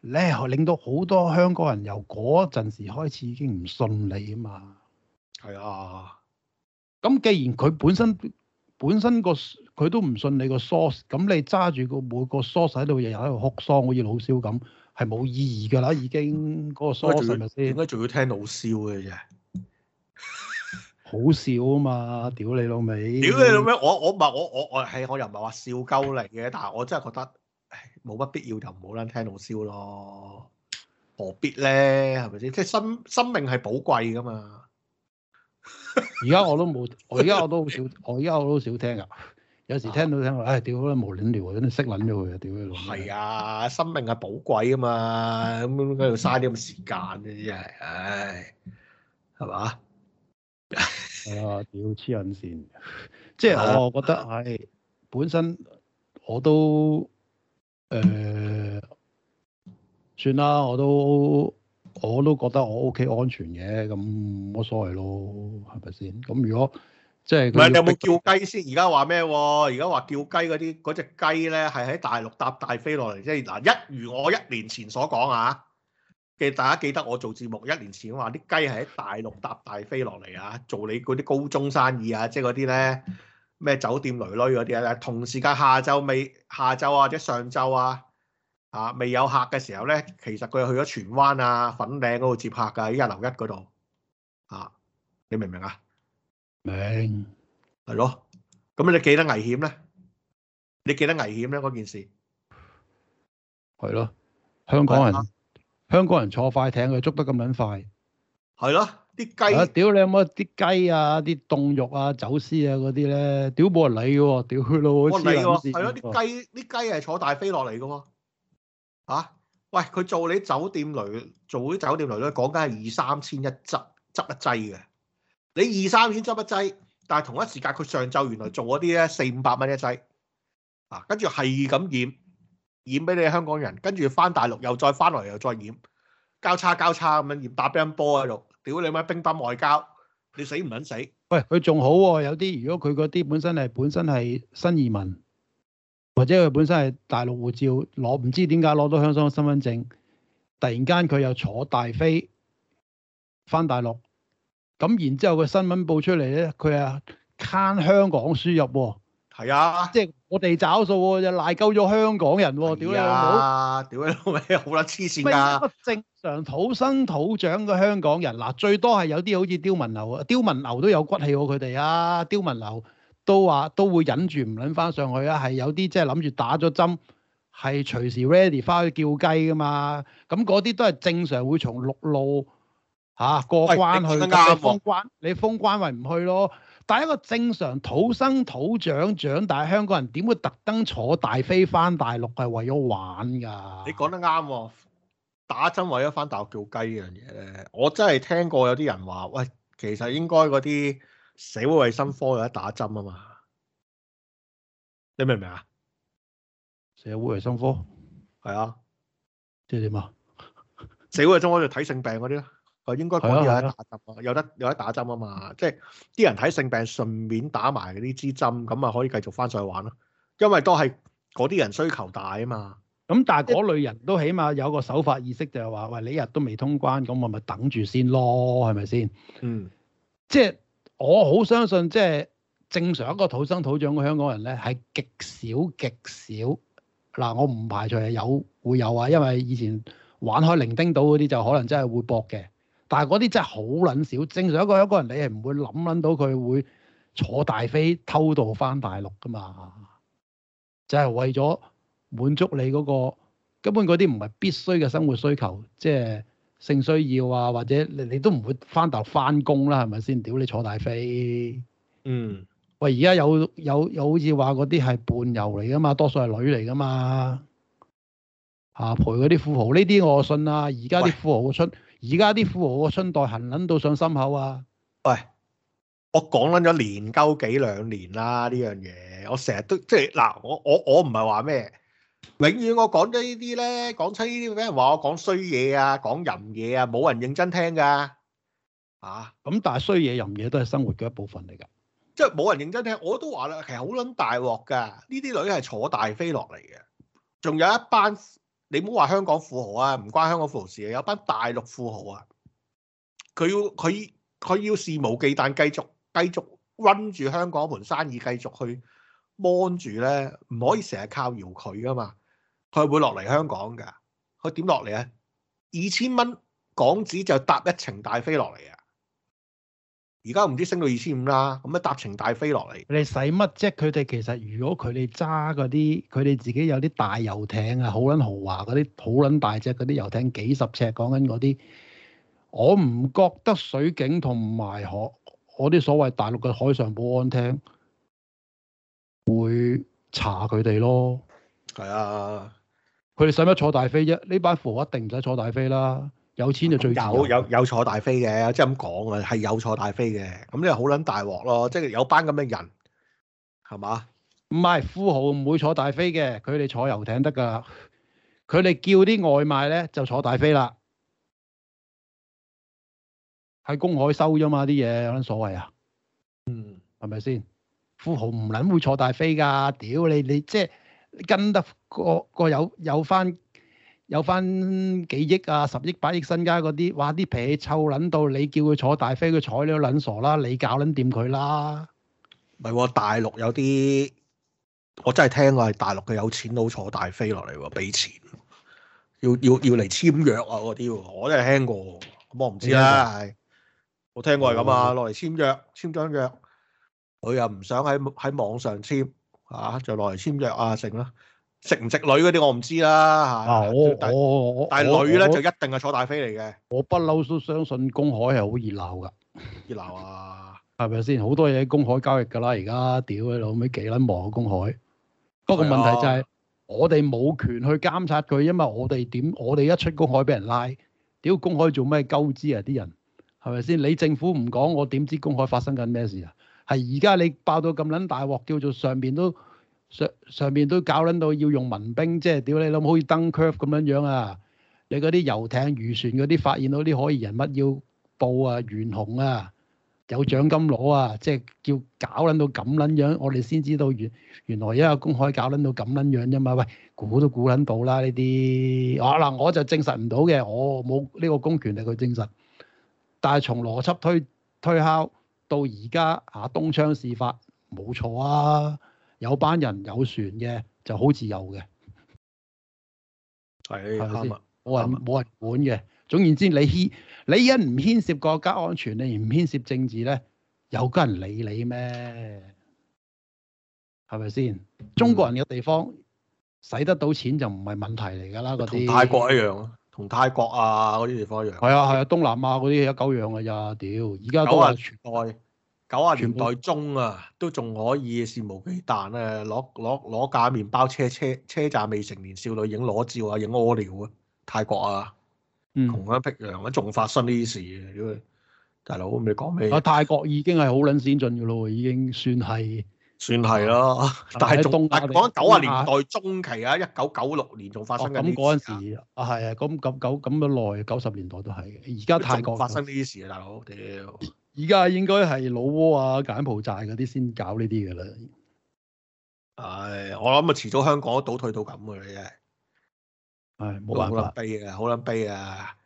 你咧，令到好多香港人由嗰陣時開始已經唔信你啊嘛。係啊，咁既然佢本身本身個佢都唔信你個 source，咁你揸住個每個 source 喺度日日喺度哭喪，好似老蕭咁，係冇意義噶啦，已經嗰、嗰個 source 係咪先？點解仲要聽老蕭嘅啫？好笑啊嘛！屌你老味！屌你老咩？我我唔係我我我係我，我又唔係話笑鳩嚟嘅，但係我真係覺得冇乜必要就唔好撚聽到笑咯，何必咧？係咪先？即係生生命係寶貴噶嘛。而家 我都冇，我而家我都好少，我而家我都少聽噶。有時聽到聽到，唉、哎！屌你老聊，撚尿，真係識撚咗佢啊！屌你老！係啊，生命係寶貴噶嘛，咁點解要嘥啲咁嘅時間咧？真係，唉，係嘛？係啊，屌黐撚線，即係我覺得係本身我都誒、呃、算啦，我都我都覺得我屋、OK、企安全嘅，咁冇所謂咯，係咪 先？咁如果即係唔係你有冇叫雞先？而家話咩？而家話叫雞嗰啲嗰隻雞咧，係喺大陸搭大飛落嚟，即係嗱，一如我一年前所講啊。記大家記得我做節目一年前話啲雞係喺大陸搭大飛落嚟啊，做你嗰啲高中生意啊，即係嗰啲咧咩酒店旅旅嗰啲啊，同時間下晝未下晝或者上晝啊啊未有客嘅時候咧，其實佢去咗荃灣啊粉嶺嗰度接客噶一樓一嗰度啊，你明唔明啊？明係白咯，咁你記得危險咧？你記得危險咧？嗰件事係咯，香港人。香港人坐快艇，佢捉得咁撚快，係咯啲雞、啊。屌你有冇啲雞啊、啲凍肉啊、走私啊嗰啲咧？屌冇人理喎、啊！屌老屎、哦、啊！係咯，啲雞啲雞係坐大飛落嚟㗎喎。喂，佢做你酒店嚟，做啲酒店嚟咧，講緊係二三千一執，執一劑嘅。你二三千執一劑，但係同一時間佢上晝原來做嗰啲咧四五百蚊一劑，啊，跟住係咁點？染俾你香港人，跟住翻大陸又再翻嚟又再染，交叉交叉咁樣染，打乒乓波喺度，屌你媽冰墩外交，你死唔肯死！喂，佢仲好喎、啊，有啲如果佢嗰啲本身係本身係新移民，或者佢本身係大陸護照攞唔知點解攞到香港身份證，突然間佢又坐大飛翻大陸，咁然之後個新聞報出嚟咧，佢啊慳香港輸入喎、啊。係啊，即係我哋找數喎，就賴鳩咗香港人喎，屌、啊、好 你老母，屌你老味，好撚黐線噶！正常土生土長嘅香港人，嗱，最多係有啲好似刁民牛啊，刁民牛都有骨氣喎，佢哋啊，刁民牛都話都會忍住唔撚翻上去啊，係有啲即係諗住打咗針，係隨時 ready 翻去叫雞噶嘛，咁嗰啲都係正常會從陸路嚇、啊、過關去。封關，你封關咪唔去咯？但係一個正常土生土長長大香港人點會特登坐大飛翻大陸係為咗玩㗎？你講得啱喎，哦，打針為咗翻大陸叫雞呢樣嘢咧，我真係聽過有啲人話，喂，其實應該嗰啲社會衞生科有得打針啊嘛，你明唔明啊？社會衞生科？係啊，即係點啊？社會衞生科就睇性病嗰啲啦。啊，應該講有得打針、啊、有得有得打針啊嘛！嗯、即係啲人睇性病，順便打埋嗰啲支針，咁啊可以繼續翻上去玩咯。因為都係嗰啲人需求大啊嘛。咁、嗯、但係嗰類人都起碼有個守法意識，就係話：喂，你日都未通關，咁我咪等住先咯，係咪先？嗯即，即係我好相信，即係正常一個土生土長嘅香港人咧，係極少極少嗱。我唔排除有會有啊，因為以前玩開零丁島嗰啲就可能真係會博嘅。但係嗰啲真係好撚少，正常一個一個人你係唔會諗撚到佢會坐大飛偷渡翻大陸噶嘛？就係、是、為咗滿足你嗰、那個根本嗰啲唔係必須嘅生活需求，即係性需要啊，或者你你都唔會翻頭翻工啦，係咪先？屌你坐大飛，嗯，喂，而家有有有好似話嗰啲係伴遊嚟噶嘛，多數係女嚟噶嘛，嚇、啊、陪嗰啲富豪呢啲我信啊，而家啲富豪出。而家啲富豪嘅春代痕撚到上心口啊！喂，我講撚咗年鳩幾兩年啦，呢樣嘢我成日都即係嗱，我我我唔係話咩，永遠我講咗呢啲咧，講出呢啲俾人話我講衰嘢啊，講淫嘢啊，冇人認真聽㗎，啊咁但係衰嘢淫嘢都係生活嘅一部分嚟㗎。即係冇人認真聽，我都話啦，其實好撚大鑊㗎，呢啲女係坐大飛落嚟嘅，仲有一班。你唔好話香港富豪啊，唔關香港富豪事啊，有班大陸富豪啊，佢要佢佢要肆無忌憚繼續繼續温住香港盤生意，繼續去 mon 住咧，唔可以成日靠搖佢噶嘛，佢會落嚟香港噶，佢點落嚟啊？二千蚊港紙就搭一程大飛落嚟啊！而家唔知升到二千五啦，咁咪搭程大飛落嚟？你使乜啫？佢哋其實如果佢哋揸嗰啲，佢哋自己有啲大遊艇啊，好捻豪華嗰啲，好捻大隻嗰啲遊艇，幾十尺，講緊嗰啲，我唔覺得水警同埋海我啲所謂大陸嘅海上保安廳會查佢哋咯。係啊，佢哋使乜坐大飛啫？呢班符一定唔使坐大飛啦。有錢就最有有有坐大飛嘅，即係咁講啊，係有坐大飛嘅。咁呢個好撚大鑊咯，即係有班咁嘅人係嘛？唔係，富豪唔會坐大飛嘅，佢哋坐遊艇得㗎。佢哋叫啲外賣咧就坐大飛啦，喺公海收啫嘛啲嘢，有撚所謂啊？嗯，係咪先？富豪唔撚會坐大飛㗎，屌你你，你即係跟得個個，個有有翻。有翻幾億啊、十億、百億身家嗰啲，哇！啲皮臭卵到，你叫佢坐大飛，佢坐你都卵傻啦，你搞卵掂佢啦。唔係，大陸有啲，我真係聽過係大陸嘅有錢佬坐大飛落嚟，俾錢，要要要嚟簽約啊嗰啲，我真係聽過。咁我唔知啦，係我、啊、聽過係咁啊，落嚟簽約，簽張約，佢又唔想喺喺網上簽，啊，就落嚟簽約啊，成啦。值唔值女嗰啲我唔知啦嚇，我我我但係女咧就一定係坐大飛嚟嘅。我不嬲都相信公海係好熱鬧㗎，熱鬧啊，係咪先？好多嘢公海交易㗎啦，而家屌你老味幾撚忙啊公海。不過問題就係我哋冇權去監察佢，因為我哋點，我哋一出公海俾人拉，屌公海做咩鳩知啊啲人，係咪先？你政府唔講我點知公海發生緊咩事啊？係而家你爆到咁撚大鑊，叫做上邊都。上上面都搞撚到要用民兵，即係屌你諗，好似登 curve 咁樣樣啊！你嗰啲遊艇、漁船嗰啲發現到啲可疑人物要報啊、懸紅啊，有獎金攞啊！即係叫搞撚到咁撚樣、啊，我哋先知道原原來一個公海搞撚到咁撚樣啫、啊、嘛！喂，估都估撚到啦呢啲，我嗱、啊、我就證實唔到嘅，我冇呢個公權力去證實，但係從邏輯推推敲到而家嚇東窗事發，冇錯啊！有班人有船嘅就好自由嘅，係啱冇人冇確人管嘅。總言之你，你牽你因唔牽涉國家安全，你唔牽涉政治咧，有個人理你咩？係咪先？中國人嘅地方、嗯、使得到錢就唔係問題嚟㗎啦。嗰啲同泰國一樣咯，同泰國啊嗰啲地方一樣。係啊係啊，東南亞嗰啲一狗樣㗎咋。屌！而家都係全開。九十年代中啊，都仲可以肆無忌憚啊，攞攞攞架麪包車車車站未成年少女影裸照啊，影屙尿啊，泰國啊，窮翻僻壤啊，仲發生呢啲事啊！大佬，你講咩？啊，泰國已經係好撚先進㗎咯，已經算係算係啦。但係仲講緊九十年代中期啊，一九九六年仲發生呢啲事。咁嗰陣時啊，係啊，咁咁咁樣耐，九十年代都係。而家泰國發生呢啲事啊，大佬，屌！而家應該係老撾啊、柬埔寨嗰啲先搞呢啲嘅啦。唉、哎，我諗啊，遲早香港都倒退到咁嘅咧，唉、哎，冇辦法。好撚悲，悲啊！好撚悲啊！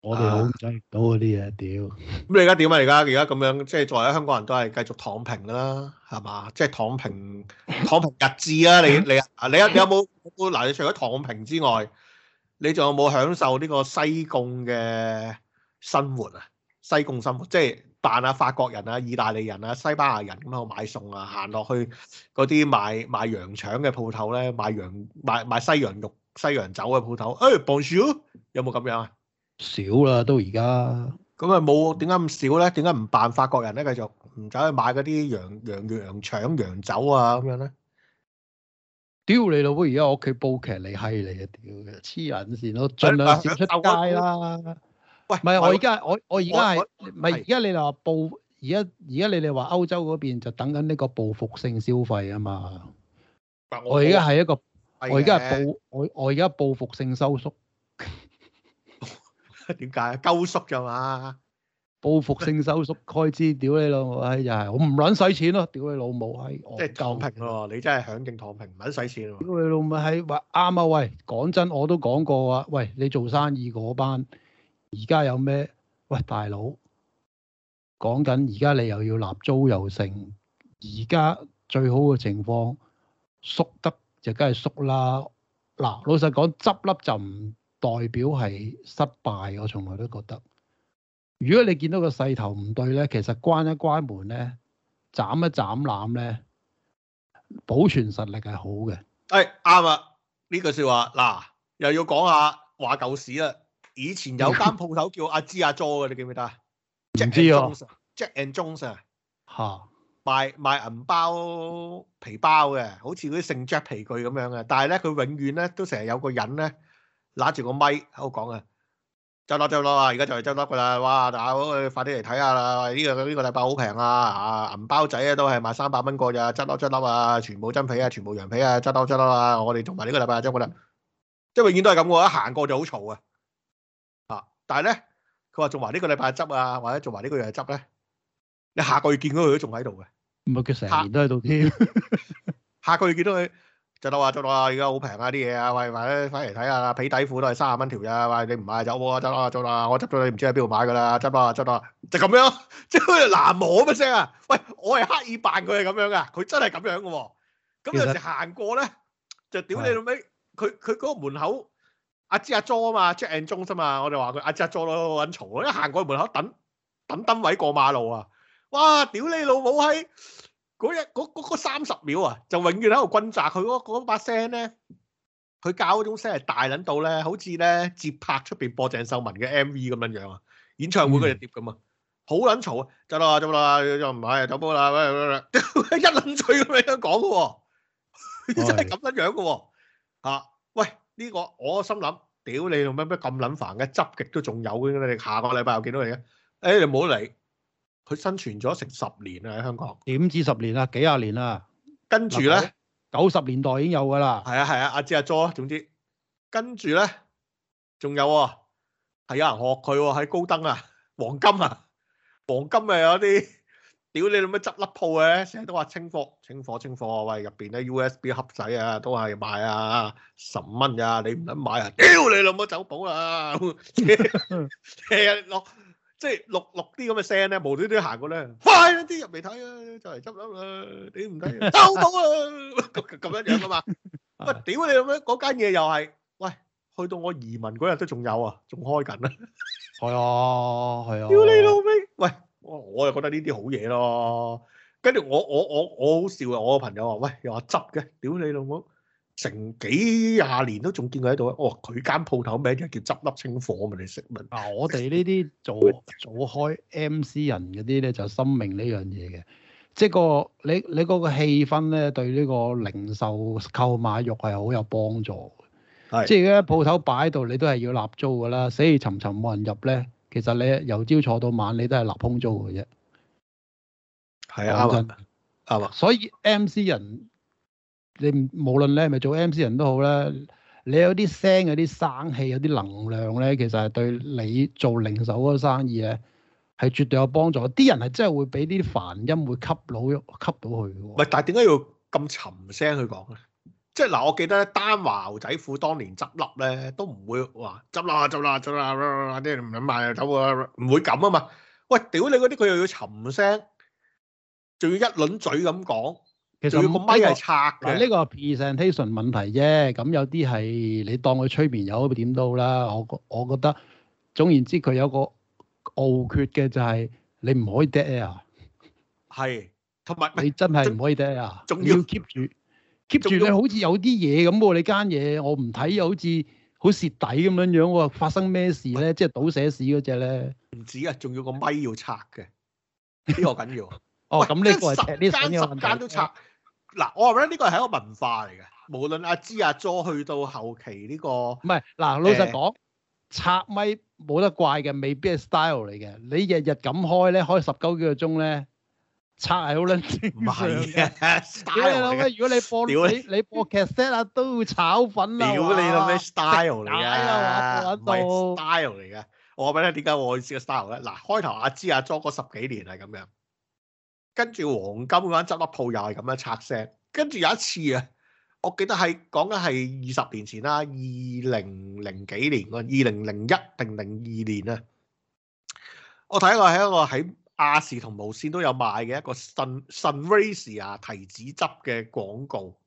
我哋好唔抵到嗰啲嘢，屌！咁你而家點啊？而家而家咁樣，即、就、係、是、作為香港人都係繼續躺平啦、啊，係嘛？即、就、係、是、躺平、躺平日誌啊！ 你你啊，你有有冇嗱？你除咗躺平之外，你仲有冇享受呢個西貢嘅生活啊？西貢生活即係～、就是扮下法國人啊、意大利人啊、西班牙人咁樣買餸啊，行落去嗰啲賣賣羊腸嘅鋪頭咧，賣羊賣賣西洋肉、西洋酒嘅鋪頭，誒、哎，傍、bon、少有冇咁樣啊？少啦，都而家咁啊，冇，點解咁少咧？點解唔扮法國人咧繼續？唔走去買嗰啲羊羊羊腸、羊酒啊咁樣咧？屌你老母！而家我屋企煲劇，你係你啊！屌黐人線咯，儘量少出街啦～、嗯呦喂，唔係我而家，我我而家係唔係而家？你話報而家而家你哋話歐洲嗰邊就等緊呢個報復性消費啊嘛，我說我。我而家係一個我而家報我我而家報復性收縮，點解啊？鳩縮咋嘛？報復性收縮開支，屌你老母，哎呀哈，我唔撚使錢咯，屌你老母，哎，即係躺平咯，你真係享盡躺平，唔撚使錢咯，屌你老母，係喂，啱啊！喂，講真，我都講過啊，喂，你做生意嗰班。而家有咩？喂，大佬，講緊而家你又要立租又剩，而家最好嘅情況縮得就梗係縮啦。嗱，老實講，執笠就唔代表係失敗，我從來都覺得。如果你見到個勢頭唔對咧，其實關一關門咧，斬一斬纜咧，保存實力係好嘅。誒、哎，啱啊，呢句說話嗱，又要講下話舊史啦。以前有間鋪頭叫阿芝阿 jo 你記唔記得啊？Jack and Jones 嚇，賣賣銀包皮包嘅，好似嗰啲姓 Jack 皮具咁樣嘅。但係咧，佢永遠咧都成日有個人咧拿住個咪喺度講啊，執笠執笠啊！而家就係執笠嘅啦。哇！大家快啲嚟睇下啦，呢個呢個禮拜好平啊！啊銀包仔啊，都係賣三百蚊個咋，執笠執笠啊！全部真皮啊，全部羊皮啊，執笠執笠啊！我哋同埋呢個禮拜執笠啦，即係永遠都係咁嘅，一行過就好嘈啊！但係咧，佢話仲話呢個禮拜執啊，或者仲話呢個月係執咧。你下個月見到佢都仲喺度嘅，唔係佢成年都喺度添。下個月見到佢，執落啊執落啊，而家好平啊啲嘢啊，喂，快嚟睇下啦，皮底褲都係卅蚊條咋，話你唔買就冇啊，執落啊執落啊，我執咗你唔知喺邊度買噶啦，執落啊執落啊，就咁樣，即係難磨咁嘅聲啊。喂，我係刻意扮佢係咁樣噶，佢真係咁樣噶。咁有時行過咧，就屌你老味，佢佢嗰個門口。阿之阿 jo 啊嘛，Jack and Jo 啫嘛？我哋話佢阿之阿 jo 好撚嘈，一行過去門口等等燈位過馬路啊！哇！屌你老母閪！嗰一嗰嗰三十秒啊，就永遠喺度轟炸佢嗰把聲咧，佢教嗰種聲係大撚到咧，好似咧接拍出邊播鄭秀文嘅 MV 咁樣樣啊！演唱會嗰隻碟咁啊，好撚嘈啊！走啦走啦，又唔係走波啦，一輪嘴咁樣講嘅喎，真係咁樣樣嘅喎。呢個我心諗，屌你用咩咩咁撚煩嘅，執極都仲有嘅咩？你下個禮拜又見到你嘅。誒，你冇嚟，佢生存咗成十年啊喺香港，點知十年啊，幾廿年啦。跟住咧，九十年代已經有㗎啦。係啊係啊，阿志阿 jo 啊，總之跟住咧，仲有啊，係有人學佢喎，喺高登啊，黃金啊，黃金誒有啲。屌你老味，執粒鋪嘅，成日都話清貨，清貨，清貨。喂，入邊咧 USB 盒仔啊，都係賣啊，十蚊呀，你唔肯買啊？屌你老母，走寶啦！成日落，即係錄錄啲咁嘅聲咧，無端端行過咧，快啲入嚟睇啊！就嚟執粒啦，屌唔得，走寶啊！咁樣樣噶嘛？喂，屌你老味，嗰間嘢又係，喂，去到我移民嗰日都仲有啊，仲開緊啊！係啊，係啊。屌你老味，喂。我我又覺得呢啲好嘢咯，跟住我我我我好笑啊！我個朋友話：喂，又話執嘅，屌你老母，成幾廿年都仲見佢喺度。我佢間鋪頭名就叫執笠清貨，咪你食乜？嗱，我哋呢啲做做開 MC 人嗰啲咧，就是、深明呢樣嘢嘅，即係個你你嗰個氣氛咧，對呢個零售購買欲係好有幫助嘅。係是，即而家鋪頭擺喺度，你都係要立租㗎啦。死氣沉沉冇人入咧。其實你由朝坐到晚，你都係立空租嘅啫。係啊的，啱啱啊。吧所以 MC 人，你無論你係咪做 MC 人都好咧，你有啲聲有啲生氣、有啲能量咧，其實係對你做零售嗰個生意咧，係絕對有幫助。啲人係真係會俾呢啲煩音會吸腦吸到佢喎，但係點解要咁沉聲去講咧？即係嗱，我記得丹華牛仔褲當年執笠咧，都唔會話執笠、執笠、執笠啲唔肯賣走喎，唔會咁啊嘛。喂，屌你嗰啲，佢又要沉聲，仲要一輪嘴咁講，仲要個咪係拆嘅。呢個 presentation 問題啫。咁有啲係你當佢催眠友點都，都好啦。我我覺得總言之，佢有個傲 u 缺嘅就係你唔可以 dead air。係，同埋、哎、你真係唔可以 dead air。仲要 keep 住解。keep 住你好似有啲嘢咁喎，你間嘢我唔睇又好似好蝕底咁樣樣喎，發生咩事咧？即係倒寫史嗰隻咧？唔止啊，仲要個咪要拆嘅，呢、這個緊要。 哦，咁呢個係呢三間都拆。嗱、啊，我話咧呢個係一個文化嚟嘅，無論阿芝阿 Jo 去到後期呢、這個唔係嗱，老實講、欸、拆咪冇得怪嘅，未必係 style 嚟嘅。你日日咁開咧，開十九幾個鐘咧。拆係好卵唔係嘅 style 嚟嘅。如果你播你理你播劇 set 啊，都要炒粉屌你個咩 style 嚟啊？唔係 style 嚟嘅。我話俾你聽，點解我會知個 style 咧？嗱，開頭阿芝阿莊嗰十幾年係咁樣，跟住黃金嗰間執笠鋪又係咁樣拆聲，跟住有一次啊，我記得係講緊係二十年前啦，二零零幾年二零零一定零二年啊，我睇過係一個喺。亞視同無線都有賣嘅一個腎腎威士啊提子汁嘅廣告，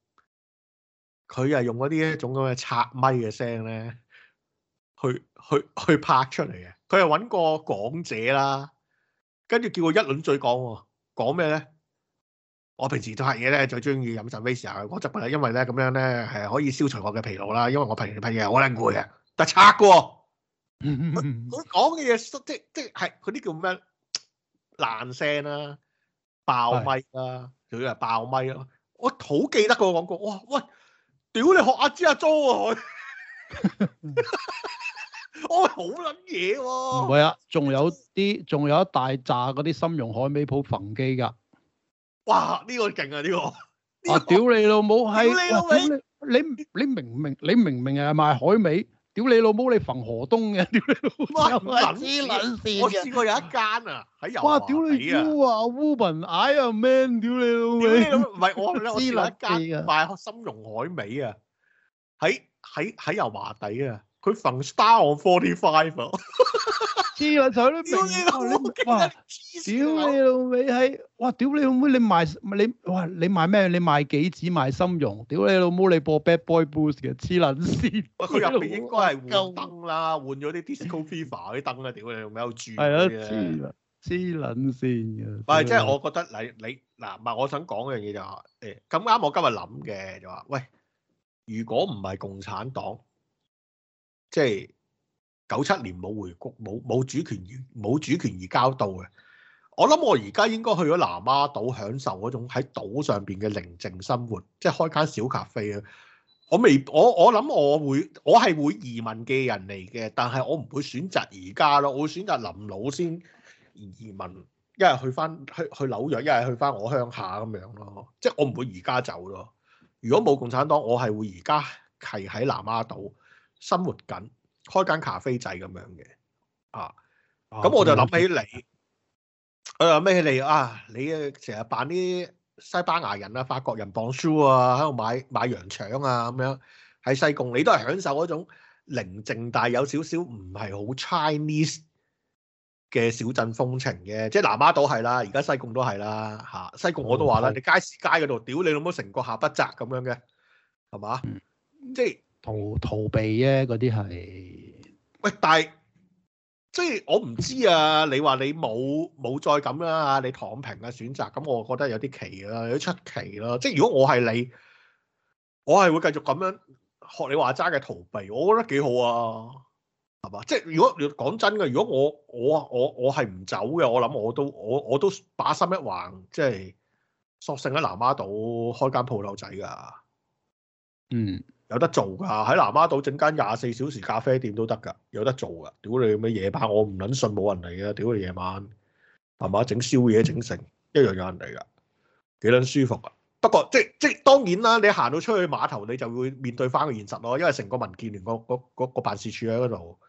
佢係用嗰啲一種咁嘅拆咪嘅聲咧，去去去拍出嚟嘅。佢係搵個港姐啦，跟住叫佢一輪嘴講，講咩咧？我平時客嘢咧最中意飲腎威士啊，我執嘅，因為咧咁樣咧係可以消除我嘅疲勞啦。因為我平時拍嘢我係攰啊，但係拆過，佢講嘅嘢即即係啲叫咩？爛聲啦，爆咪啦，仲要係爆咪咯。我好記得個廣告，哇喂，屌你學阿支阿 Jo 啊！我好撚嘢喎。唔係啊，仲有啲，仲有一大扎嗰啲深融海味鋪焚記㗎。哇！呢個勁啊，呢個啊屌你老母閪！你你明唔明？你明明係賣海味。屌你老母，你焚河東嘅，屌你老母。又係黐撚線，我試過有一間啊，喺油麻地啊。哇，屌你烏啊，烏民矮啊，man，屌你老母。點咩？唔係我，我試過一間，賣參茸海味啊，喺喺喺油麻地啊。佢粉 star on forty five 啊！黐撚線，屌你老味！哇，屌你老母，你賣你哇，你賣咩？你賣幾子？賣心容？屌你老母，你播 bad boy boost 嘅？黐撚線！佢入面應該係換燈啦，換咗啲 disco fever 嗰啲燈啊！屌你老母，有住嘅黐撚線嘅。唔係，即係我覺得你你嗱，唔係我想講嘅樣嘢就話誒咁啱，我今日諗嘅就話，喂，如果唔係共產黨。即係九七年冇回國冇冇主權，冇主權移交到嘅。我諗我而家應該去咗南丫島享受嗰種喺島上邊嘅寧靜生活，即係開間小咖啡啊！我未我我諗我會我係會移民嘅人嚟嘅，但係我唔會選擇而家咯，我會選擇臨老先移民，一係去返去去紐約，一係去返我鄉下咁樣咯。即係我唔會而家走咯。如果冇共產黨，我係會而家騎喺南丫島生活緊，開間咖啡仔咁樣嘅，啊，咁、啊啊、我就諗起你，誒咩、啊啊、你啊？你誒成日扮啲西班牙人啊、法國人綁書啊，喺度買買羊腸啊咁樣，喺、啊啊、西貢你都係享受嗰種寧靜，但有少少唔係好 Chinese 嘅小鎮風情嘅，即係南丫島係啦，而家西貢都係啦，嚇、啊、西貢我都話啦，嗯、你街市街嗰度屌你老母成個下巴窒咁樣嘅，係嘛？即係、嗯。逃逃避啫，嗰啲係喂，但係即係我唔知啊！你話你冇冇再咁啦、啊，你躺平啊，選擇咁，我覺得有啲奇啦、啊，有啲出奇啦、啊。即係如果我係你，我係會繼續咁樣學你話齋嘅逃避，我覺得幾好啊，係嘛？即係如果講真嘅，如果我我我我係唔走嘅，我諗我，我，我，我都我我都把心一橫，即係索性喺南丫島開間鋪頭仔㗎。嗯。有得做噶，喺南丫島整間廿四小時咖啡店都得噶，有得做噶。屌你咩，夜晚我唔撚信冇人嚟噶！屌你，夜晚係嘛，整宵夜整成一樣有人嚟噶，幾撚舒服啊？不過即即，即當然啦，你行到出去碼頭，你就會面對翻個現實咯。因為成個民建聯、嗰個、嗰個、嗰個辦事處喺嗰度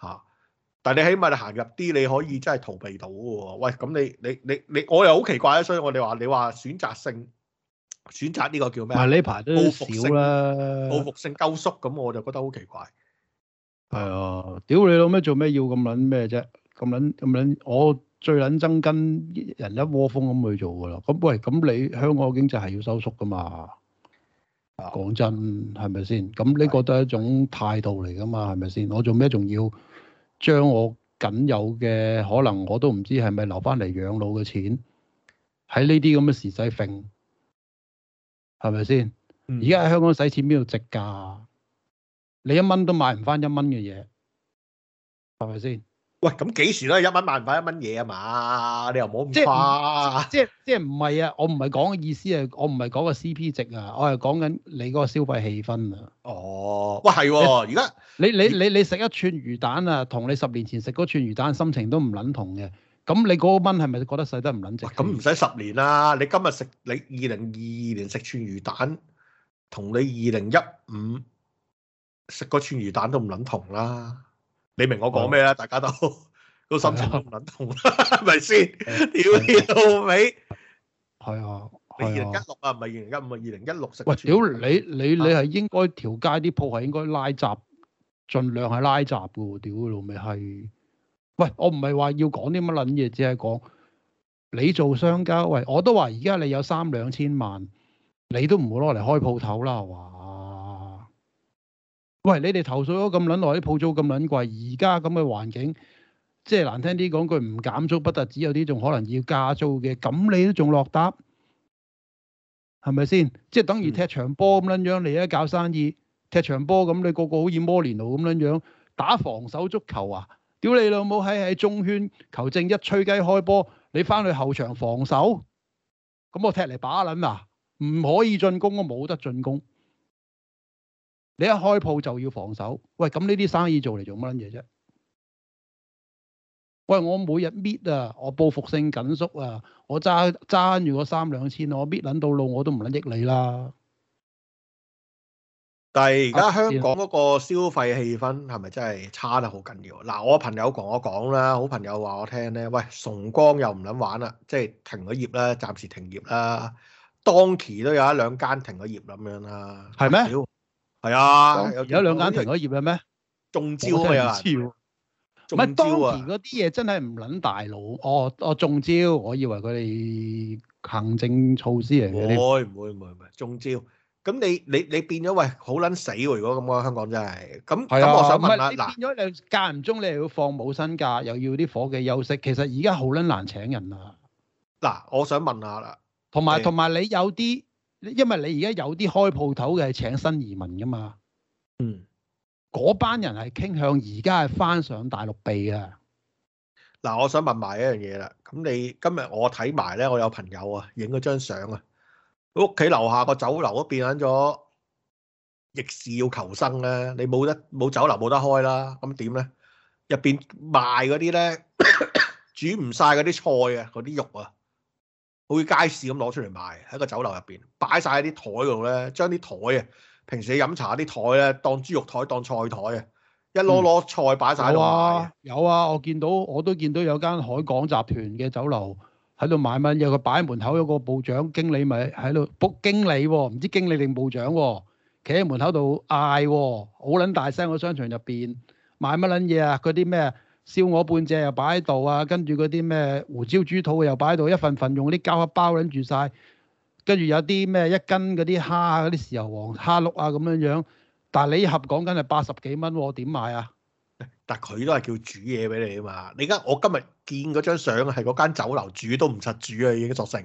嚇，但你起碼你行入啲，你可以真係逃避到喎。喂，咁你你你你，我又好奇怪啊！所以我哋話你話選擇性。選擇呢個叫咩？呢排都好少啦，報復性收縮咁，我就覺得好奇怪。係啊，屌你老咩？做咩要咁撚咩啫？咁撚咁撚，我最撚憎跟人一窩蜂咁去做噶啦。咁喂，咁你香港經濟係要收縮噶嘛？講真，係咪先？咁你覺得係一種態度嚟噶嘛？係咪先？我做咩仲要將我僅有嘅可能我都唔知係咪留翻嚟養老嘅錢喺呢啲咁嘅時勢係咪先？而家喺香港使錢邊度值㗎？你一蚊都買唔翻一蚊嘅嘢，係咪先？喂，咁幾時都係一蚊買唔翻一蚊嘢啊嘛？你又唔好咁誇，即係即係唔係啊？我唔係講嘅意思係，我唔係講個 CP 值啊，我係講緊你嗰個消費氣氛啊。哦，喂，係喎，啊，而家你你你你食一串魚蛋啊，同你十年前食嗰串魚蛋心情都唔撚同嘅。咁你嗰個蚊係咪覺得細得唔撚值？咁唔使十年啦！你今日食你二零二二年食串魚蛋，同你二零一五食個串魚蛋都唔撚同啦！你明我講咩啦？大家都都心情唔撚同啦，係咪先？屌你老味，係啊！你二零一六啊，唔係二零一五、二零一六食。喂，屌你你你係應該條街啲鋪係應該拉閘，儘量係拉閘嘅喎。屌你老味係。喂，我唔係話要講啲乜撚嘢，只係講你做商家。喂，我都話而家你有三兩千萬，你都唔會攞嚟開鋪頭啦，係嘛？喂，你哋投訴咗咁撚耐，啲鋪租咁撚貴，而家咁嘅環境，即係難聽啲講句唔減租，不特止有啲仲可能要加租嘅，咁你都仲落搭，係咪先？即係等於踢場波咁樣樣、嗯、你一搞生意踢場波咁，你個個好似摩連奴咁樣樣打防守足球啊？屌你老母喺喺中圈球證一吹雞開波，你翻去後場防守，咁我踢嚟把捻啊，唔可以進攻，我冇得進攻。你一開鋪就要防守，喂咁呢啲生意做嚟做乜捻嘢啫？喂，我每日搣啊，我報復性緊縮啊，我揸揸住個三兩千，我搣捻到路我都唔捻益你啦。但係而家香港嗰個消費氣氛係咪真係差得好緊要？嗱，我朋友講我講啦，好朋友話我聽咧，喂，崇光又唔撚玩啦，即係停咗業啦，暫時停業啦。當期都有一兩間停咗業咁樣啦。係咩嗎？係啊，有一兩間停咗業嘅咩？中招，中招啊！我唔知喎。唔係當期嗰啲嘢真係唔撚大佬。哦，我中招，我以為佢哋行政措施嚟嘅。唔會唔會唔會，會，會中招。咁你你你變咗喂，好撚死喎！如果咁講，香港真係咁咁，啊、我想問你啦。嗱，變咗你間唔中，你又要放冇薪假，又要啲伙計休息，其實而家好撚難請人啊！嗱，我想問下啦，同埋同埋你有啲，因為你而家有啲開鋪頭嘅係請新移民噶嘛？嗯，嗰班人係傾向而家係翻上大陸避啊！嗱，我想問埋一樣嘢啦。咁你今日我睇埋咧，我有朋友啊，影咗張相啊。屋企樓下個酒樓嗰邊揾咗逆市要求生咧，你冇得冇酒樓冇得開啦，咁點咧？入邊賣嗰啲咧，煮唔晒嗰啲菜啊，嗰啲肉啊，好似街市咁攞出嚟賣，喺個酒樓入邊擺曬啲台喺度咧，將啲台啊，平時你飲茶啲台咧，當豬肉台、當菜台、嗯、啊，一攞攞菜擺晒度。有啊，我見到我都見到有間海港集團嘅酒樓。喺度買乜嘢？佢擺喺門口有個部長，經理咪喺度卜經理喎、哦，唔知經理定部長喎、哦，企喺門口度嗌喎，好撚大聲個商場入邊買乜撚嘢啊？嗰啲咩燒鵝半隻又擺喺度啊，跟住嗰啲咩胡椒豬肚又擺喺度，一份份用啲膠盒包撚住晒。跟住有啲咩一斤嗰啲蝦嗰啲豉油皇蝦碌啊咁樣樣，但係你一盒講緊係八十幾蚊喎，點買啊？但佢都係叫煮嘢俾你啊嘛！你而家我今日見嗰張相係嗰間酒樓煮都唔實煮啊，已經作成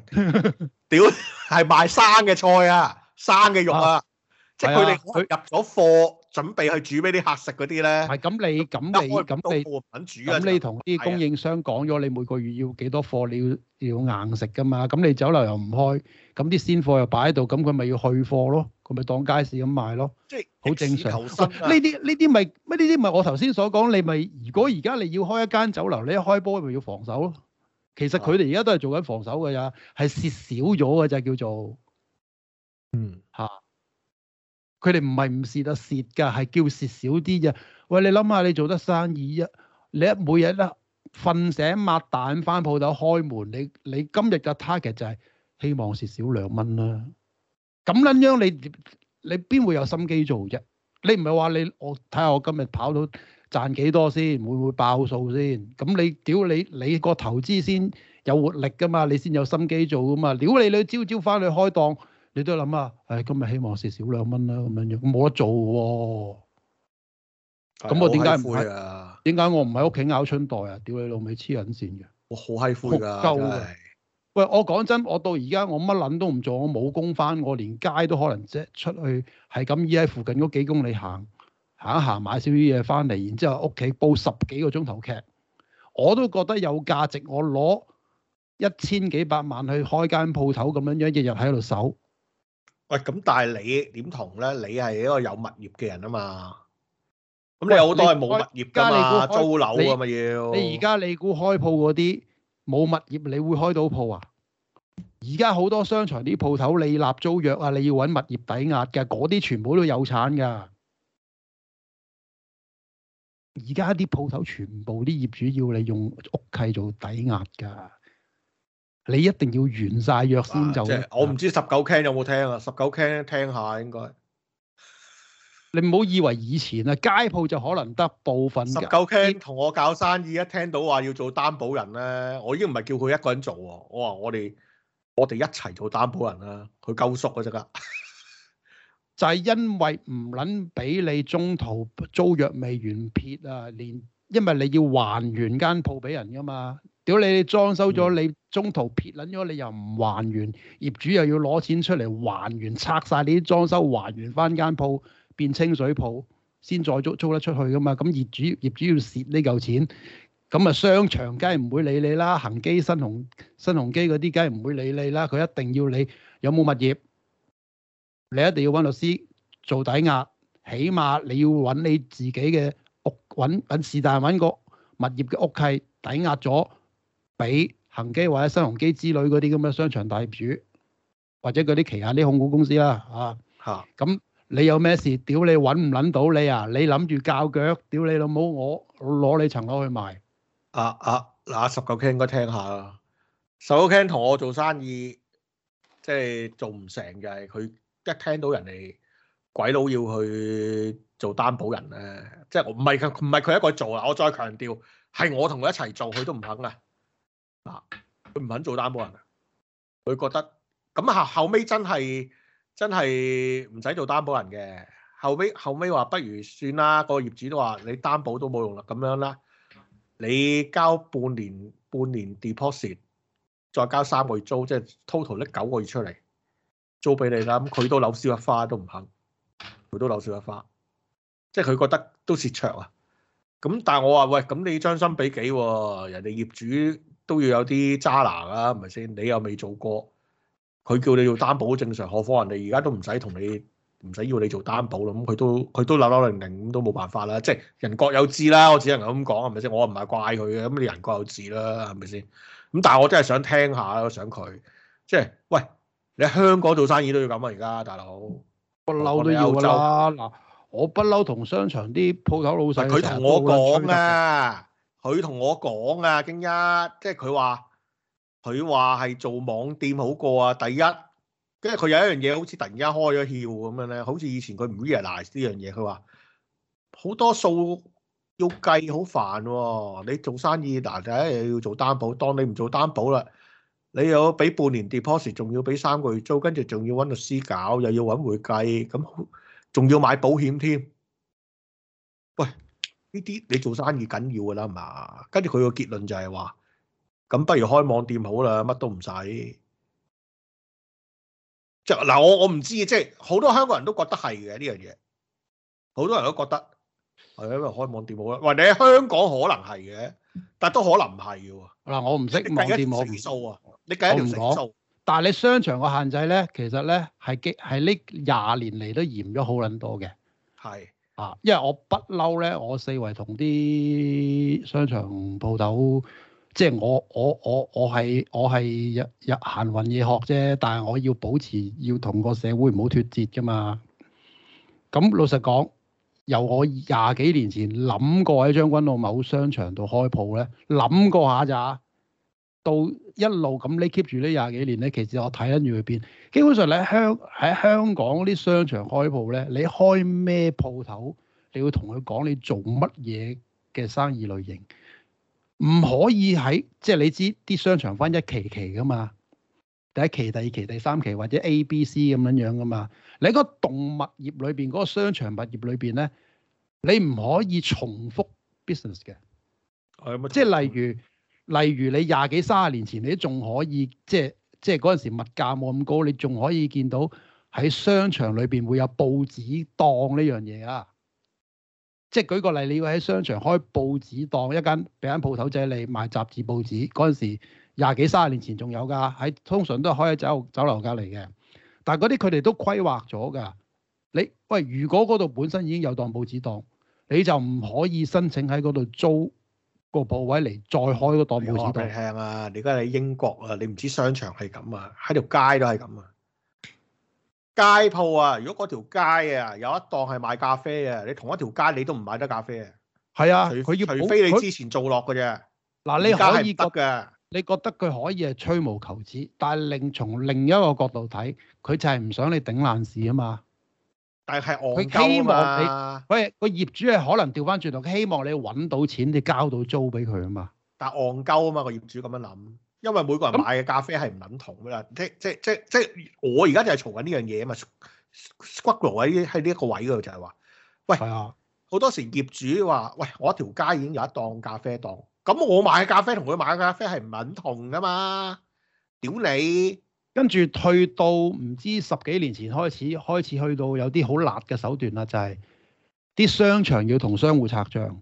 屌係 賣生嘅菜啊，生嘅肉啊，啊即係佢哋佢入咗貨。準備去煮俾啲客食嗰啲咧，係咁你咁你咁你，咁你同啲供應商講咗你每個月要幾多貨，你要要硬食噶嘛？咁你酒樓又唔開，咁啲鮮貨又擺喺度，咁佢咪要去貨咯？佢咪當街市咁賣咯？即係好正常。呢啲呢啲咪乜？呢啲咪我頭先所講，你咪如果而家你要開一間酒樓，你一開波咪要防守咯。其實佢哋而家都係做緊防守㗎咋，係蝕少咗㗎就叫做，嗯吓。佢哋唔係唔蝕得蝕㗎，係叫蝕少啲啫。喂，你諗下，你做得生意一，你一每日啦瞓醒抹蛋翻鋪頭開門，你你今日嘅 target 就係希望蝕少兩蚊啦、啊。咁撚樣你你邊會有心機做啫？你唔係話你我睇下我今日跑到賺幾多先，會唔會爆數先？咁你屌你你個投資先有活力噶嘛？你先有心機做噶嘛？屌你你朝朝翻去開檔。你都諗啊，唉、哎，今日希望蝕少兩蚊啦，咁樣樣冇得做喎、哦。咁我點解唔喺？點解我唔喺屋企咬春袋啊？屌你老味黐撚線嘅，我好閪灰噶，真係。喂，我講真，我到而家我乜捻都唔做，我冇工翻，我連街都可能即出去，係咁依喺附近嗰幾公里行行一行，買少啲嘢翻嚟，然之後屋企煲十幾個鐘頭劇，我都覺得有價值。我攞一千幾百萬去開間鋪頭咁樣樣，日日喺度守。喂，咁但係你點同咧？你係一個有物業嘅人啊嘛，咁喂你好多係冇物業噶嘛，你租樓噶嘛要。你而家你估開鋪嗰啲冇物業你會開到鋪啊？而家好多商場啲鋪頭，你立租約啊，你要揾物業抵押嘅，嗰啲全部都有產噶。而家啲鋪頭全部啲業主要你用屋契做抵押噶。你一定要完晒約先走。我唔知十九 K 有冇聽啊？十九 K 聽下應該。你唔好以為以前啊，街鋪就可能得部分十九 K 同我搞生意，一這聽到話要做擔保人咧，我已經唔係叫佢一個人做喎。我話我哋我哋一齊做擔保人啦，佢救縮嗰隻㗎。 就係因為唔撚俾你中途租約未完撇啊，連因為你要還原間鋪俾人㗎嘛。如果你裝修咗，你中途撇撚咗，你又唔還原，業主又要攞錢出嚟還原拆晒你啲裝修，還原翻間鋪變清水鋪，先再租租得出去噶嘛？咁業主業主要蝕呢嚿錢，咁啊商場梗係唔會理你啦，恆基新鴻新鴻基嗰啲梗係唔會理你啦，佢一定要你有冇物業，你一定要揾律師做抵押，起碼你要揾你自己嘅屋，揾揾是但揾個物業嘅屋契抵押咗。俾恒基或者新鴻基之類嗰啲咁嘅商場大業主，或者嗰啲旗下啲控股公司啦，嚇嚇，咁你有咩事？屌你揾唔捻到你啊！你諗住教腳？屌你老母！我攞你層樓去賣。阿阿嗱，十九 Ken 應該聽下啦。十九 Ken 同我做生意，即係做唔成嘅。佢一聽到人哋鬼佬要去做擔保人咧，即係我唔係佢唔係佢一個做啊！我再強調，係我同佢一齊做，佢都唔肯啊！佢唔肯做擔保人，佢覺得咁後後尾真係真係唔使做擔保人嘅。後尾後尾話不如算啦，個業主都話你擔保都冇用啦，咁樣啦，你交半年半年 deposit，再交三個月租，即係 total 搦九個月出嚟租俾你啦。咁佢都扭少一花都唔肯，佢都扭少一花，即係佢覺得都蝕場啊。咁但係我話喂，咁你將心比己啊，人哋業主。都要有啲揸拿啦，啊，係咪先？你又未做過，佢叫你做擔保都正常何。何況人哋而家都唔使同你，唔使要你做擔保啦。咁佢都佢都扭扭零零，零零，咁都冇辦法啦。即係人各有志啦，我只能咁講，係咪先？我唔係怪佢嘅，咁你人各有志啦，係咪先？咁但係我真係想聽下，我想佢即係，喂，你香港做生意都要咁啊？而家大佬不嬲都要啦。嗱，我不嬲同商場啲鋪頭老細，佢同我講啊。佢同我講啊，經一即係佢話，佢話係做網店好過啊。第一，跟住佢有一樣嘢，好似突然間開咗竅咁樣咧，好似以前佢唔 realize 呢樣嘢。佢話好多數要計好煩喎，你做生意嗱，第一又要做擔保，當你唔做擔保啦，你又俾半年 deposit，仲要俾三個月租，跟住仲要揾律師搞，又要揾會計，咁仲要買保險添。喂！呢啲你做生意緊要噶啦，係嘛？跟住佢個結論就係話，咁不如開網店好啦，乜都唔使。即嗱，我我唔知即係好多香港人都覺得係嘅呢樣嘢，好多人都覺得係因為開網店好啦。話你喺香港可能係嘅，但係都可能唔係嘅。嗱，我唔識網店，我唔做啊。你梗係唔做。但係你商場個限制咧，其實咧係係呢廿年嚟都嚴咗好捻多嘅。係。啊，因為我不嬲咧，我四圍同啲商場鋪頭，即係我我我我係我係日日，日行運嘢學啫，但係我要保持要同個社會唔好脱節噶嘛。咁、嗯、老實講，由我廿幾年前諗過喺將軍澳某商場度開鋪咧，諗過下咋。到一路咁，你 keep 住呢廿幾年咧，其實我睇緊住佢變。基本上你喺香喺香港嗰啲商場開鋪咧，你開咩鋪頭，你要同佢講你做乜嘢嘅生意類型，唔可以喺即係你知啲商場分一期一期噶嘛，第一期、第二期、第三期或者 A、B、C 咁樣樣噶嘛。你個動物業裏邊嗰個商場物業裏邊咧，你唔可以重複 business 嘅，即係例如。例如你廿幾三十年前，你都仲可以即係即係嗰陣時物價冇咁高，你仲可以見到喺商場裏邊會有報紙檔呢樣嘢啊！即係舉個例，你要喺商場開報紙檔一間，俾間鋪頭仔你賣雜誌報紙。嗰陣時廿幾三十年前仲有㗎，喺通常都開喺酒樓酒樓隔離嘅。但係嗰啲佢哋都規劃咗㗎。你喂，如果嗰度本身已經有檔報紙檔，你就唔可以申請喺嗰度租。個鋪位嚟，再開個檔鋪，俾你聽啊，你而家喺英國啊，你唔知商場係咁啊，喺條街都係咁啊。街鋪啊，如果嗰條街啊有一檔係賣咖啡啊，你同一條街你都唔買得咖啡啊。係啊，佢要除非你之前做落㗎啫。嗱，呢個可以得嘅，你覺得佢可以係吹毛求疵，但係另從另一個角度睇，佢就係唔想你頂爛事啊嘛。但係係戇鳩啊嘛！喂，個業主係可能調翻轉頭，佢希望你揾到錢，你交到租俾佢啊嘛。但係戇鳩啊嘛，個業主咁樣諗，因為每個人買嘅咖啡係唔撚同㗎啦、嗯。即即即即我而家就係嘈緊呢樣嘢啊嘛 squabble 喺喺呢一個位度就係話，喂，係啊、好多時業主話，喂，我一條街已經有一檔咖啡檔，咁我買嘅咖啡同佢買嘅咖啡係唔撚同㗎嘛？屌你！跟住去到唔知十幾年前開始，開始去到有啲好辣嘅手段啦，就係、是、啲商場要同商戶拆賬，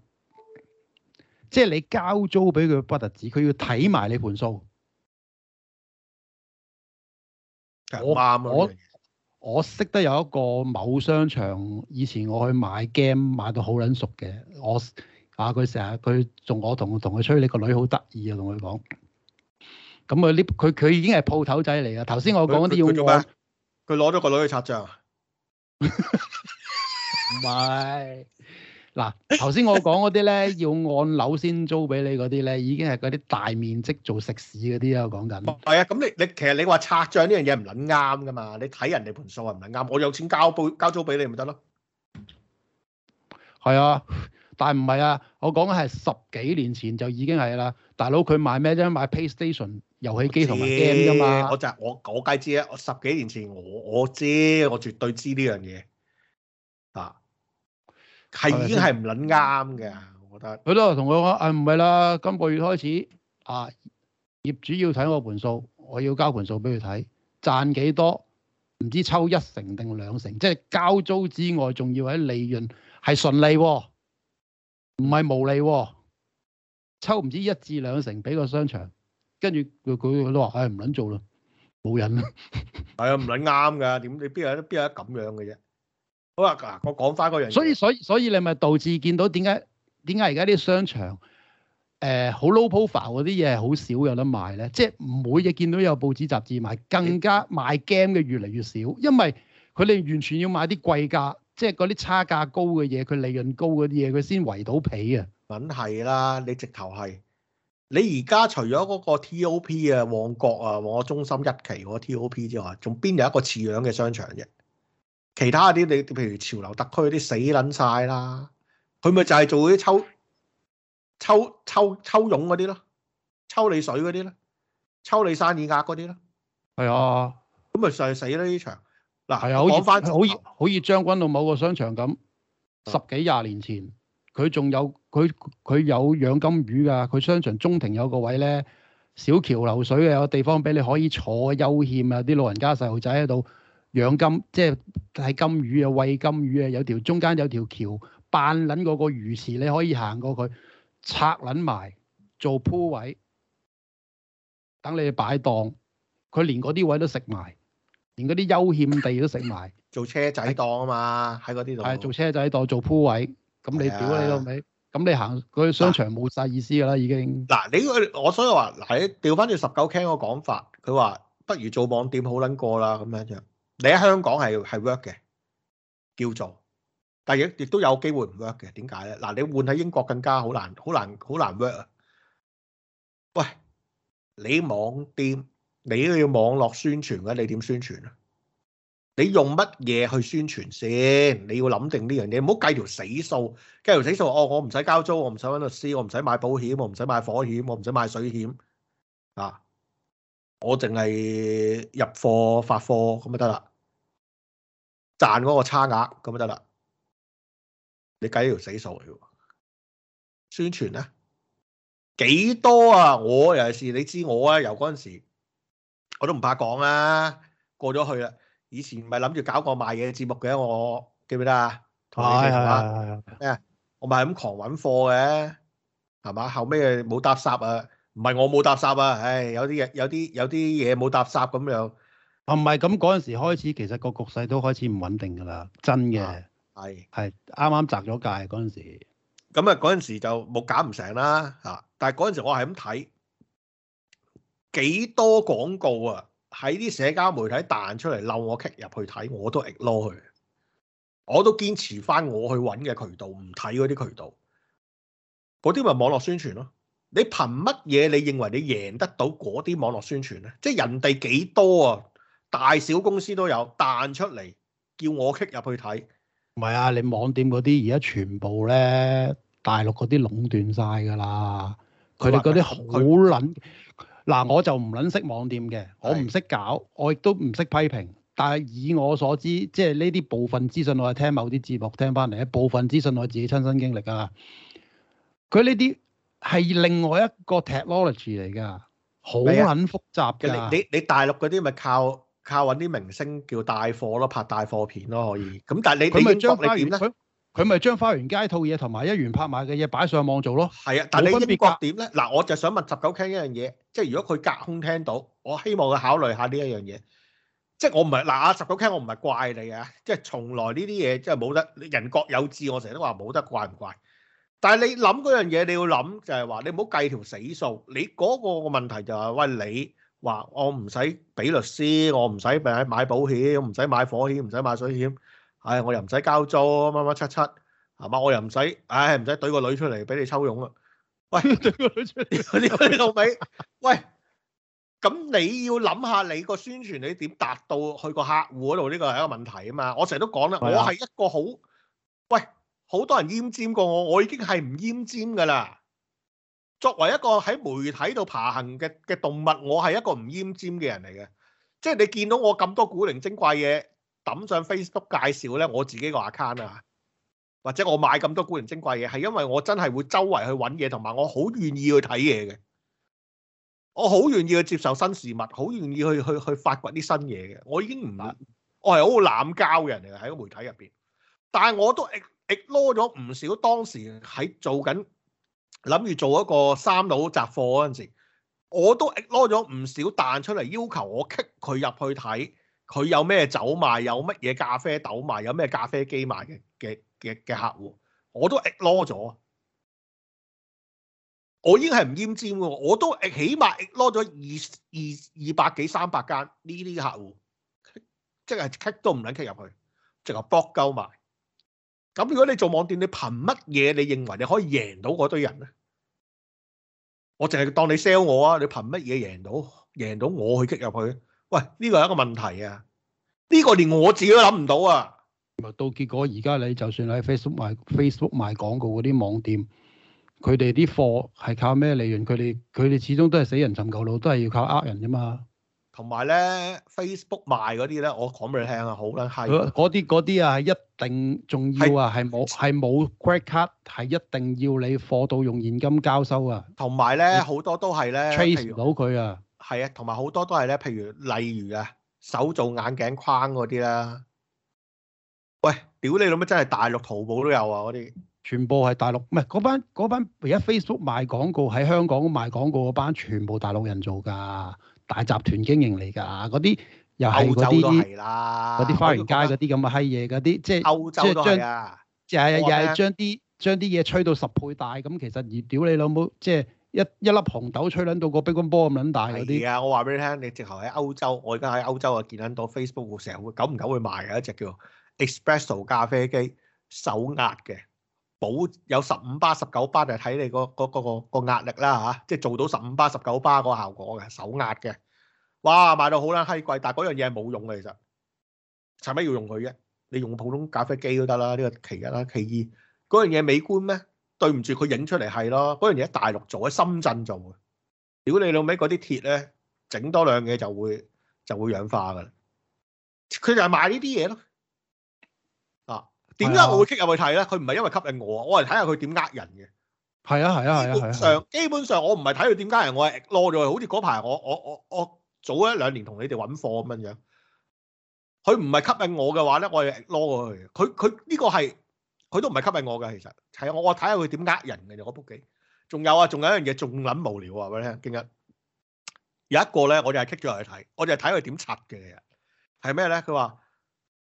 即係你交租俾佢不特止，佢要睇埋你盤數。我我我識得有一個某商場，以前我去買 game 買到好撚熟嘅，我啊佢成日佢仲我同同佢吹，你個女好得意啊，同佢講。咁啊！呢佢佢已經係鋪頭仔嚟噶。頭先我講嗰啲要，佢攞咗個女去拆帳，唔係嗱。頭先我講嗰啲咧，要按樓先租俾你嗰啲咧，已經係嗰啲大面積做食肆嗰啲啊。講緊係啊。咁你你其實你話拆帳呢樣嘢唔撚啱噶嘛？你睇人哋盤數係唔撚啱。我有錢交租交租俾你咪得咯。係啊，但係唔係啊？我講嘅係十幾年前就已經係啦。大佬佢買咩啫？買 PayStation 遊戲機同埋 game 啫嘛，我就我我梗知啦，我十幾年前我我知，我絕對知呢樣嘢啊，係已經係唔捻啱嘅，我覺得佢都同佢講，誒唔係啦，今個月開始啊，業主要睇我盤數，我要交盤數俾佢睇，賺幾多，唔知抽一成定兩成，即係交租之外，仲要喺利潤係純利，唔係無利，抽唔知一至兩成俾個商場。跟住佢佢佢都話：唉、哎，唔撚做啦，冇人啦。係 啊、哎，唔撚啱㗎。點你邊有得邊有得咁樣嘅啫？好啊，嗱，我講翻嗰樣。所以所以所以你咪導致見到點解點解而家啲商場誒好、呃、low profile 嗰啲嘢係好少有得賣咧？即係唔會見到有報紙雜誌賣，更加賣 game 嘅越嚟越少，因為佢哋完全要買啲貴價，即係嗰啲差價高嘅嘢，佢利潤高嗰啲嘢，佢先圍到皮啊！梗係啦，你直頭係。你而家除咗嗰個 T.O.P 啊，旺角啊，旺角中心一期嗰個 T.O.P 之外，仲邊有一個似樣嘅商場啫，啊？其他啲，你譬如潮流特區嗰啲死捻晒啦，佢咪就係做嗰啲抽抽抽抽佣嗰啲咯，抽你水嗰啲咧，抽你生意額嗰啲咧，係啊，咁咪上係死啦呢場。嗱，講翻、啊回啊、好似回好似將軍澳某個商場咁，十幾廿年前。佢仲有佢佢有養金魚㗎，佢商場中庭有個位咧，小橋流水嘅有個地方俾你可以坐休憩啊！啲老人家細路仔喺度養金，即係睇金魚啊，餵金魚啊，有條中間有條橋，扮撚嗰個魚池，你可以行過，佢拆撚埋做鋪位，等你擺檔。佢連嗰啲位都食埋，連嗰啲休憩地都食埋，做車仔檔啊嘛，喺嗰啲度係做車仔檔，做鋪位。咁你屌你老味，咁你行嗰啲商場冇晒意思噶啦，已經。嗱，你我所以話，嗱你調翻住十九 K 個講法，佢話不如做網店好捻過啦，咁樣樣。你喺香港係係 work 嘅，叫做，但亦亦都有機會唔 work 嘅。點解咧？嗱，你換喺英國更加好難，好難，好難 work 啊！喂，你網店，你都要網絡宣傳嘅，你點宣傳啊？你用乜嘢去宣傳先？你要諗定呢樣嘢，唔好計條死數。計條死數哦，我唔使交租，我唔使揾律師，我唔使買保險，我唔使買火險，我唔使買水險啊！我淨係入貨發貨咁咪得啦，賺嗰個差額咁咪得啦。你計條死數嚟喎？宣傳咧幾多啊？我尤其係，你知我啊，由嗰陣時我都唔怕講啊，過咗去啦。以前唔係諗住搞個賣嘢嘅節目嘅，我記唔記得啊？同你講咩啊？我咪係咁狂揾貨嘅，係嘛？後尾冇搭紗啊，唔係我冇搭紗啊，唉，有啲嘢有啲有啲嘢冇搭紗咁樣。唔係咁嗰陣時開始，其實個局勢都開始唔穩定㗎啦。真嘅，係係啱啱摘咗界嗰陣時。咁啊，嗰陣時就冇搞唔成啦嚇，但係嗰陣時我係咁睇幾多廣告啊！喺啲社交媒體彈出嚟漏我 kick 入去睇，我都 ignore 佢，我都堅持翻我去揾嘅渠道，唔睇嗰啲渠道，嗰啲咪網絡宣傳咯。你憑乜嘢你認為你贏得到嗰啲網絡宣傳咧？即係人哋幾多啊？大小公司都有彈出嚟叫我 kick 入去睇。唔係啊，你網店嗰啲而家全部咧大陸嗰啲壟斷晒㗎啦，佢哋嗰啲好撚。嗱，我就唔撚識網店嘅，我唔識搞，我亦都唔識批評。但係以我所知，即係呢啲部分資訊，我係聽某啲節目聽翻嚟，部分資訊我自己親身經歷啊。佢呢啲係另外一個 technology 嚟噶，好撚複雜嘅，啊。你你，你大陸嗰啲咪靠靠揾啲明星叫帶貨咯，拍帶貨片咯，可以。咁但係英國你點？你點咧？佢咪將花園街套嘢同埋一元拍賣嘅嘢擺上網做咯，係啊，但你分別點咧？嗱，我就想問十九聽一樣嘢，即係如果佢隔空聽到，我希望佢考慮下呢一樣嘢。即係我唔係嗱啊，十九聽我唔係怪你啊。即係從來呢啲嘢即係冇得人各有志，我成日都話冇得怪唔怪。但係你諗嗰樣嘢，你要諗就係話你唔好計條死數。你嗰個個問題就係喂，你話我唔使俾律師，我唔使咪買保險，唔使買火險，唔使買，買水險。係，我又唔使交租，乜乜七七係嘛？我又唔使，唉，唔使懟個女出嚟俾你抽傭啊！喂，懟個女出嚟，嗰啲老味，喂，咁你要諗下你個宣傳你點達到去個客戶嗰度？呢個係一個問題啊嘛！我成日都講啦，我係一個好，喂，好多人奄尖過我，我已經係唔奄尖噶啦。作為一個喺媒體度爬行嘅嘅動物，我係一個唔奄尖嘅人嚟嘅。即係你見到我咁多古靈精怪嘢。抌上 Facebook 介紹咧，我自己個 account 啊，或者我買咁多古靈精怪嘢，係因為我真係會周圍去揾嘢，同埋我好願意去睇嘢嘅，我好願意去接受新事物，好願意去去去發掘啲新嘢嘅。我已經唔，我係好濫交嘅人嚟嘅喺個媒體入邊，但係我都 ex ex 攞咗唔少當時喺做緊，諗住做一個三佬雜貨嗰陣時，我都 ex 攞咗唔少彈出嚟要求我 kick 佢入去睇。佢有咩酒賣，有乜嘢咖啡豆賣，有咩咖啡機賣嘅嘅嘅嘅客戶，我都 ignore 咗。我已經係唔奄尖嘅，我都起碼 ignore 咗二二二百幾三百間呢啲客戶，即係棘都唔撚棘入去，直頭搏鳩埋。咁如果你做網店，你憑乜嘢你認為你可以贏到嗰堆人咧？我淨係當你 sell 我啊！你憑乜嘢贏到？贏到我去棘入去？喂，呢個係一個問題啊！呢個連我自己都諗唔到啊！到結果而家你就算喺 Facebook 賣 Facebook 賣廣告嗰啲網店，佢哋啲貨係靠咩利潤？佢哋佢哋始終都係死人尋舊路，都係要靠呃人啫嘛。同埋咧，Facebook 賣嗰啲咧，我講俾你聽啊，好啦，係嗰啲嗰啲啊，一定仲要啊，係冇係冇 credit card，係一定要你貨到用現金交收啊。同埋咧，好多都係咧，trace 唔到佢啊。係啊，同埋好多都係咧，譬如例如啊，手做眼鏡框嗰啲啦。喂，屌你老母，真係大陸淘寶都有啊！嗰啲全部係大陸，唔係嗰班嗰班而家 Facebook 賣廣告喺香港賣廣告嗰班，全部大陸人做㗎，大集團經營嚟㗎。嗰啲又係嗰啲啲，嗰啲花園街嗰啲咁嘅閪嘢，嗰啲即係即係將又係又係將啲說將啲嘢吹到十倍大。咁其實而屌你老母，即係，即係一一粒紅豆吹撚到個乒乓波咁撚大嗰啲，係啊！我話俾你聽，你直頭喺歐洲，我而家喺歐洲啊，見到 Facebook 成日會久唔久會賣嘅一隻叫 Espresso 咖啡機，手壓嘅，保有十五巴、十九巴就睇、是、你、嗰個嗰嗰、嗰個嗰個嗰個壓力啦嚇、啊，即係做到十五巴、十九巴個效果嘅手壓嘅，哇！賣到好啦，閪貴，但係嗰樣嘢係冇用嘅，其實，為、就、咪、係、要用佢嘅？你用普通咖啡機都得啦。呢個其一啦，其二嗰樣嘢美觀咩？對唔住，佢影出嚟係咯，嗰樣嘢喺大陸做，喺深圳做。屌你老味，嗰啲鐵咧整多兩嘢就會就會氧化㗎啦。佢就係賣呢啲嘢咯。啊，點解我會傾入去睇咧？佢唔係因為吸引我，我係睇下佢點呃人嘅。係啊係啊係啊，啊，啊，啊基！基本上基本上我唔係睇佢點解人，我係擼咗去。好似嗰排我我我我早一兩年同你哋揾貨咁樣樣。佢唔係吸引我嘅話咧，我係擼過去。佢佢呢個係。佢都唔係吸引我噶，其實係我我睇下佢點呃人嘅。我部企仲有啊，仲有一樣嘢，仲撚無聊啊！畀你聽，今日有一個咧，我就係棘咗落去睇，我就係睇佢點插嘅。係咩咧？佢話，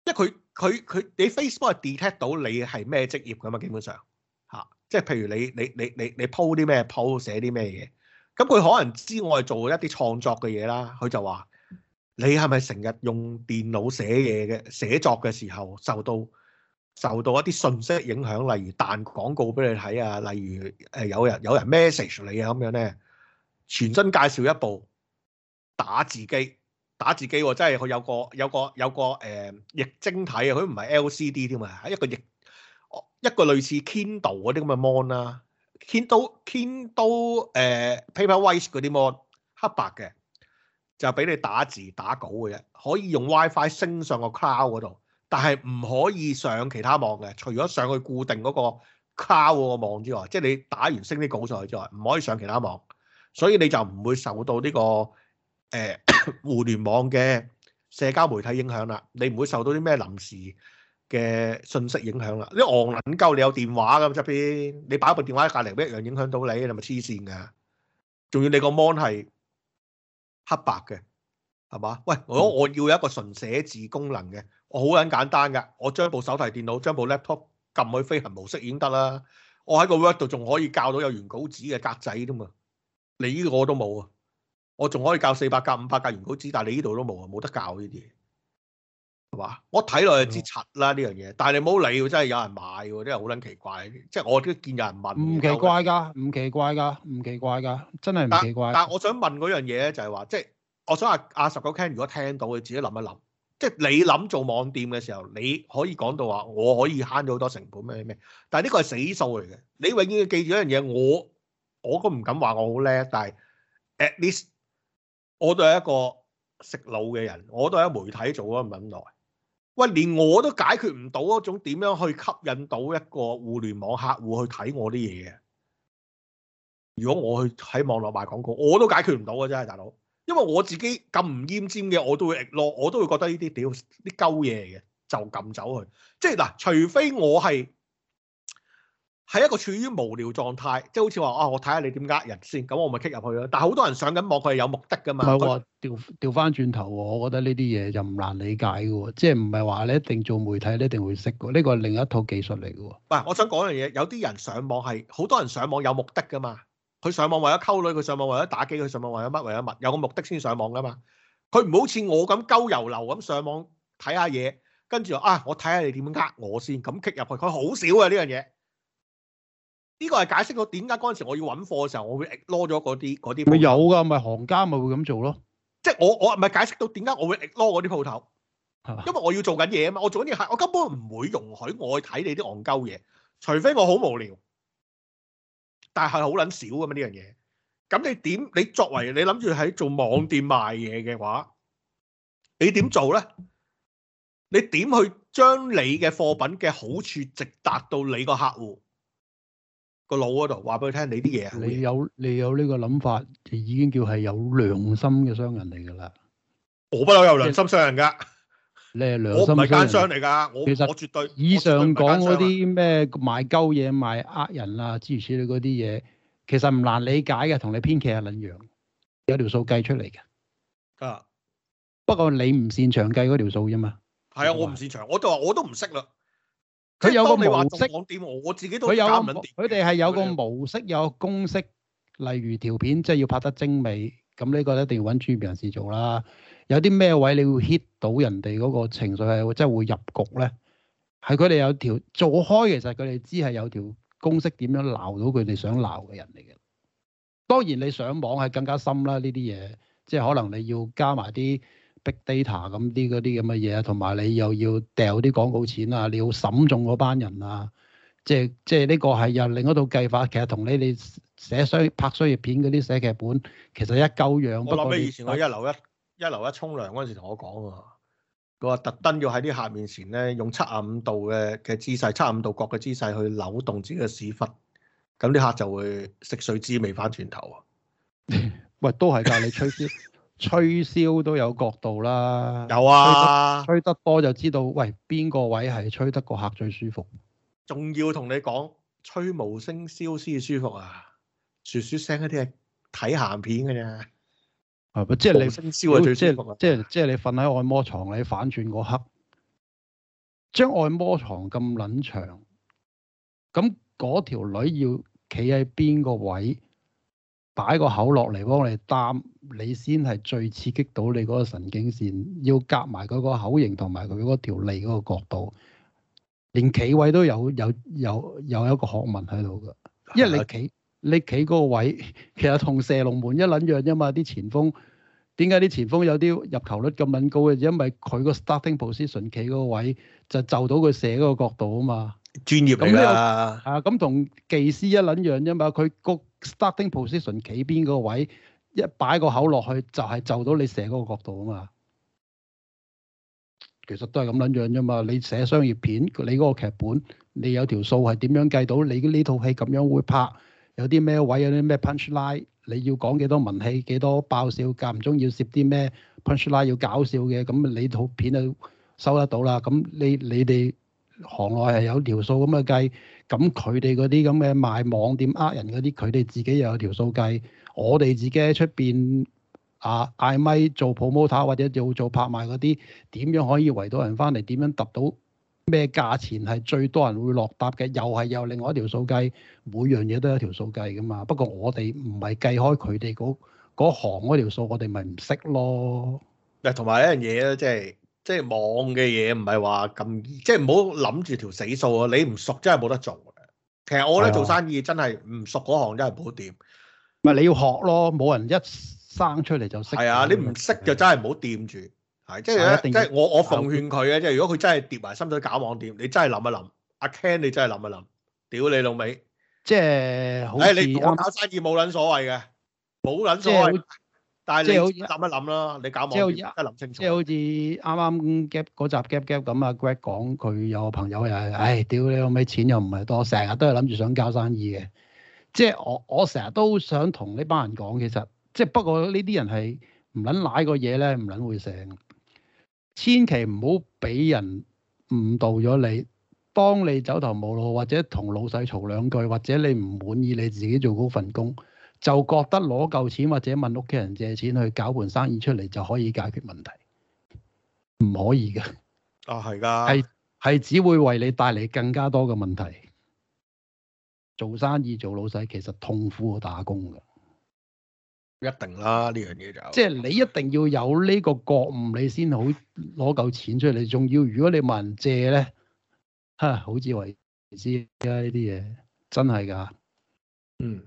即係佢佢佢，你 Facebook 係 detect 到你係咩職業噶嘛？基本上吓、啊，即係譬如你你你你你 po 啲咩 po 寫啲咩嘢，咁佢可能知我係做一啲創作嘅嘢啦。佢就話，你係咪成日用電腦寫嘢嘅？寫作嘅時候受到。受到一啲信息影響，例如彈廣告俾你睇啊，例如誒有人有人 message 你啊咁樣咧，全新介紹一部打字機，打字機喎、哦，真係佢有個有個有個誒、呃、液晶體啊，佢唔係 LCD 添啊，係一個液一個類似 Kindle 嗰啲咁嘅 mon、啊、啦，Kindle Kindle 誒、呃、Paperwhite 嗰啲 mon，黑白嘅就俾你打字打稿嘅啫，可以用 WiFi 升上個 cloud 嗰度。但係唔可以上其他網嘅，除咗上去固定嗰個卡嗰個網之外，即係你打完升啲稿上去之外，唔可以上其他網。所以你就唔會受到呢、呢個誒、欸、 互聯網嘅社交媒體影響啦。你唔會受到啲咩臨時嘅訊息影響啦。你昂撚鳩，你有電話咁側邊，你擺部電話喺隔離，一樣影響到你，你咪黐線㗎。仲要你個 mon 係黑白嘅，係嘛？喂，我我要有一個純寫字功能嘅。我好撚簡單㗎，我將部手提電腦、將部 laptop 撳去飛行模式已經得啦。我喺個 web 度仲可以教到有原稿紙嘅格仔㗎嘛？你呢個我都冇啊，我仲可以教四百格、五百格原稿紙，但係你呢度都冇啊，冇得教呢啲嘢係嘛？我睇落去節插啦呢樣嘢，嗯、但係你冇理喎，真係有人買喎，真係好撚奇怪，即係我都見有人問。唔奇怪㗎，唔奇怪㗎，唔奇怪㗎，真係唔奇怪但。但係我想問嗰樣嘢咧，就係話，即係我想話阿阿十九 Ken 如果聽到，你自己諗一諗。即係你諗做網店嘅時候，你可以講到話我可以慳咗好多成本咩咩，但係呢個係死數嚟嘅。你永遠要記住一樣嘢，我我，我，我都唔敢話我好叻，但係 at least 我都係一個食腦嘅人，我都喺媒體做咗咁耐。喂，連我都解決唔到一種點樣去吸引到一個互聯網客戶去睇我啲嘢嘅。如果我去喺網絡賣廣告，我都解決唔到嘅真係大佬。因為我自己咁唔奄尖嘅，我都會落，我都會覺得呢啲屌啲鳩嘢嘅，就撳走去。即係嗱，除非我係喺一個處於無聊狀態，即係好似話啊，我睇下你點呃人先，咁我咪 kick 入去咯。但係好多人上緊網，佢係有目的㗎嘛。係喎是，調調翻轉頭我覺得呢啲嘢就唔難理解嘅喎，即係唔係話你一定做媒體，你一定會識㗎。呢個係另一套技術嚟嘅喎。唔係，我想講樣嘢，有啲人上網係，好多人上網有目的㗎嘛。佢上網為咗溝女，佢上網為咗打機，佢上網為咗乜？為咗物，有個目的先上網噶嘛。佢唔好似我咁鳩油流咁上網睇下嘢，跟住啊，我睇下你點樣呃我先，咁棘入去。佢好少啊呢樣嘢。呢個係解釋到點解嗰陣時我要揾貨嘅時候，我會擸咗嗰啲嗰啲。咪有㗎，咪行家咪會咁做咯。即係我我唔係解釋到點解我會擸嗰啲鋪頭，係嘛？因為我要做緊嘢啊嘛，我做緊嘢係我根本唔會容許我去睇你啲戇鳩嘢，除非我好無聊。但係好捻少噶嘛呢樣嘢，咁你點？你作為你諗住喺做網店賣嘢嘅話，你點做咧？你點去將你嘅貨品嘅好處直達到你個客戶個腦嗰度？話俾佢聽你啲嘢啊！你有你有呢個諗法，就已經叫係有良心嘅商人嚟噶啦。我不嬲有良心商人噶。你係良心、啊、奸商嚟㗎，其實我絕對以上講嗰啲咩賣鳩嘢、賣呃人啊諸如此類嗰啲嘢，其實唔難理解嘅，同你編劇係兩樣，有條數計出嚟嘅。啊，不過你唔擅長計嗰條數啫嘛。係啊，說我唔擅長，我就話我都唔識啦。佢有個模式，我我自己都佢有佢哋係有個模式，有個公式。例如條片即係要拍得精美，咁呢個一定要揾專業人士做啦。有啲咩位你會 hit 到人哋嗰個情緒係，即係會入局咧？係佢哋有條做開，其實佢哋知係有條公式點樣鬧到佢哋想鬧嘅人嚟嘅。當然你上網係更加深啦，呢啲嘢即係可能你要加埋啲 big data 咁啲嗰啲咁嘅嘢啊，同埋你又要掉啲廣告錢啊，你要審中嗰班人啊，即係即係呢個係又另一套計法。其實同你哋寫衰拍衰片嗰啲寫劇本，其實一鳩樣。我諗起以前我一流一。一樓一沖涼嗰陣時同我講啊，佢話特登要喺啲客面前咧，用七十五度嘅嘅姿勢，七十五度角嘅姿勢去扭動自己嘅屎忽，咁啲客就會食水滋味翻轉頭啊！喂，都係教你吹簫， 吹簫都有角度啦。有啊吹，吹得多就知道，喂，邊個位係吹得個客最舒服？仲要同你講，吹無聲簫先舒服啊！說說聲嗰啲係睇鹹片嘅啫、啊。係咪？即係你，即係即係即係你瞓喺按摩床，你反轉嗰刻，將按摩床咁捻長，咁嗰條女要企喺邊個位，擺個口落嚟，幫你擔，你先係最刺激到你嗰個神經線，要夾埋佢個口型同埋佢嗰條脷嗰個角度，連企位都有有有有一個學問喺度噶，的因為你企。你企嗰個位，其實同射龍門一撚樣啫嘛。啲前鋒點解啲前鋒有啲入球率咁撚高嘅？因為佢個 starting position 企嗰個位就就到佢射嗰個角度啊嘛。專業咁樣㗎嚇，咁同、啊、技師一撚樣啫嘛。佢個 starting position 企邊個位，一擺個口落去就係、是、就到你射嗰個角度啊嘛。其實都係咁撚樣啫嘛。你寫商業片，你嗰個劇本，你有條數係點樣計到？你呢套戲咁樣會拍？有啲咩位，有啲咩 punchline，你要講幾多文氣，幾多爆笑，間唔中要攝啲咩 punchline 要搞笑嘅，咁你套片就收得到啦。咁你你哋行內係有條數咁去計，咁佢哋嗰啲咁嘅賣網店呃人嗰啲，佢哋自己又有條數計。我哋自己喺出邊啊嗌咪做 promoter 或者做做拍賣嗰啲，點樣可以圍到人翻嚟，點樣揼到？咩價錢係最多人會落搭嘅？又係有另外一條數計，每樣嘢都有一條數計噶嘛。不過我哋唔係計開佢哋嗰行嗰條數，我哋咪唔識咯。嗱，同埋一樣嘢咧，即係即係網嘅嘢，唔係話咁易，即係唔好諗住條死數啊！你唔熟真係冇得做嘅。其實我咧、啊、做生意真係唔熟嗰行真係唔好掂。唔係你要學咯，冇人一生出嚟就識。係啊，你唔識就真係唔好掂住。係，即係咧，即係我我奉勸佢啊！即係如果佢真係疊埋心水搞網店，你真係諗一諗，阿 Ken 你真係諗一諗，屌你老味！即係，誒你我搞生意冇撚所謂嘅，冇撚所謂。但係你諗一諗啦，你搞網店，即係諗清楚。即係好似啱啱 gap 嗰集 gap gap 咁啊，Greg 講佢有個朋友又係，唉，屌你老味，錢又唔係多，成日都係諗住想搞生意嘅。即係我我成日都想同呢班人講，其實即係不過呢啲人係唔撚拉個嘢咧，唔撚會成。千祈唔好俾人誤導咗你，當你走投無路，或者同老細嘈兩句，或者你唔滿意你自己做嗰份工，就覺得攞夠錢或者問屋企人借錢去搞盤生意出嚟就可以解決問題，唔可以嘅。啊、哦，係噶，係係只會為你帶嚟更加多嘅問題。做生意做老細，其實痛苦過打工嘅。一定啦，呢樣嘢就即係你一定要有呢個覺悟，你先好攞夠錢出嚟。仲要如果你問人借咧，吓好自為之，依家呢啲嘢真係噶。嗯，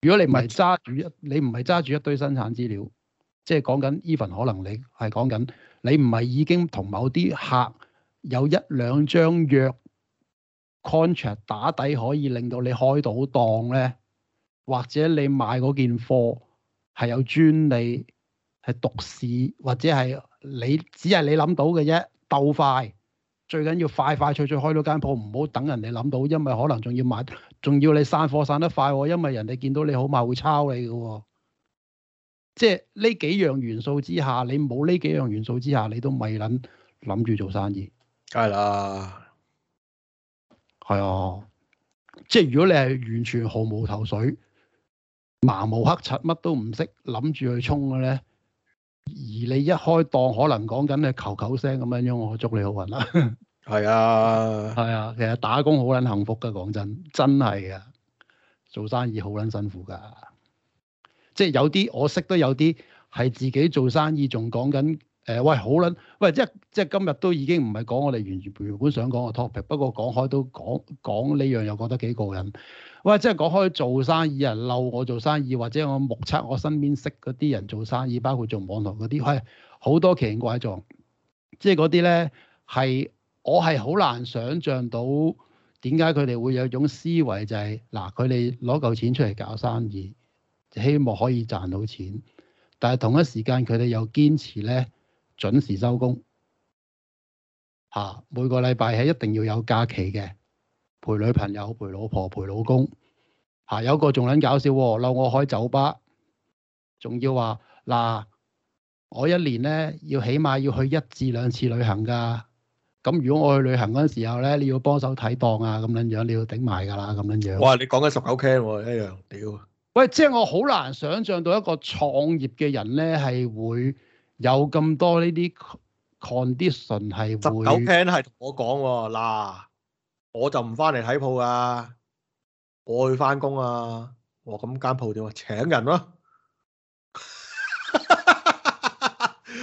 如果你唔係揸住一，你唔係揸住一堆生產資料，即係講緊 even 可能你係講緊你唔係已經同某啲客有一兩張約 contract 打底，可以令到你開到檔咧，或者你買嗰件貨。係有專利，係獨市，或者係你只係你諗到嘅啫。鬥快，最緊要快快脆脆開到間鋪，唔好等人哋諗到，因為可能仲要買，仲要你散貨散得快喎，因為人哋見到你好賣會抄你嘅喎。即係呢幾樣元素之下，你冇呢幾樣元素之下，你都咪諗諗住做生意。梗係啦，係啊、 哎喲，即係如果你係完全毫無頭緒。麻無黑闌，乜都唔識，諗住去衝嘅咧。而你一開檔，可能講緊你求求聲咁樣樣，我祝你好運啦。係 啊，係啊，其實打工好撚幸福㗎，講真，真係啊。做生意好撚辛苦㗎，即係有啲我識得，有啲係自己做生意，仲講緊。誒、呃、喂，好撚喂！即係即係今日都已經唔係講我哋原原本想講個 topic，不過講開都講講呢樣又覺得幾過癮。喂，即係講開做生意，人嬲我做生意，或者我目測我身邊識嗰啲人做生意，包括做網台嗰啲，喂，好多奇形怪狀，即係嗰啲咧係我係好難想像到點解佢哋會有種思維就係、是、嗱，佢哋攞嚿錢出嚟搞生意，希望可以賺到錢，但係同一時間佢哋又堅持咧。準時收工嚇，每個禮拜係一定要有假期嘅，陪女朋友、陪老婆、陪老公嚇、啊。有個仲撚搞笑喎，嬲我開酒吧，仲要話嗱、啊，我一年咧要起碼要去一至兩次旅行㗎。咁、啊、如果我去旅行嗰陣時候咧，你要幫手睇檔啊，咁樣樣你要頂埋㗎啦，咁樣樣。哇！你講緊十九 K 一樣屌啊。哎呀啊、喂，即、就、係、是、我好難想像到一個創業嘅人咧，係會。有咁多呢啲 condition，係十九 pen，係同我講，嗱，我就唔翻嚟睇鋪啊，我去翻工啊，我咁間鋪點啊？請人咯，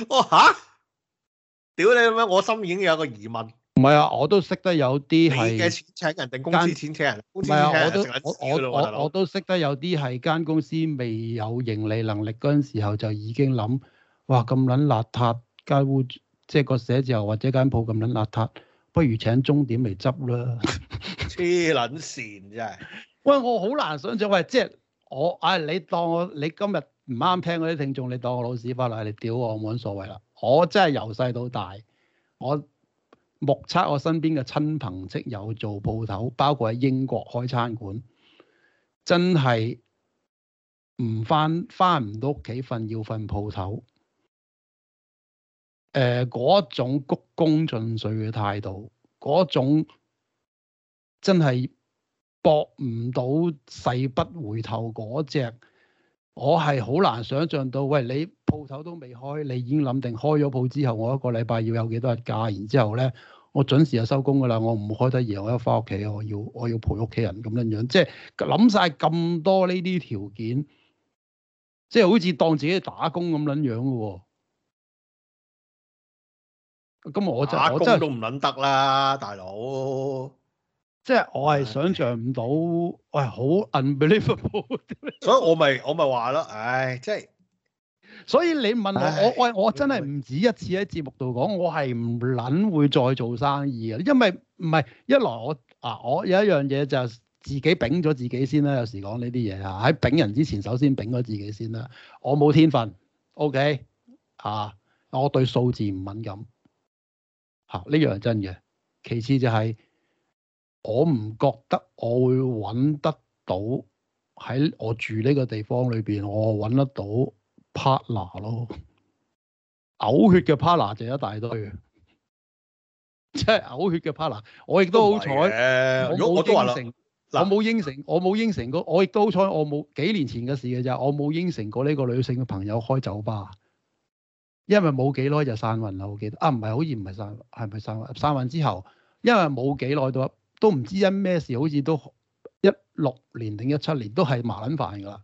哦吓，屌你咩？我心已經有個疑問，唔係啊，我都識得有啲係，你嘅錢請人定工資錢請人？唔係啊，我都我我我都識得有啲係間公司未有盈利能力嗰陣時候就已經諗。哇！咁撚邋遢，街污即係個寫字樓或者間鋪咁撚邋遢，不如請鐘點嚟執啦！黐撚線真係！喂，我好難想象喂，即係我唉、哎，你當我你今日唔啱聽嗰啲聽眾，你當我老屎忽啦，你屌我冇撚所謂啦！我真係由細到大，我目測我身邊嘅親朋戚友做鋪頭，包括喺英國開餐館，真係唔翻翻唔到屋企瞓，要瞓鋪頭。誒，嗰、呃、種鞠躬盡瘁嘅態度，嗰種真係搏唔到誓不回頭嗰隻，我係好難想象到。喂，你鋪頭都未開，你已經諗定開咗鋪之後，我一個禮拜要有幾多日假？然之後咧，我準時就收工噶啦，我唔開得夜，我一翻屋企，我要我要，我要陪屋企人咁樣樣，即係諗晒咁多呢啲條件，即係好似當自己打工咁樣樣嘅。咁我就我真係都唔捻得啦，大佬，即係我係想象唔到，我係好 unbelievable， 所以我咪我咪話咯，唉、哎，即、就、係、是、所以你問我、哎、我喂我真係唔止一次喺節目度講，我係唔捻會再做生意嘅。因為唔係一來我啊，我有一樣嘢就係自己丙咗自己先啦、啊。有時講呢啲嘢啊，喺丙人之前，首先丙咗自己先啦、啊。我冇天分，OK 啊，我對數字唔敏感。嚇！呢樣係真嘅。其次就係我唔覺得我會揾得到喺我住呢個地方裏邊，我揾得到 partner 咯。嘔血嘅 partner 就一大堆，即係嘔血嘅 partner。我亦都好彩，如果我都話啦，我冇應承，我冇應承過。我亦都好彩，我冇幾年前嘅事嘅咋，我冇應承過呢個女性嘅朋友開酒吧。因為冇幾耐就散運啦，我記得啊，唔係好似唔係散，係咪散運？散運之後，因為冇幾耐到都唔知因咩事，好似都一六年定一七年都係麻捻飯噶啦，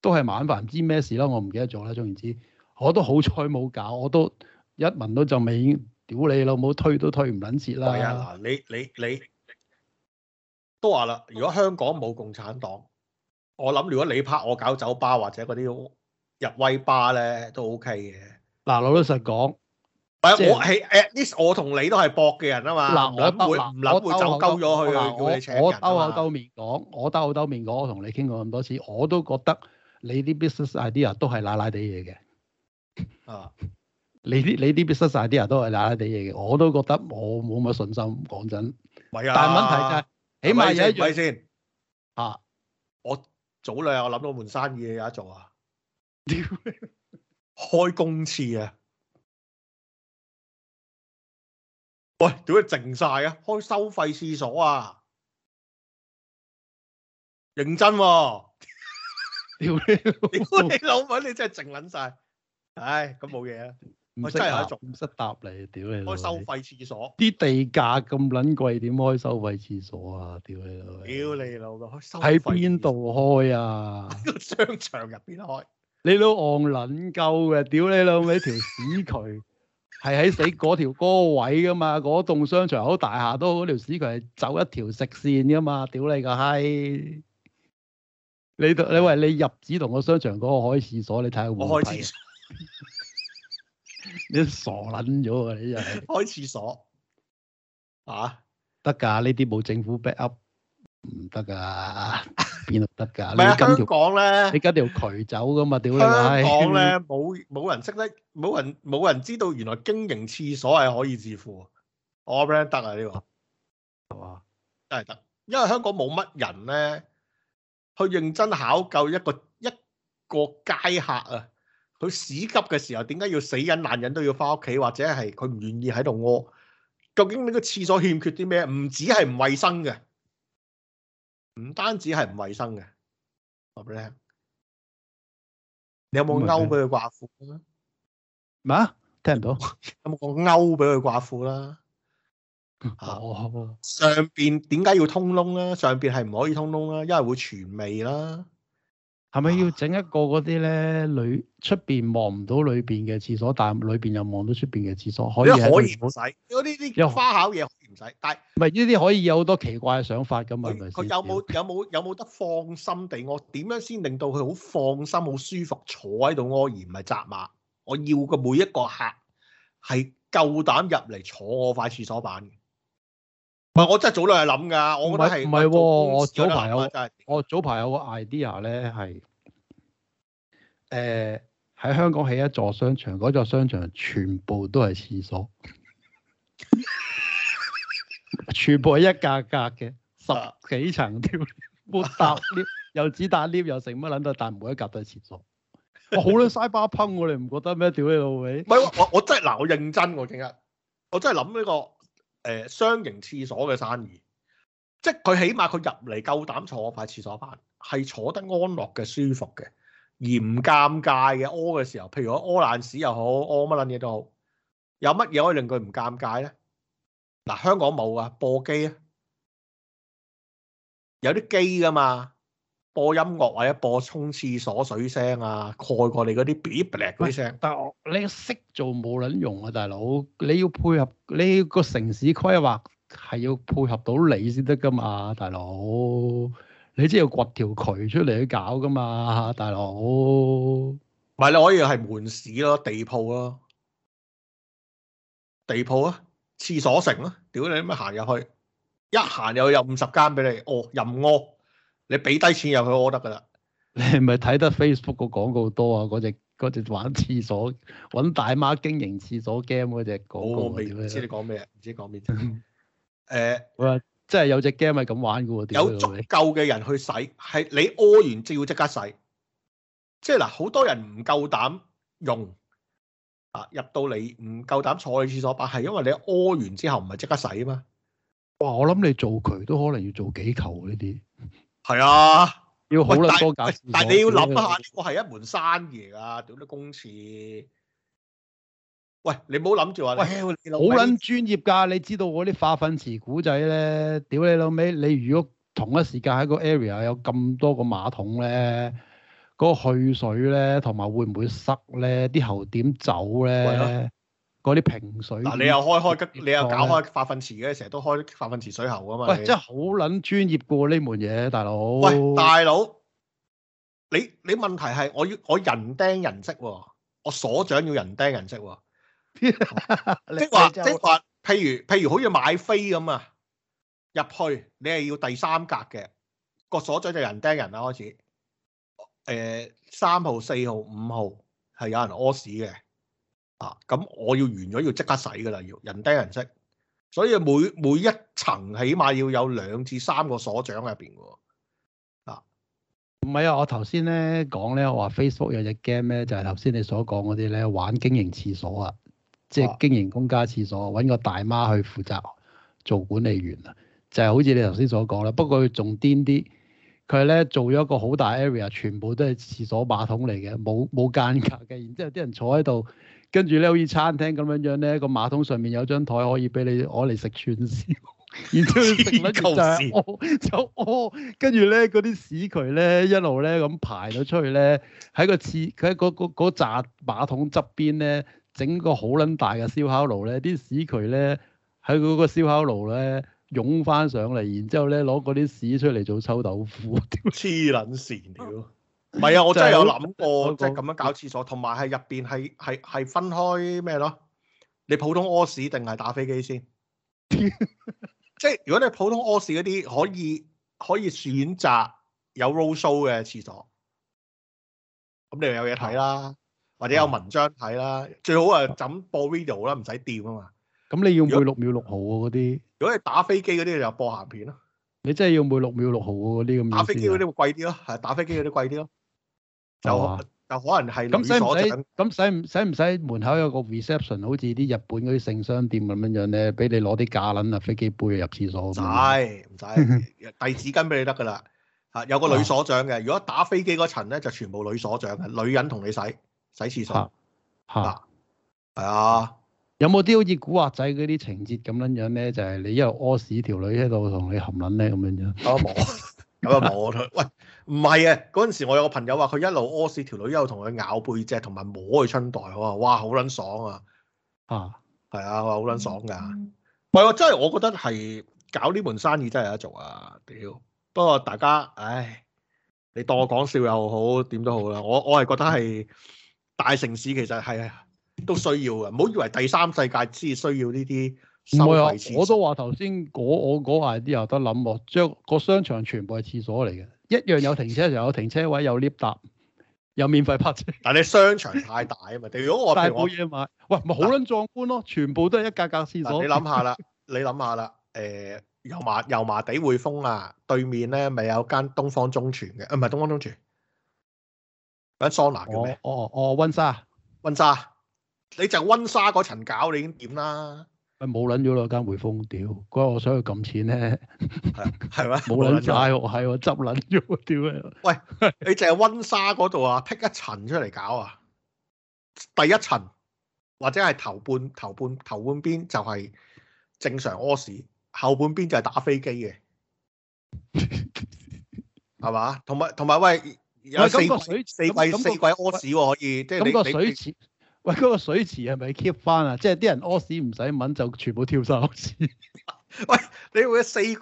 都係麻捻飯，唔知咩事啦，我唔記得咗啦。總之我都好彩冇搞，我都一聞到就未屌你啦，唔好推都推唔捻切啦。嗱、係啊，你你你都話啦，如果香港冇共產黨，我諗如果你拍我搞酒吧或者嗰啲入威巴咧都 O K 嘅。嗱，老老實講，我係 at least 我同你都係搏嘅人啊嘛。嗱，我唔諗會走鳩咗佢啊！我兜口兜面講，我兜口兜面講，我同你傾過咁多次，我都覺得你啲 business idea 都係奶奶哋嘢嘅。啊，你啲你啲 business idea 都係奶奶哋嘢嘅，我都覺得我冇乜信心。講真，但問題就係起碼有一樣，啊，我早兩日我諗到門生意有得做啊！開公廁啊！喂，點解靜晒啊？開收費廁所啊？認真喎！屌你！屌你老母！你真係靜捻晒。唉，咁冇嘢啊。唔識答，唔識答你。屌你老母！開收費廁所。啲地價咁捻貴，點開收費廁所啊？屌你老！屌你老豆開收費。喺邊度開啊？喺個商場入邊開。你都戇捻鳩嘅，屌你老味條屎渠係喺死嗰條哥位噶嘛？嗰棟商場好大廈都好條屎渠係走一條食線噶嘛？屌你個閪、哎！你你喂你，你入紙同個商場嗰個開廁所，你睇下會唔會？我開廁所， 你傻捻咗，就是、啊！你又係開廁所啊？得噶，呢啲冇政府 back up。唔得噶，邊度得噶？唔係啊，啊是香港咧，你跟條渠走噶嘛？屌你媽！香港咧，冇冇 人識得，冇人冇人知道，原來經營廁所係可以致富。我諗得啊呢個，係嘛、啊？真係得，因為香港冇乜人咧，去認真考究一個一個街客啊，佢屎急嘅時候，點解要死忍難忍都要翻屋企，或者係佢唔願意喺度屙？究竟呢個廁所欠缺啲咩？唔止係唔衛生嘅。唔單止係唔衛生嘅，話俾你聽，你，你有冇勾俾佢掛褲啊？乜？聽唔到？有冇個勾俾佢掛褲啦？哦，上邊點解要通窿啦？上邊係唔可以通窿啦，因為會傳味啦。係咪要整一個嗰啲咧？裏出邊望唔到裏邊嘅廁所，但係裏邊又望到出邊嘅廁所，可，可以可以，唔好使有呢啲花巧嘢。但係唔係呢啲可以有好多奇怪嘅想法㗎嘛？佢佢、嗯、有冇有冇 有冇得放心地？我點樣先令到佢好放心、好舒服坐喺度屙，而唔係扎馬？我要嘅每一個客係夠膽入嚟坐我塊廁所板嘅。唔係，我真係早兩日諗㗎。不我唔係不我早排有我早排有,早有個 idea 咧，係誒喺香港起一座商場，嗰座商場全部都係廁所。全部係一格格嘅，十幾層屌，冇 搭 lift 又紙搭 lift 又成乜捻都，但每一格都係廁所，好撚嘥巴噴我，你唔覺得咩？屌你老味！唔係我我真係嗱、啊，我認真我、啊、今日我真係諗呢個誒雙、呃、型廁所嘅生意，即係佢起碼佢入嚟夠膽坐我塊廁所板，係坐得安樂嘅、舒服嘅，而唔尷尬嘅，屙嘅時候，譬如我屙爛屎又好，屙乜捻嘢都好，有乜嘢可以令佢唔尷尬咧？嗱，香港冇啊，播機啊，有啲機噶嘛，播音樂或者播沖廁所水聲啊，蓋過你嗰啲 bilbley 聲。但係你識做冇撚用啊，大佬！你要配合你個城市規劃係要配合到你先得噶嘛，大佬！你只要掘條渠出嚟去搞噶嘛，大佬。唔係，你可以係門市咯，地鋪咯，地鋪啊！廁所城咯，啊，屌你啲乜行入去，一行入去有五十間俾你，哦，任屙，你俾低錢入去屙得噶啦。你係咪睇得 Facebook 個廣告多啊？嗰隻隻玩廁所搵大媽經營廁所 game 嗰隻廣告，啊。我我未知你講咩，唔知你講咩真？誒，即係有隻 game 係咁玩嘅喎，有足夠嘅人去洗，係 你屙完就要即刻洗，即係嗱，好多人唔夠膽用。啊！入到你唔夠膽坐去廁所，把係因為你屙完之後唔係即刻洗啊嘛。哇！我諗你做渠都可能要做幾球呢啲。係啊，要好捻多揀。但係你要諗一下，呢個係一門生意啊！屌啲公廁，喂，你唔好諗住話，喂，好捻專業噶。你知道我啲化糞池古仔咧？屌你老尾！你如果同一時間喺個 area 有咁多個馬桶咧？嗰個去水咧，同埋會唔會塞咧？啲喉點走咧？嗰啲瓶水嗱，你又開開，你又搞開化糞池嘅，成日都開化糞池水喉啊嘛！喂，真係好撚專業過呢門嘢，大佬！喂，大佬，你你問題係我要我人釘人識喎，我所長要人釘人識喎，即係話即係話，譬如譬如好似買飛咁啊，入去你係要第三格嘅，個所長就人釘人啦開始。誒三號、四號、五號係有人屙屎嘅，啊咁我要完咗要即刻洗㗎啦，要人低人識，所以每每一層起碼要有兩至三個所長入邊喎。啊唔係啊，我頭先咧講咧，我話 Facebook 有隻 game 咧，就係頭先你所講嗰啲咧玩經營廁所啊，即係經營公家廁所，揾個大媽去負責做管理員啊，就係好似你頭先所講啦，不過佢仲癲啲。佢咧做咗一個好大 area，全部都係廁所馬桶嚟嘅，冇冇間隔嘅。然之後啲人坐喺度，跟住咧好似餐廳咁樣樣咧，個馬桶上面有張台可以俾你攞嚟食串燒。然之後食甩就屙，就屙。跟住咧嗰啲屎渠咧一路咧咁排咗出去咧，喺個廁佢喺嗰嗰嗰扎馬桶側邊咧，整個好撚大嘅燒烤爐咧，啲屎渠咧喺嗰個燒烤爐咧，湧翻上嚟，然之後咧攞嗰啲屎出嚟做臭豆腐，黐撚線屌！唔 係樂啊，我真係有諗過，即係咁樣搞廁所，同埋係入邊係係係分開咩咯？你普通屙屎定係打飛機先？即係 如果你普通屙屎嗰啲，可以可以選擇有 roll show l l 嘅廁所，咁你又有嘢睇啦，或者有文章睇啦，最好啊就咁播 video 啦、啊，唔使掂啊嘛。咁 你要去六秒六毫喎嗰啲。如果你打飛機嗰啲就播鹹片咯。你真係要每六秒六毫嗰啲咁打飛機嗰啲會貴啲咯，係打飛機嗰啲貴啲咯。就、哦啊、就可能係女所長、咁、啊嗯、使唔使？咁使唔使？門口有個 reception，好似啲日本嗰啲性商店咁樣樣咧，俾你攞啲假撚啊飛機杯入廁所、啊？唔唔使遞紙巾俾你得噶啦。嚇，有個女所長嘅。如果打飛機嗰層咧，就全部女所長嘅，女人同你洗洗廁所。嚇係哈哈啊！啊。有冇啲好似古惑仔嗰啲情節咁樣樣咧？就係、是、你一路屙屎條女一度同你含撚咧咁樣啫。 樣有我冇？我摸佢。喂，唔係啊！嗰陣時我有個朋友話佢一路屙屎條女，一路同佢咬背脊，同埋摸佢春袋。我哇，好撚爽啊！啊，係啊，話好撚爽㗎。唔係喎，真係我覺得係搞呢門生意真係有得做啊！屌，不過大家，唉，你當我講笑又好，點都好啦。我我係覺得係大城市其實係。都需要嘅，唔好以為第三世界先至需要呢啲唔費廁我都話頭先嗰我嗰 idea 有得諗喎，將個商場全部係廁所嚟嘅，一樣有停車場，又有停車位，有 lift 搭，有免費泊車。但係商場太大啊嘛，地如果我冇嘢買，喂，咪好撚壯觀咯，來全部都係一格格先。你諗下啦，你諗下啦，誒、呃，油麻油麻地匯豐啊，對面咧咪有間東方中泉嘅，唔、啊、係東方棕泉，間桑拿嘅咩？哦哦温莎，温、哦、莎。哦你就係溫莎嗰層搞你已經點啦，誒冇捻咗兩間匯豐，屌，嗰我想去撳錢咧，係咪？ 冇捻晒，係我執捻咗，屌你！喂，你淨係溫莎嗰度啊，劈一層出嚟搞啊，第一層或者係頭半頭半頭半邊就係正常屙屎，後半邊就係打飛機嘅，係嘛？ 同埋同埋喂，喂有四水，四季四季屙屎可以，即係你你。聽喂，嗰、那個水池係咪 keep 翻啊？即係啲人屙屎唔使敏就全部跳晒落屎。 喂，你會四季，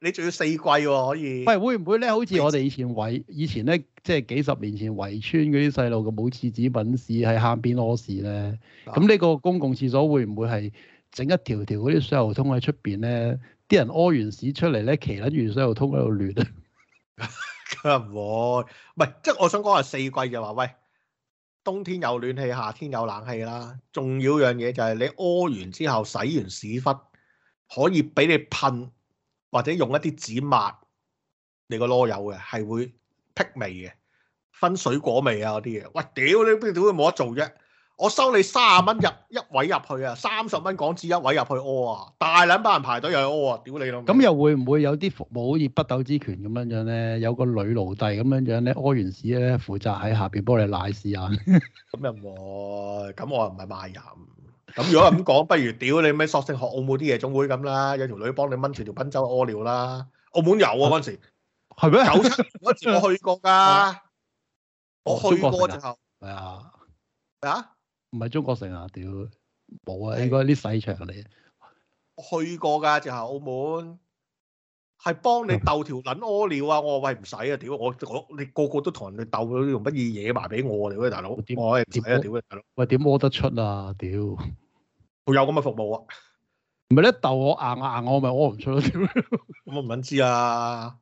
你仲要四季喎、哦？可以。喂，會唔會咧？好似我哋以前圍，以前咧，即係幾十年前圍村嗰啲細路嘅冇廁紙，品屎喺坑邊屙屎咧。咁呢、啊、個公共廁所會唔會係整一條條嗰啲水喉通喺出邊咧？啲人屙完屎出嚟咧，騎喺住水喉通喺度亂。梗係唔會，唔係，即係我想講係四季嘅話，喂。冬天有暖氣，夏天有冷氣啦。仲要樣嘢就係、是、你屙完之後洗完屎忽，可以俾你噴或者用一啲紙抹你個囉柚嘅，係會辟味嘅，分水果味啊嗰啲嘢。喂，屌你邊點會冇得做啫？我收你卅蚊入一位入去啊，三十蚊港紙一位入去屙啊，大撚班人排隊又屙啊，屌你老！咁又會唔會有啲服務好似北斗之拳咁樣樣咧？有個女奴隸咁樣樣咧，屙完屎咧負責喺下邊幫你瀨屎啊？咁又冇，咁我又唔係賣淫。咁如果咁講，不如屌你咩索性學澳門啲夜總會咁啦，有條女幫你掹住條賓州屙尿啦。澳門有啊嗰陣時，係咩、啊？九七年嗰陣時我去過㗎，啊、我去過之後係啊啊！唔係中國城啊！屌的，冇啊，應該啲細場嚟。去過㗎就係澳門，係幫你鬥條撚屙尿啊！我喂，唔使啊！屌我，我你個個都同人哋鬥，用乜嘢嘢埋俾我嚟喂大佬？我係唔使啊！屌麼啊，大佬！喂點屙得出啊！屌，我有咁嘅服務啊？唔係你鬥我硬硬我咪屙唔出咯屌！我唔撚想知啊，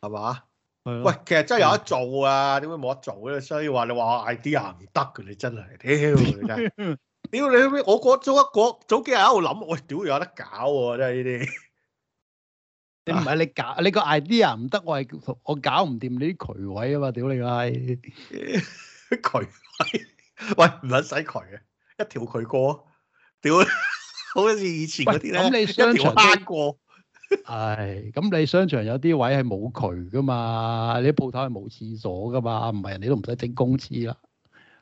係嘛？ 喂，其實真係有得做啊，點解冇得做咧，啊？所以話你話我 idea 唔得嘅，你真係，屌 你屌你我嗰早一早幾日喺度諗，喂，哎，屌有得搞喎，啊，真係呢啲。你唔係你搞，唉你個 idea 唔得，我係我搞唔掂你啲渠位啊嘛，屌你個閪， 渠位，喂唔使洗渠啊，一條渠過，屌，好似以前嗰啲咧，你一條蝦過。係，咁、哎、你商場有啲位係冇渠噶嘛？你鋪頭係冇廁所噶嘛？唔係人哋都唔使整公廁啦，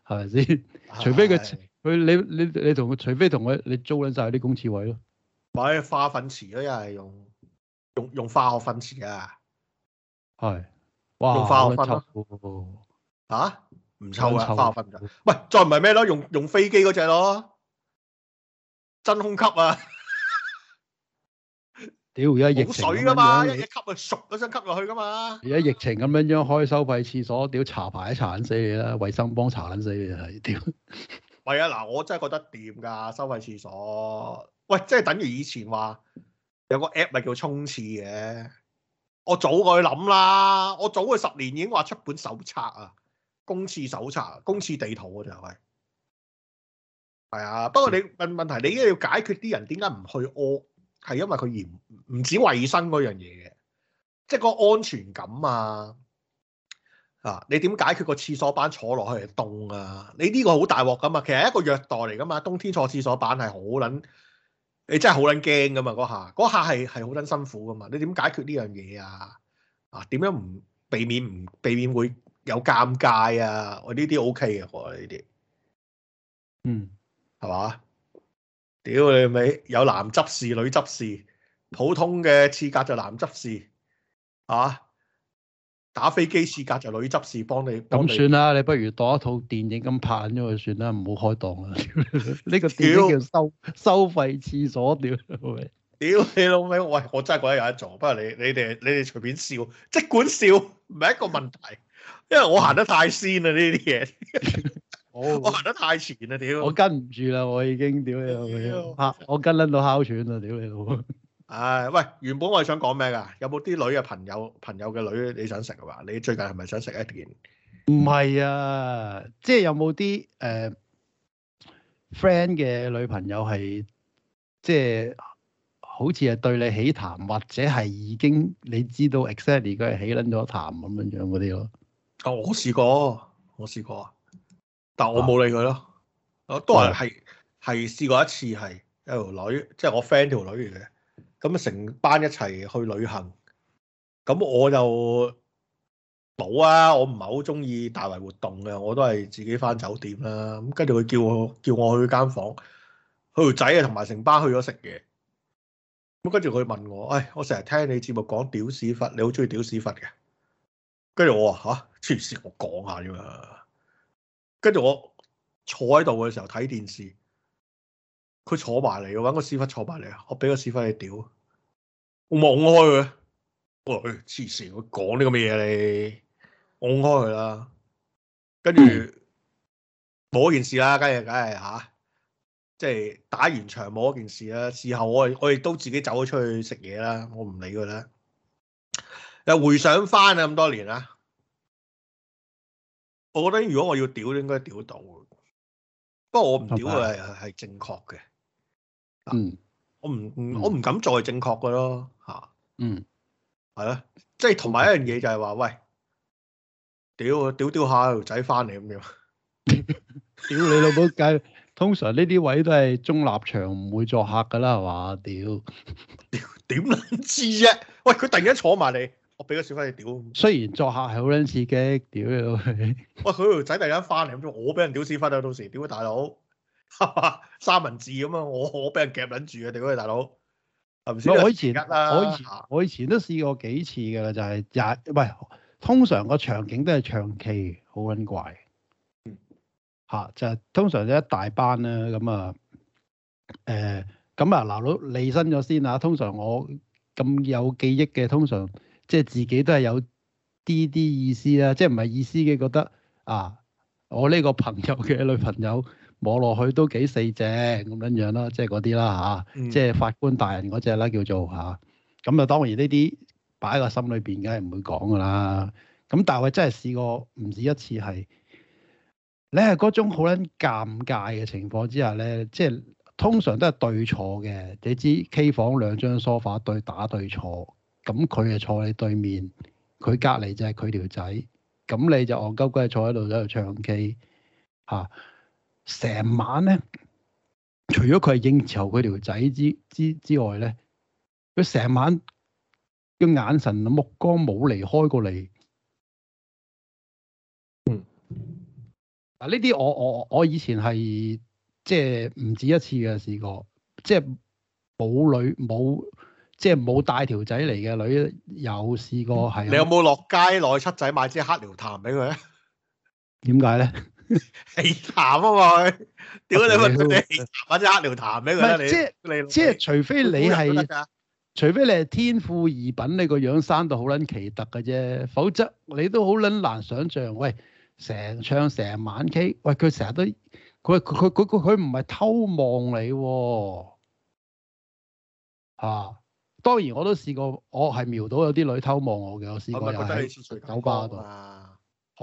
係咪先？除非佢佢你你你同佢，除非同佢你租緊晒啲公廁位咯，或化、哎、化糞池咯，又係用用用化學粉池啊？係、哎，哇，用化學粉啊？吓，唔臭噶化學粉喂，再唔係咩咯？用用，用飛機嗰隻咯，真空吸啊！屌而家熱水噶嘛，樣一吸啊，熟嗰張吸落去噶嘛。而家疫情咁樣樣開收費廁所，屌查牌一查撚死你啦，衛生幫查撚死你啦。屌，係啊，嗱，我真係覺得掂噶，收費廁所。喂，即係等於以前話有個 app 咪叫沖廁嘅，我早過去諗啦，我早過去十年已經話出本手冊啊，公廁手冊，公廁地圖啊，就係。係啊，不過你問問題，你而家要解決啲人點解唔去屙？係因為佢嫌唔止衞生嗰樣嘢嘅，即係嗰個安全感啊！啊，你點解決個廁所板坐落去係凍啊？你呢個好大鑊噶嘛，其實一個虐待嚟噶嘛。冬天坐廁所板係好撚，你真係好撚驚噶嘛嗰下，嗰下係係好撚辛苦噶嘛。你點解決呢樣嘢啊？啊，點樣唔避免唔避免會有尷尬啊？啊 OK、我呢啲 OK 嘅我呢啲，嗯，係嘛？屌你咪有男執事、女執事，普通嘅廁格就男執事，啊打飛機廁格就女執事幫你。咁算啦，你不如當一套電影咁拍咗佢算啦，唔好開檔啦。呢 個叫收收費廁所，屌你！屌你老味，喂，我真係覺得有得做，不過你你哋你哋隨便笑，即管笑，唔係一個問題，因為我行得太先啦呢啲嘢。 我行得太前啦，屌！我跟唔住啦，我已經屌，你吓我跟撚到哮喘啦，屌你老！唉，喂，原本我係想講咩噶？有冇啲女嘅朋友，朋友嘅女的你想食嘅話，你最近係咪想食一件？唔係啊，即係有冇啲誒 friend 嘅女朋友係即係好似係對你起痰，或者係已經你知道 exactly 佢係起撚咗痰咁樣樣嗰啲咯？啊、哦，我試過，我試過啊！但我冇理佢咯。我都係係係試過一次，係有條女，即係我 friend 條女嚟嘅。咁成班一齊去旅行，咁我就冇啊。我唔係好中意大圍活動嘅，我都係自己翻酒店啦。咁跟住佢叫我叫我去間房，佢條仔啊同埋成班去咗食嘢。咁跟住佢問我，誒、哎，我成日聽你節目講屌屎忽，你好中意屌屎忽嘅？跟住我話嚇，痴、啊、線我講下啫嘛。跟住我坐喺度嘅時候睇電視，佢坐埋嚟，我搵個屎忽坐埋嚟啊！我俾個屎忽你屌，我掹開佢，喂，去黐線，我講呢個咩嘢你，掹開佢啦。跟住，冇一件事啦，梗係梗係吓，即係、啊就係、打完場冇一件事啦。事後我我亦都自己走咗出去食嘢啦，我唔理佢啦。又回想翻啊，咁多年啦。我覺得如果我要屌，應該屌到。不過我唔屌佢係係正確嘅。嗯，我唔我唔敢再正確㗎咯吓。嗯，係咯，即係同埋一樣嘢就係話喂，屌屌屌下條仔翻嚟咁樣，屌 你老母雞！通常呢啲位都係中立場唔會作客噶啦，係嘛？屌屌點撚知啫？喂，佢突然間坐埋你。俾個小費你屌！雖然作客係好撚刺激，屌佢！哇！佢條仔突然間翻嚟咁，我俾人屌屎忽啊！到時屌佢大佬，三文治咁啊！我我俾人夾撚住啊！屌佢大佬，頭先我以前啦，我以前我以前都試過幾次嘅啦，就係日係通常個場景都係長期好撚怪 weed,。嗯，就係通常一大班咧咁啊，誒咁啊，嗱佬你離身咗先啊！通常我咁有記憶嘅，通常，即係自己都係有啲啲意思啦，即係唔係意思嘅覺得啊，我呢個朋友嘅女朋友望落去都幾四正咁樣樣啦，即係嗰啲啦嚇，啊嗯、即係法官大人嗰隻啦叫做嚇，咁啊就當然呢啲擺喺個心裏邊梗係唔會講噶啦，咁但係我真係試過唔止一次係，你係嗰種好撚尷尬嘅情況之下咧，即係通常都係對錯嘅，你知 K 房兩張梳化對打對錯。咁佢就坐喺對面，佢隔離就係佢條仔，咁你就戇鳩鳩坐喺度喺度唱 K 嚇、啊，成晚咧，除咗佢係應酬佢條仔之之之外咧，佢成晚個眼神目光冇離開過你。嗯，嗱呢啲我我我以前係即係唔止一次嘅試過，即係冇女冇。即係冇帶條仔嚟嘅女，又試過係。你有冇落街攞七仔買支黑料痰俾佢咧？點解咧？氣痰啊嘛佢，屌解你問佢哋或者黑料痰咩？是你即係你即係，除非你係，除非你係天賦異稟，你個樣生到好撚奇特嘅啫。否則你都好撚難想象。喂，成唱成晚 K，喂佢成日都佢佢佢佢佢唔係偷望你喎、啊啊當然我都試過，我係瞄到有啲女偷望我嘅，我試過又喺酒吧度，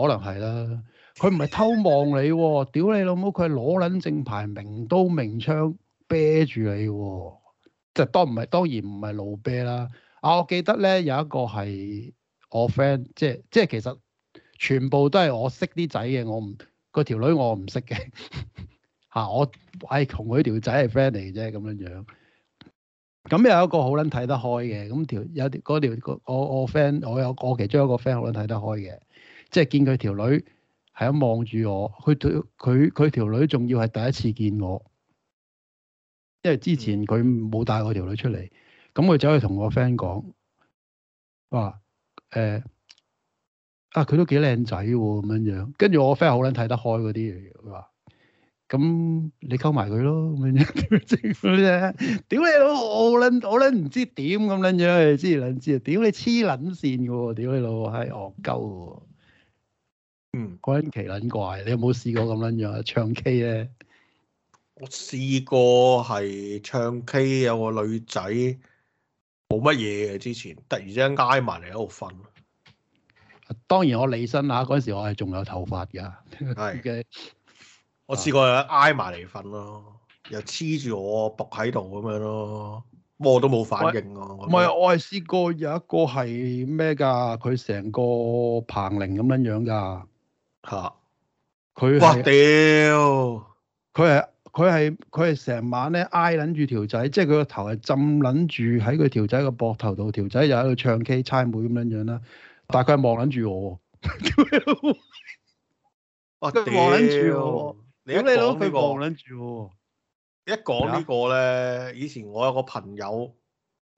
可能係啦。佢唔係偷望你喎，屌你老母，佢係攞撚正牌，明刀明槍啤住你喎。即係當唔係當然唔係路啤啦。啊，我記得咧有一個係我 friend，即係即係其實全部都係我識啲仔嘅，我唔嗰條女我唔識嘅嚇， 啊，我係同佢條仔係 friend 嚟嘅啫咁樣樣。咁又有一個好撚睇得開嘅，咁條有啲嗰條個我我 friend，我有個其中一個 friend 好撚睇得開嘅，即係見佢條女係咁望住我，佢佢佢條女仲要係第一次見我，因為之前佢冇帶我條女出嚟，咁佢走去同我 friend 講話，誒啊，佢都幾靚仔喎咁樣樣，跟住我 friend 好撚睇得開嗰啲佢話。咁你溝埋佢咯，咁樣屌你老我捻我捻唔知點咁捻樣，你知捻知啊？屌你黐捻線噶，屌你老係戇鳩嘅。嗯，嗰陣奇捻怪，你有冇試過咁捻樣啊？唱 K 咧，我試過係唱 K，有個女仔冇乜嘢嘅之前，突然、嗯、之間挨埋嚟喺度瞓。然當然我起身啊，嗰時我係仲有頭髮嘅，係 嘅。 我試過挨埋嚟瞓咯，又黐住我膊喺度咁樣咯，我都冇反應啊！唔係，我係試過有一個係咩㗎？佢成個彭羚咁樣樣㗎吓？佢哇屌！佢係佢係佢係成晚咧挨撚住條仔，即係佢個頭係浸撚住喺佢條仔個膊頭度，條仔又喺度唱 K 猜妹咁樣樣啦。但係佢係望撚住我，哇屌！佢望撚住我。哇屌你老味、這個，一講呢個咧，的以前我有個朋友，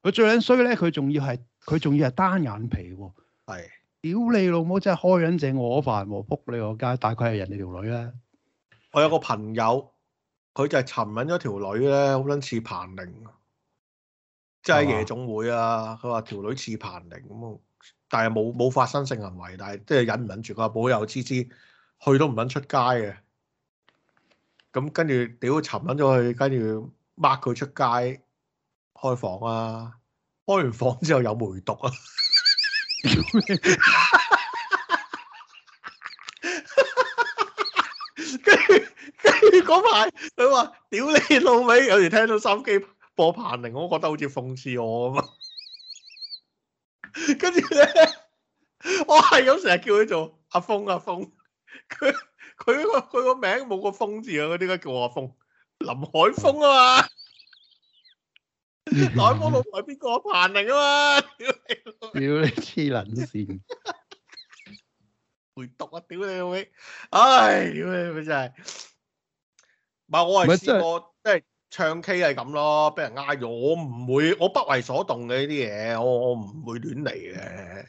佢最捻衰咧，佢仲要係佢仲要係單眼皮喎。係的，屌你老母，真係開緊正我飯，仆你個街，大概係人哋條女啦。我有個朋友，佢就係尋緊咗條女咧，好捻似彭寧，即係夜總會啊。佢話條女似彭寧咁，但係冇冇發生性行為，但係即係忍唔忍住，佢話保佑痴痴，去都唔捻出街嘅。咁跟住，屌沉撚咗佢，跟住掹佢出街開房啊！開完房之後有梅毒啊 跟！跟住跟住嗰排，佢話：屌你老味，有時聽到手機播彭羚，我都覺得好似諷刺我啊嘛！跟住咧，我係有成日叫佢做阿峰阿峰，佢。佢個佢個名冇個風字啊！佢點解叫阿風？林海峰啊嘛，林海峰老外邊個叛逆啊嘛！屌你黐撚線，回毒啊！屌你老味，唉！屌你老味真係，唔係我係試過即係唱 K 係咁咯，俾人呃咗。我唔會，我不為所動嘅呢啲嘢，我我唔會亂嚟嘅。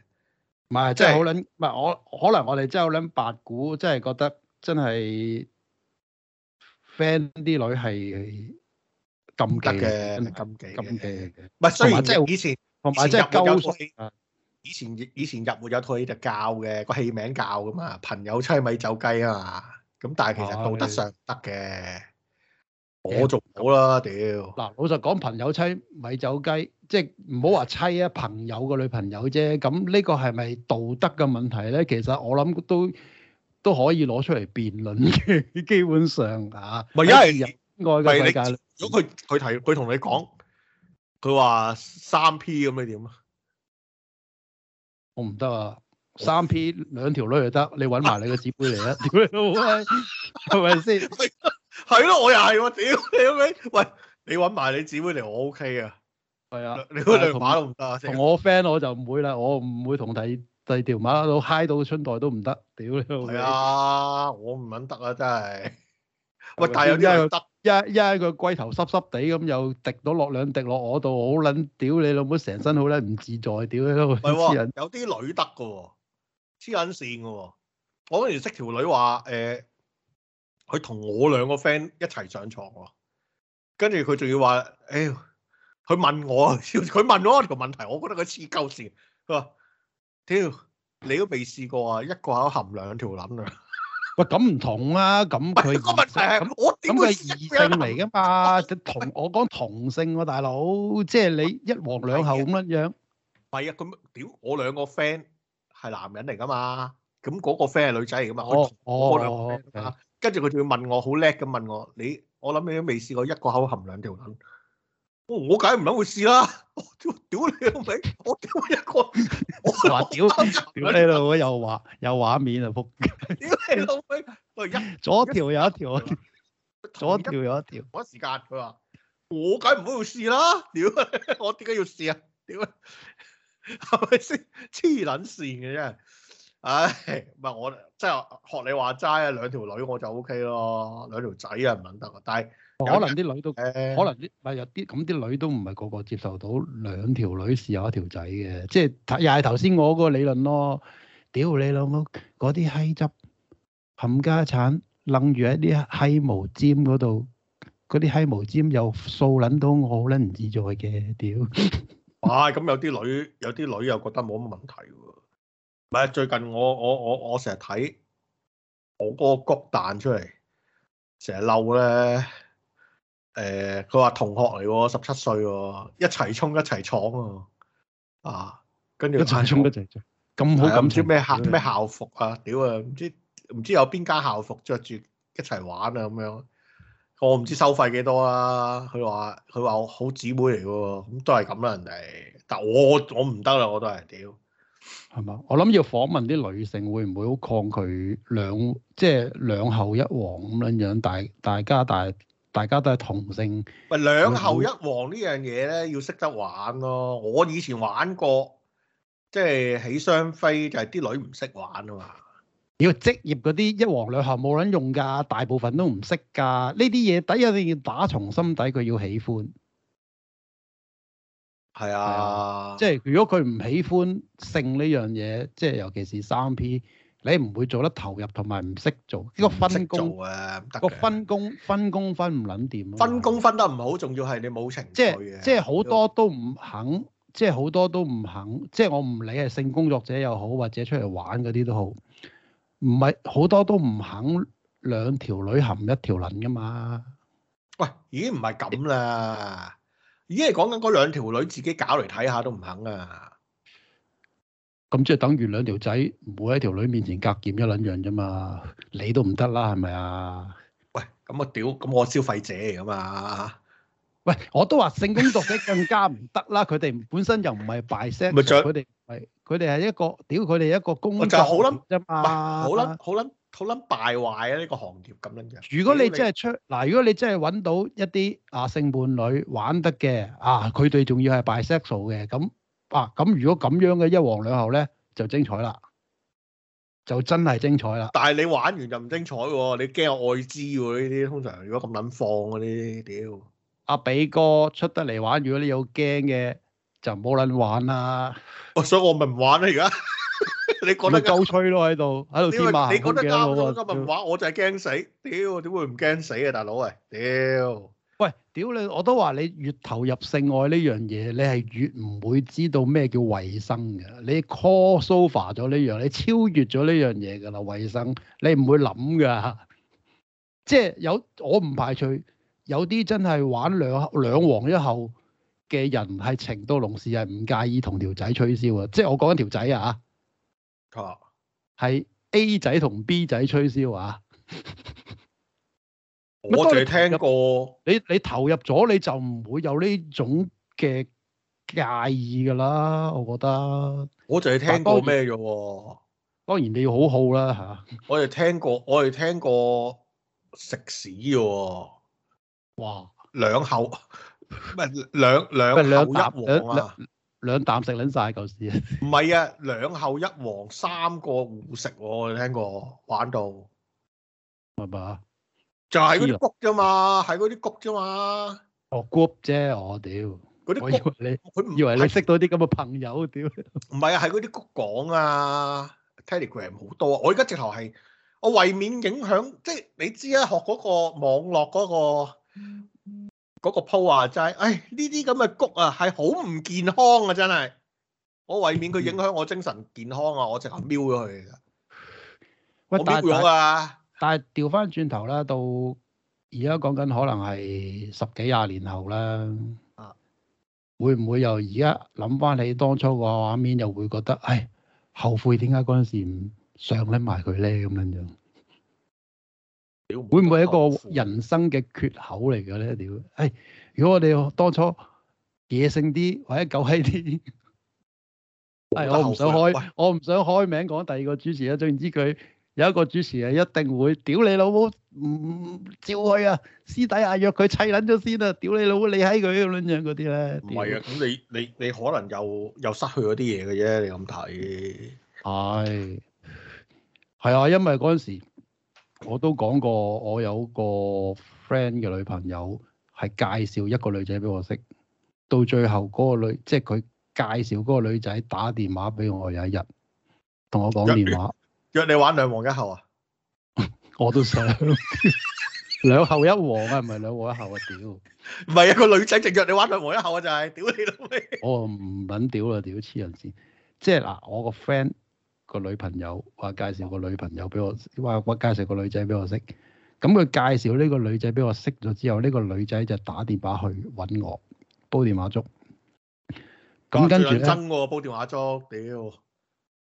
唔係即係好撚，唔係我可能我哋真係好撚八股，真係覺得。真係 friend 啲女係禁忌嘅，真係禁忌，禁忌。唔係，雖然即係以前同埋即係舊歲。以前以前入會有套戲就教嘅，個戲名叫㗎嘛，朋友妻咪走雞啊嘛。咁但係其實道德上得嘅，我做唔到啦屌。嗱，老實講，朋友妻咪走雞，即係唔好話妻啊，朋友嘅女朋友啫。咁呢個係咪道德嘅問題咧？其實我諗都～都可以攞出嚟辯論嘅，基本上啊，咪而家係人外嘅世界。如果佢佢提佢同你講，佢話三 P 咁，你點啊？我唔得啊！三 P 兩條女又得，你揾埋你嘅姊妹嚟啊！係咪先？係咯，我又係喎！屌你老味，喂！你揾埋你姊妹嚟，我 OK 啊！係的啊，你都唔得會同我 friend 我就唔會啦，我唔會同睇。第二條馬騮佬 high 到春袋都唔得，屌你！係啊，我唔肯得啊，真係。喂，但係有啲人得，一一個龜頭濕濕地咁，又滴到落兩滴落我度，好撚屌你老母成身好撚，唔自在，屌你都黐人。有啲女得噶，黐撚線噶。我當年識條女話，誒、欸，佢同我兩個 friend 一齊上床，跟住佢仲要話，哎，佢問我，佢問咗我條問題，我覺得佢黐鳩線，佢話。屌，你都未試過啊？一個口含兩條捻！啊！喂，咁唔同啊！咁佢個問題係，我點會異性嚟噶嘛？同我講同性喎，大佬，即係你一王兩后咁樣樣。唔係啊，咁屌我兩個 friend 係男人嚟噶嘛？咁嗰個 friend 係女仔嚟噶嘛？我我我，跟住佢仲要問我好叻咁問我，你我諗你都未試過一個口含兩條捻。我梗唔撚會試啦！我屌你老味，我屌一個，我話屌屌你老味又畫有畫面啊！仆屌你老味，我一左一條有一條，左一條有一條。嗰時間佢話我梗唔好去試啦！屌，我點解要試啊？屌，係咪先黐捻線嘅啫！唉，唔係、哎、我即係學你話齋啊，兩條女我就 O K 咯，兩條仔啊唔撚得啊，但係。可能啲女都，呃、可能啲，咪有啲咁啲女都唔係個個接受到兩條女試有一條仔嘅，即係又係頭先我個理論咯。屌你老母，嗰啲閪汁冚家產楞住喺啲閪毛尖嗰度，嗰啲閪毛尖又掃撚到我好撚唔自在嘅。屌，啊咁有啲女有啲女又覺得冇乜問題喎。唔係最近我我我我成日睇我嗰個谷彈出嚟，成日嬲咧。誒，佢話、呃、同學嚟喎，十七歲喎，一齊衝一齊闖啊！啊，跟住一齊衝一齊衝咁好咁，知咩校咩校服啊？屌啊、嗯，唔知唔、嗯、知有邊間校服着住一齊玩啊？咁樣我唔知收費幾多啊。佢話佢話我好姊妹嚟嘅，咁都係咁啦，人哋但我我唔得啦，我都係屌係嘛。我諗要訪問啲女性會唔會好抗拒兩即係兩後一王咁樣樣？大家大家大家。大家大家都係同性，咪兩後一王呢樣嘢咧，要識得玩咯、啊。我以前玩過，即係起雙飛就係、是、啲女唔識玩啊嘛。要職業嗰啲一王兩後冇撚用㗎，大部分都唔識㗎。呢啲嘢第一你要打從心底，佢要喜歡。係啊，啊，即係如果佢唔喜歡性呢樣嘢，即係尤其是三 P。你唔會做得投入同埋唔識做呢，這個分工，啊、個分工分工分唔捻掂，分工分得唔好，仲要係你冇情趣嘅。即係好多都唔肯，即係好多都唔肯，即係我唔理係性工作者又好，或者出嚟玩嗰啲都好，唔係好多都唔肯兩條女含一條輪㗎嘛？喂，已經唔係咁啦，你已經係講緊嗰兩條女自己搞嚟睇下都唔肯啊！咁即係等於兩條仔唔會喺條女面前格劍一撚樣啫嘛，你都唔得啦，係咪啊？喂，咁我屌，咁我消費者嚟㗎嘛？喂，我都話性工作者更加唔得啦，佢哋 本身又唔係 bisexual，佢哋係佢哋係一個屌，佢哋一個工作人就好撚啫、嗯、好撚好撚好撚敗壞啊！呢、呢個行業咁撚嘅。如果你真係出嗱，如果你真係揾到一啲啊性伴侶玩得嘅啊，佢哋仲要係 bisexual 嘅咁。啊啊！咁如果咁樣嘅一王兩后咧，就精彩啦，就真係精彩啦。但係你玩完就唔精彩喎，你驚我愛滋喎呢啲。通常如果咁撚放嗰啲，屌！阿比哥出得嚟玩，如果你有驚嘅，就唔好撚玩啦。我所以我咪唔玩啦，而家你覺得夠吹咯喺度，喺度添啊！你覺得啱，我唔玩，我就係驚死，屌！點會唔驚死啊，大佬啊，屌！喂，屌你！我都話你越投入性愛呢樣嘢，你係越唔會知道咩叫衛生嘅。你 call sofa 咗呢樣，你超越咗呢樣嘢噶啦，衛生你唔會諗噶。即係有，我唔排除有啲真係玩兩兩王一后嘅人，係情到濃時，係唔介意同條仔吹簫嘅。即係我講緊條仔啊，係、oh. A 仔同 B 仔吹簫啊。 我就係聽過，你你投入咗你，你，你，你就唔會有呢種嘅介意噶啦，我覺得。我就係聽過咩啫？啊、當然你要好好啦吓。啊、我哋聽過，我哋聽過食屎嘅、啊，哇兩后 兩兩！兩后唔係、啊、兩兩兩一黃兩啖食捻晒嚿屎。唔係 啊，兩后一黃三個互食、啊，我哋聽過玩到明白 就係嗰啲谷啫嘛，係嗰啲谷啫嘛，個 谷啫，我屌嗰啲你，以為你，以為你識到啲咁嘅朋友屌，唔係啊，係嗰啲谷講啊 ，Telegram 好多啊，我而家直頭係我為免影響，即係你知啦、啊，學嗰個網絡嗰個嗰個鋪啊，就係，唉呢啲咁嘅谷啊係好唔健康啊，真係我為免佢影響我精神健康啊，我直頭瞄咗佢，我瞄咗啊。 但係調翻轉頭啦，到而家講緊，可能係十幾廿年後啦。啊，會唔會又而家諗翻起當初個畫面，又會覺得唉，後悔點解嗰陣時唔上拎埋佢咧？咁樣樣會唔會係一個人生嘅缺口嚟嘅咧？屌誒！如果我哋當初野性啲或者狗閪啲，係我唔想開，我唔想開名講第二個主持啦。總言之，佢。有一個主持啊，一定會屌你老母，唔、嗯、照佢啊，私底下約佢砌撚咗先啊，屌你老母，你喺佢咁樣樣嗰啲咧。唔係啊，咁你你你可能又又失去嗰啲嘢嘅啫，你咁睇。係、哎，係啊，因為嗰陣時我都講過，我有個 friend 嘅女朋友係介紹一個女仔俾我識，到最後嗰個女，即係佢介紹嗰個女仔打電話俾我有一日，同我講電話。約你玩兩王一后啊！ 我都想兩 后一王啊，唔係兩王一后啊，屌！唔係啊，個女仔淨約你玩兩王一后啊，就係屌你老味！我唔捻屌啊，屌黐人線！即係嗱，我個 friend 個女朋友話介紹個女朋友俾我，話我介紹個女仔俾我識。咁佢介紹呢個女仔俾我識咗之後，呢個女仔就打電話去搵我煲電話粥。咁哇跟住咧喎煲電話粥，屌！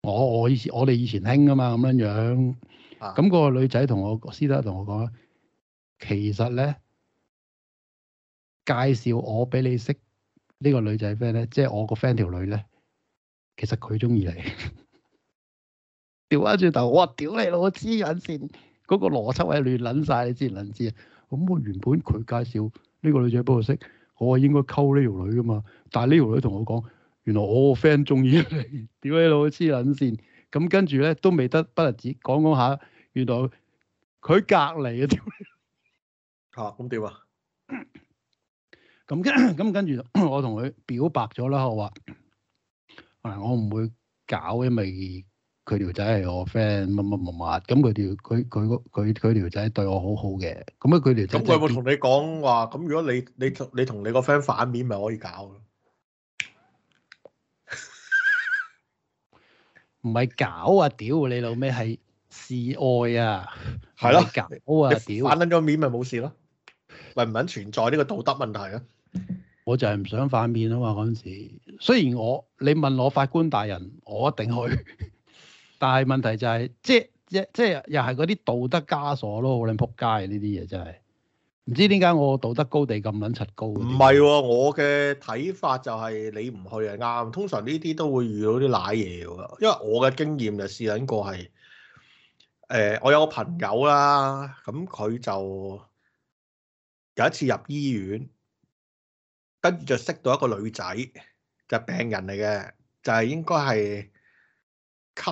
我我意思，我哋以前興噶嘛，咁樣樣。咁、啊、個女仔同我師弟同我講，其實咧介紹我俾你識呢個女仔 friend 咧，即、就、係、是、我個 friend 條女咧，其實佢中意你。調翻轉頭，我屌你老，我黐緊線，嗰個邏輯係亂捻晒，你知唔知啊？咁、嗯、我原本佢介紹呢個女仔俾我識，我應該溝呢條女噶嘛。但係呢條女同我講。原來我個 friend 中意你，點解老痴撚線？咁跟住咧都未得不特止講講講下，原來佢隔離啊？點、嗯、嚇？咁點啊？咁跟咁跟住，我同佢表白咗啦。我話，我唔會搞，因為佢條仔係我 friend，乜乜乜乜。咁佢條佢佢佢佢條仔對我好好嘅。咁咧佢條咁佢有冇同你講話？咁如果你你你同你個 friend 反面，咪可以搞。唔係搞啊！屌你老咩係示愛啊！係咯、啊，搞啊！你屌反捻咗面咪冇事咯？問唔問存在呢個道德問題啊？我就係唔想反面啊嘛！嗰陣時，雖然我你問我法官大人，我一定去。 但係問題就係、即係，即即即又係嗰啲道德枷鎖咯，好撚撲街呢啲嘢真係。唔知點解我道德高地咁撚柒高？唔係喎，我嘅睇法就係你唔去係啱。通常呢啲都會遇到啲瀨嘢噶。因為我嘅經驗就試緊過係，誒、呃，我有個朋友啦，咁、嗯、佢就有一次入醫院，跟住就識到一個女仔，就係、病人嚟嘅，就係、係、應該係吸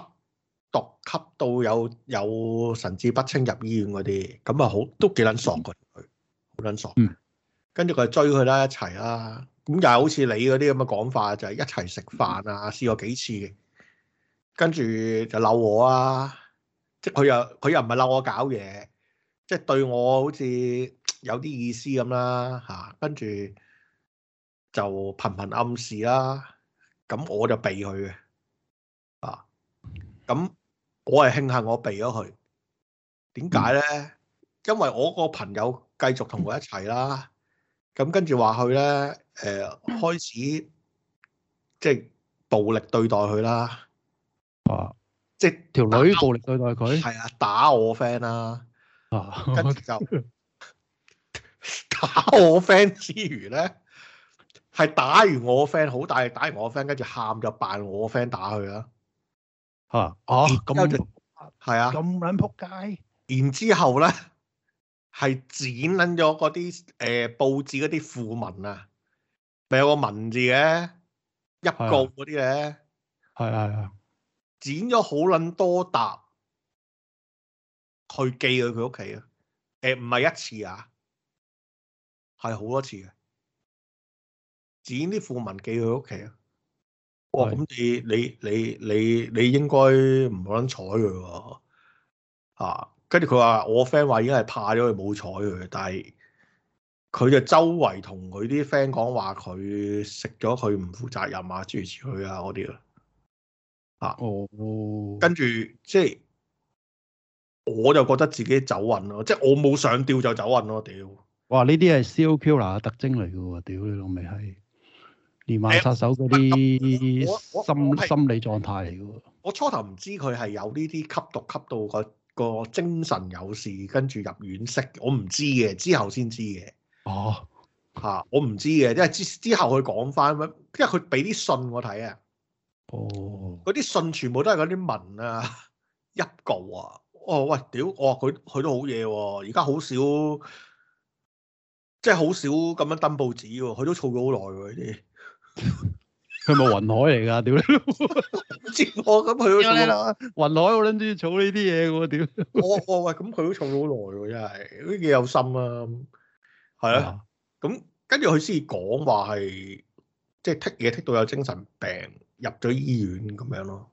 毒吸到有有神志不清入醫院嗰啲，咁啊好都幾撚爽佢。嗯他他就是、好卵傻，跟住佢追佢啦，一齊啦，咁又係好似你嗰啲咁嘅講法，就係、是、一齊食飯啊，試過幾次，跟住就摟我啊，即係佢又佢又唔係摟我搞嘢，即係對我好似有啲意思咁啦吓，跟、啊、住就頻頻暗示啦、啊，咁我就避佢嘅，啊，咁我係慶幸我避咗佢，點解咧？嗯、因為我個朋友。繼續同佢一齊啦，咁跟住話佢咧，誒、呃、開始即係暴力對待佢啦，啊，即係條女暴力對待佢，係啊 寫，打我 friend 啦，啊，跟住就打我 friend 之餘咧，係打完我 friend 好大力，打完我 friend 跟住喊就扮我 friend 打佢啦，啊，哦，咁係啊，咁卵撲街，然之後咧。係剪撚咗嗰啲誒報紙嗰啲富民啊，咪有個文字嘅，一個嗰啲嘅，係係係，剪咗好撚多沓，佢寄去佢屋企啊！誒唔係一次啊，係好多次嘅、啊，剪啲富民寄去屋企啊！哇、哦！咁、嗯、的你你你你你，你應該唔可撚睬佢喎，啊！跟住佢話，我 friend 話已經係怕咗，佢冇彩佢，但係佢就周圍同佢啲 friend 講話，佢食咗佢唔負責任啊，諸如此類啊嗰啲啊嚇哦。跟住即係我就覺得自己走運咯，即係我冇上吊就走運咯。屌哇！呢啲係 C.O.Q. 嗱特徵嚟嘅喎，屌你老味閪連埋殺手嗰啲心心理狀態嚟嘅喎。我初頭唔知佢係有呢啲吸毒吸到佢。個精神有事，跟住入院識，我唔知嘅，之後先知嘅。哦，嚇、啊，我唔知嘅，因為之之後佢講翻，因為佢俾啲信我睇啊。哦，嗰啲信全部都係嗰啲文啊，一稿啊。哦，喂，屌，我話佢佢都好嘢喎，而家好少，即係好少咁樣登報紙喎，哦，佢都儲咗好耐喎呢啲。 佢咪雲海嚟噶，屌 你！我咁佢都草雲海，我捻住要草呢啲嘢嘅喎，屌！ 我我喂，咁佢都草咗好耐喎，真係都幾有心啊，係啊，咁跟住佢先講話係即係剔嘢剔到有精神病入咗醫院咁樣咯，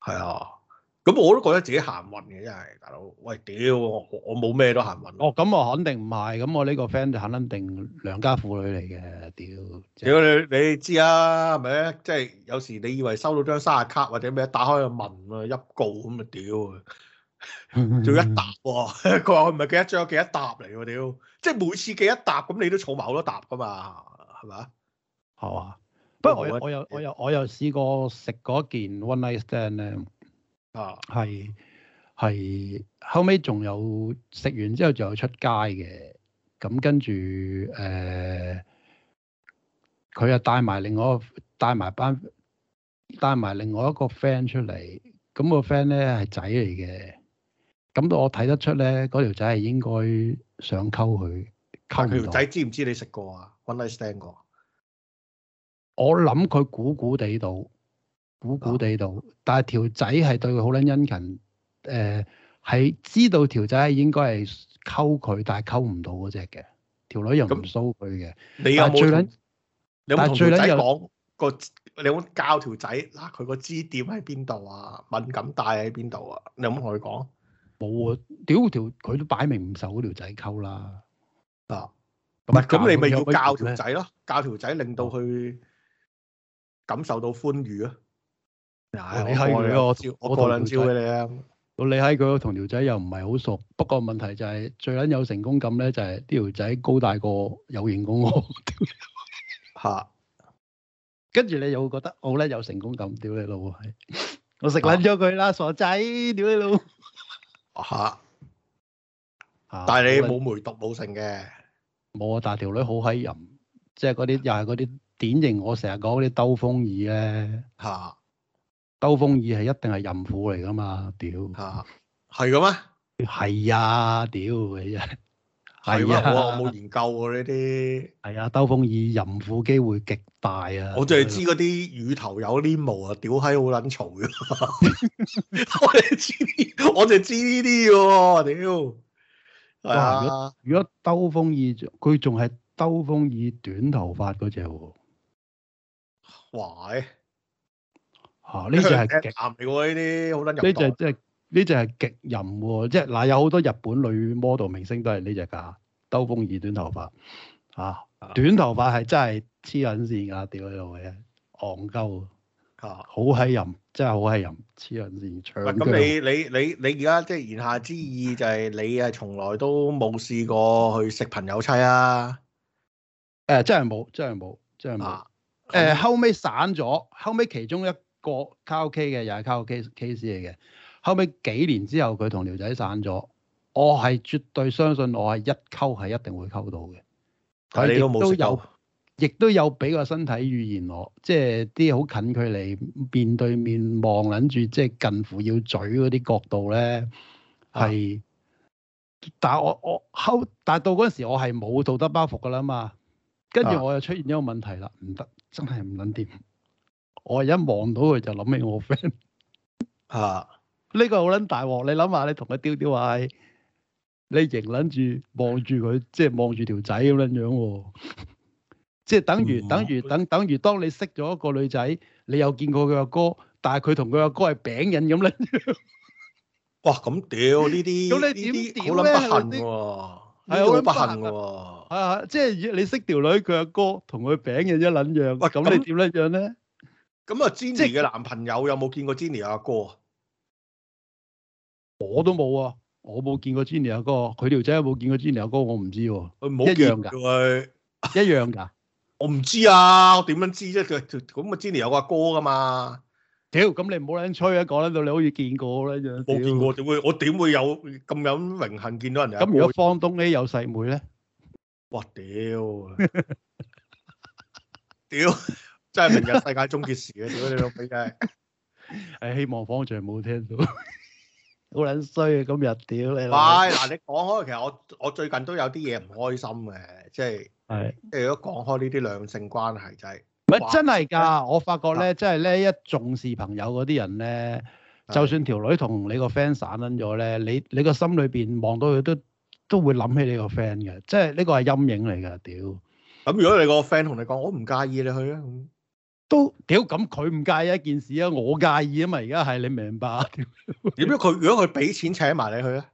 係啊。咁我都覺得自己行運嘅，真係大佬。喂，屌，我我冇咩都行運。哦，咁我肯定唔係。咁我呢個 friend 就肯定良家婦女嚟嘅。屌、就是，屌你你知啊，係咪咧？即係有時你以為收到張生日卡或者咩，打開個文啊，一告咁 啊，屌啊，做一沓喎。佢話唔係計一張計一沓嚟喎，屌！即係每次計一沓，咁你都儲埋好多沓㗎嘛，係咪啊？係嘛？不過我我有我有我有試過食嗰件 One Night Stand 咧。啊，係係後尾仲有食完之後仲有出街嘅，咁跟住誒，佢又帶埋另外一個帶埋班帶埋另外一個 friend 出嚟，咁、個 friend 咧係仔嚟嘅，咁到我睇得出咧，嗰條仔係應該想溝佢，溝條仔知唔知你食過啊？One night stand 過，我諗佢估估地到。古古地度，但係條仔係對佢好捻殷勤，誒、呃，係知道條仔係應該係溝佢，但係溝唔到嘅隻嘅，條女又唔騷佢嘅。你有冇最捻，你有冇同條仔講個？有你有冇教條仔嗱？佢個支點喺邊度啊？敏感帶喺邊度啊？你有冇同佢講？冇啊！屌條佢都擺明唔受嗰條仔溝啦。啊，咁咪咁你咪教他 要教條仔咯？教條仔令到佢感受到歡愉啊。哎、你喺佢我招我過兩招俾你啊！我你喺佢個同條仔又唔係好熟，不過問題就係、是、最撚有成功感咧、就是，就係條仔高大過有型功我吓， 哈跟住你又覺得我咧有成功感，屌你老味！我食撚咗佢啦，啊、傻仔，屌你老！吓但係你冇梅毒冇成嘅，冇啊！但係條女好閪淫，即係嗰啲又係嗰啲典型，我成日講嗰啲兜風耳咧吓。啊啊兜風耳係一定係淫婦嚟噶嘛？屌吓係嘅咩？係啊，屌你啊！係咩、啊？我冇研究過呢啲。係啊，兜風耳淫婦機會極大啊！我淨係知嗰啲乳頭有黏毛啊，屌閪好捻嘈嘅。我知，我淨係知呢啲喎，屌係啊！如果兜風耳，佢仲係兜風耳短頭髮嗰隻喎，哇啊！呢隻係極淫喎，呢啲好撚呢隻即係呢隻係極淫喎，即係嗱，有好多日本女 model 明星都係呢隻㗎，兜風耳短頭髮。嚇，短頭髮係真係黐撚線㗎，屌你老嘢，戇鳩啊！啊好閪淫，真係好閪淫，黐撚線。咁你你你你而家即係言下之意就係、是、你係從來都冇試過去食朋友妻啊？誒、哎，真係冇，真係冇，真係冇。誒、啊呃，後尾散咗，後尾其中一。個卡 O.K. 嘅又係卡 O.K. case 嚟嘅，後尾幾年之後佢同條仔散咗，我係絕對相信我係一溝係一定會溝到嘅。但係你都冇食到，亦都有俾個身體預言我，即係啲好近距離面對面望諗住，即係近乎要嘴嗰啲角度咧，係。啊、但係我我後，但係到嗰時我係冇道德包袱噶啦嘛，跟住我又出現咗個問題啦，唔得、啊，真係唔捻掂。我一望到佢就諗起我 friend 啊！呢個好撚大鑊，你諗下，你同佢屌屌話，你仍撚住望住佢，即係望住條仔咁樣樣喎。即係等於等於等等於，當你識咗一個女仔，你有見過佢阿哥，但係佢同佢阿哥係餅印咁樣。哇！咁屌呢啲呢啲好撚不幸喎，係好撚不幸嘅喎。啊！即係你識條女，佢阿哥同佢餅印一撚樣。哇！咁你點撚樣咧？咁啊，Jenny 嘅男朋友有冇見過 Jenny 阿哥啊？我都冇啊，我冇見過 Jenny 阿哥。佢條仔有冇見過 Jenny 阿哥？我唔知。佢冇一樣噶，佢一樣噶，我唔知啊！我點樣知啫？佢咁啊，Jenny 有阿哥噶嘛？屌！咁你唔好撚吹啊！講到你好似見過咧，冇見過點會？我點會有咁有榮幸見到人？咁如果方東熙有細妹咧？哇屌！屌！真係明日世界終結時啊！屌你老味，真係。係希望方丈冇聽到，好撚衰啊！今日屌你老味。唔係嗱，你講開，其實我我最近都有啲嘢唔開心嘅，即係即係如果講開呢啲兩性關係就係，唔係真係㗎！我發覺咧，即係咧一重視朋友嗰啲人咧，就算條女同你個 friend 散撚咗咧，你你個心裏邊望到佢都都會諗起你個 friend 嘅，即係呢個係陰影嚟㗎。屌，咁如果你個 friend 同你講，我唔介意你去啊。都屌咁佢唔介意一件事啊，我介意啊嘛，而家係你明白？點樣佢如果佢俾錢請埋你去啊？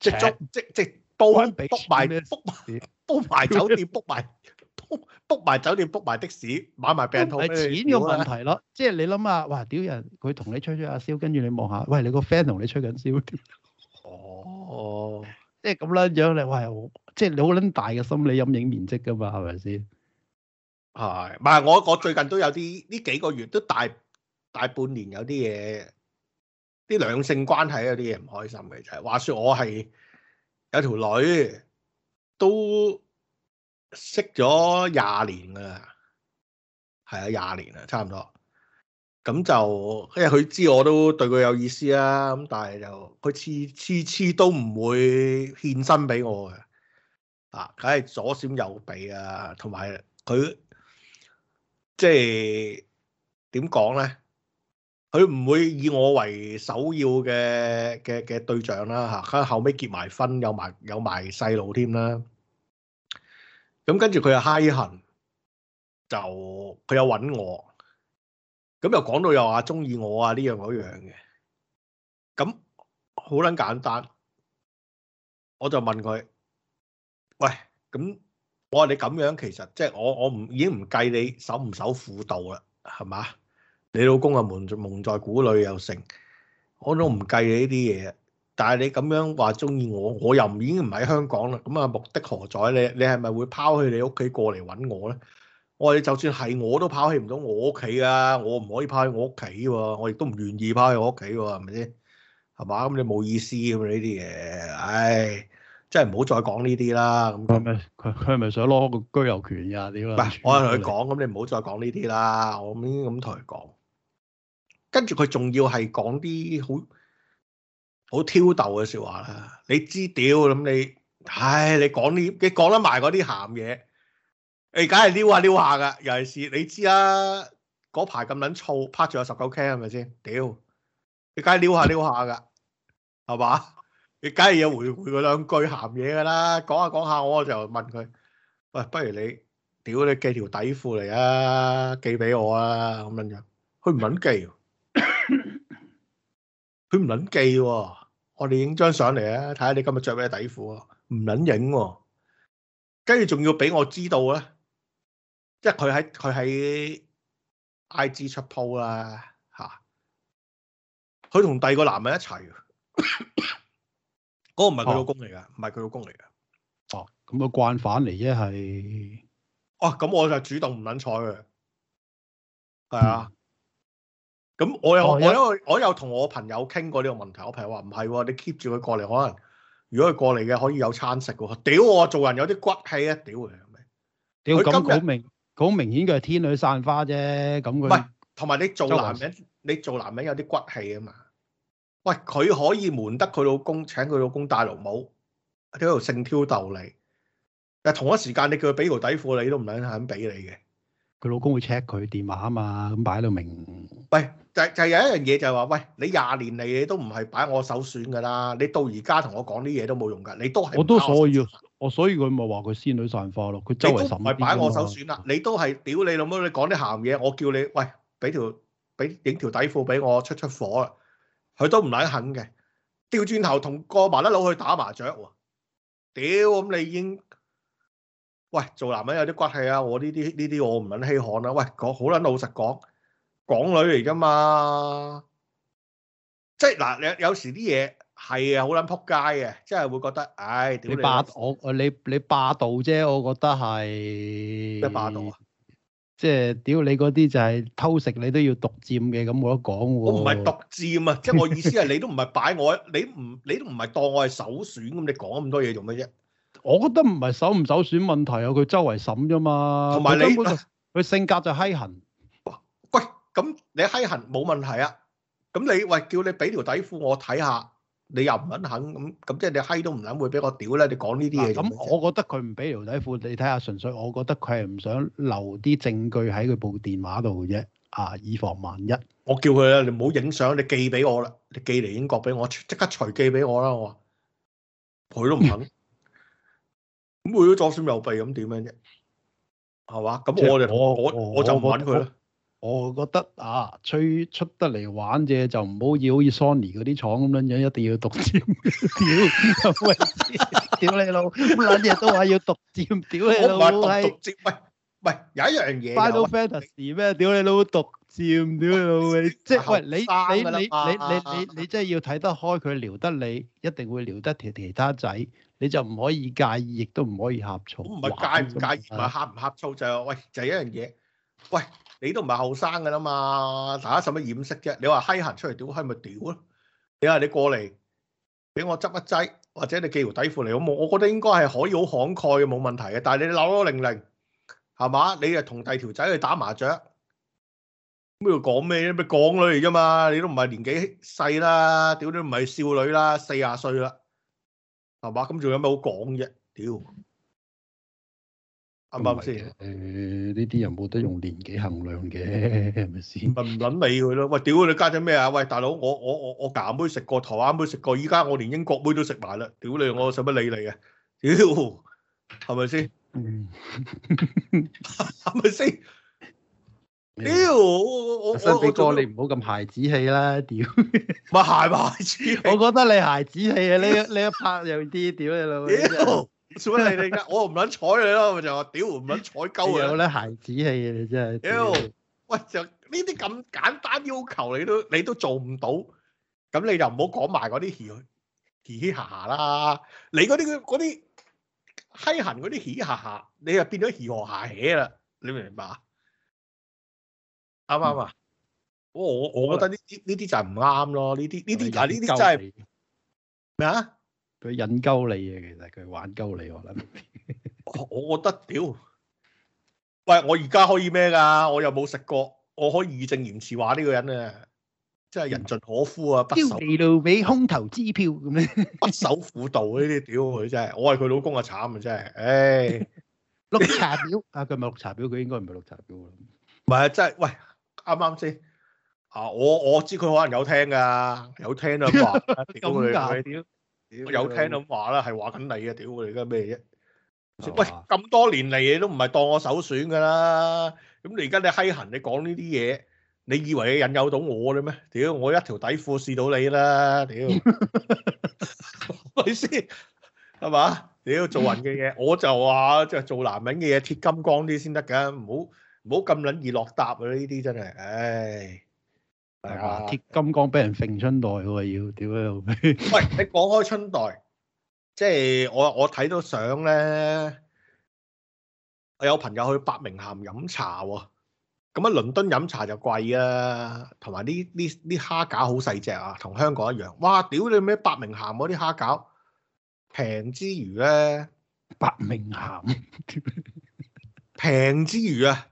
即足即即煲 o o k 埋你，o 埋 b 埋酒店 book 埋 book 埋酒店 book 埋的士買埋病痛。咧，係錢嘅問題咯。即係你諗下，哇屌人佢同你吹吹阿蕭，跟住你望下，喂你個 friend 同你吹緊蕭。哦，即係咁啦，樣你話即係你好撚大嘅心理陰影面積噶嘛，係咪先？係，唔係我我最近都有啲呢幾個月都大大半年有啲嘢，啲兩性關係有啲嘢唔開心嘅就係。話說我係有條女都識咗廿年啦，係啊廿年啦，差唔多。咁就因為佢知我都對佢有意思啦、啊，咁但係就佢次次次都唔會獻身俾我嘅，啊，梗係左閃右避啊，同埋佢。即係點講咧？佢唔會以我為首要嘅嘅嘅對象啦吓，佢、啊、後尾結埋婚，有埋有埋細路添啦。咁、啊、跟住佢又嗨痕，就佢又揾我，咁、啊、又講到又話中意我啊呢樣嗰樣嘅，咁好捻簡單，我就問佢：喂，咁、啊？啊我話你咁樣，其實即係我我唔已經唔計你守唔守婦道啦，係嘛？你老公又蒙蒙在鼓裏又成，我都唔計你呢啲嘢。但係你咁樣話中意我，我又唔已經唔喺香港啦。咁啊，目的何在？你你係咪會拋棄你屋企過嚟揾我呢？我話你就算係我都拋棄唔到我屋企噶，我唔可以拋棄我屋企喎，我亦都唔願意拋棄我屋企喎，係咪先？係嘛？咁你冇意思啊嘛？呢啲嘢，唉。即係唔好再講呢啲啦，咁佢佢係咪想攞個居留權呀啲啦？我係同佢講，咁你唔好再講呢啲啦。我已經咁同佢講，跟住佢仲要係講啲好好挑逗嘅説話啦。你知屌咁你，唉，你講呢，你講得埋嗰啲鹹嘢，你梗係撩下撩下噶。尤其是你知啦，嗰排咁撚燥，拍住有十九 K 係咪先？屌，你梗係撩下撩下噶，係嘛？ 你梗係有回回佢兩句鹹嘢噶啦，講下講下，我就問佢：喂，不如你屌你寄條底褲嚟啊，寄俾我啊咁樣樣。佢唔肯寄，佢唔肯寄喎、哦。我哋影張相嚟啊，睇下你今日着咩底褲啊，唔撚影。跟住仲要俾我知道咧，即係佢喺佢喺 IG 出 po 啦嚇，佢、啊、同第二個男人一齊。 嗰個唔係佢老公嚟噶，唔係佢老公嚟噶。哦，咁、個慣犯嚟啫係。哦、啊，咁我就主動唔撚睬佢。係啊。咁、嗯、我有、嗯、我因我有同我，我朋友傾過呢個問題，我朋友話唔係喎，你 keep 住佢過嚟，可能如果佢過嚟嘅可以有餐食喎。屌我做人有啲骨氣啊！屌佢，屌咁、嗯、明，好明顯佢係天女散花啫。咁佢唔係同埋你做男人，你做男人有啲骨氣啊嘛。喂，佢可以瞞得佢老公，請佢老公戴綠帽喺度性挑逗你。但同一時間你他他，你叫佢俾條底褲你都唔撚肯俾你嘅。佢老公會 check 佢電話啊嘛，咁擺到明。喂，就就係、有一樣嘢就係話，喂，你廿年嚟你都唔係擺我首選噶啦，你到而家同我講啲嘢都冇用㗎，你都係我，我都所以我所以佢咪話佢仙女散花咯，佢周圍審唔係擺我首選啦、啊，你都係屌你老母，你講啲鹹嘢，我叫你喂俾條俾影條底褲俾我出出火啊！佢都唔撚肯嘅，調轉頭同個麻甩佬去打麻雀喎，屌咁你已經，喂，做男人有啲骨氣啊，我呢啲呢啲我唔撚稀罕啦、啊，喂講好撚老實講，港女嚟噶嘛，即係嗱你有時啲嘢係啊好撚仆街嘅，即係會覺得，唉、哎，你霸我，你你霸道啫，我覺得係，咩霸道啊？即係屌你嗰啲就係偷食，你都要獨佔嘅，咁冇得講嘅。我唔係獨佔啊， 即係我意思係你都唔係擺我，你唔你都唔係當我係首選咁，你講咁多嘢做咩啫？我覺得唔係首唔首選問題啊，佢周圍審啫嘛。同埋你，佢 性格就閪痕。喂，咁你閪痕冇問題啊？咁你喂叫你俾條底褲我睇下。你又唔肯肯咁咁，即係你閪都唔肯，會俾我屌咧？你講呢啲嘢嘅。咁我覺得佢唔俾條底褲，你睇下純粹，我覺得佢係唔想留啲證據喺佢部電話度嘅啫，啊，以防萬一。我叫佢啦，你唔好影相，你寄俾我啦，你寄嚟英國俾我，即刻隨寄俾我啦。我話佢都唔肯，咁佢咗左閃右避，咁點樣啫？係嘛？咁我哋即是 我我,我,我就搵佢啦。我覺得啊，吹出得嚟玩啫，就唔好以好似 Sony 嗰啲廠咁樣，一定要獨佔屌，喂，屌你老，咁撚嘢都話要獨佔屌你老，我話獨職，唔係唔係有一樣嘢，Final Fantasy 咩？屌你老，獨佔屌你老，即係喂你你你你你你你真係要睇得開佢撩得你，一定會撩得條其他仔，你就唔可以介意，亦都唔可以呷醋。唔係介唔介意，唔係呷唔呷醋，就係喂，就係一樣嘢，喂。你都唔係後生噶啦嘛，大家使乜掩飾啫？你話閪行出嚟，屌閪咪屌啊！你話、啊、你，你過嚟俾我執一劑，或者你寄條底褲嚟，好冇？我覺得應該係可以好慷慨嘅，冇問題嘅。但係你扭扭零零，係嘛？你又同第條仔去打麻雀，咩講咩？咩港女嚟啫嘛？你都唔係年紀細啦，屌你唔係少女啦，四廿歲啦，係嘛？咁仲有咩好講啫？屌！係咪先？誒呢啲人冇得用年紀衡量嘅，係咪先？咪唔撚理佢咯！喂，屌你家姐咩啊？喂，大佬，我我我我加拿大妹食過，台灣妹食過，依家我連英國妹都食埋啦！屌你，我使乜理你啊？屌，係咪先？嗯，係咪先？屌！我我我我，新啲哥，你唔好咁孩子氣啦！屌，咪孩子氣？我覺得你孩子氣啊！呢呢一拍有啲屌你老。做乜你哋？我唔撚睬你咯，咪就話屌唔撚睬鳩啊！有啲孩子氣你真係，屌喂！就呢啲咁簡單要求你都你都做唔到，咁你就唔好講埋嗰啲嘻嘻下下啦。你嗰啲嗰啲閪痕嗰啲嘻下下，你又變咗嘻卧下起啦，你明唔明白？啱唔啱啊？我我我覺得呢啲呢啲就係唔啱咯，呢啲呢啲啊呢啲真係咩啊？佢引鳩你啊，其實佢玩鳩你。我諗，我我覺得屌，喂！我而家可以咩噶？我又冇食過，我可以義正言辭話呢個人啊，真係人盡可夫啊！不守婦道，俾空頭支票咁樣，不守婦道呢啲屌佢真係！我係佢老公啊，慘啊真係！唉、哎，綠茶婊？ 啊！佢咪係綠茶婊？佢應該唔係綠茶婊。唔係啊！真係喂，啱啱先啊！我我知佢可能有聽噶，有聽啦。金佢屌。我有聽到話啦，係話緊你啊！屌你而家咩啫？喂，咁多年嚟你都唔係當我首選噶啦，咁你而家你閪痕，你講呢啲嘢，你以為你引誘到我啦咩？屌，我一條底褲試到你啦，屌，係咪先？係嘛？屌，做人嘅嘢，我就話即係做男人嘅嘢，鐵金剛啲先得噶，唔好唔好咁捻易落搭啊！呢啲真係，唉。係啊，鐵金剛俾人揈春袋喎，要屌你！ 喂，你講開春袋，即係我我睇到相咧，我有朋友去百明咸飲茶喎，咁喺倫敦飲茶就貴啊，同埋呢呢呢蝦餃好細隻啊，同香港一樣。哇，屌你咩？百明咸嗰啲蝦餃平之餘咧，百明咸平之餘啊，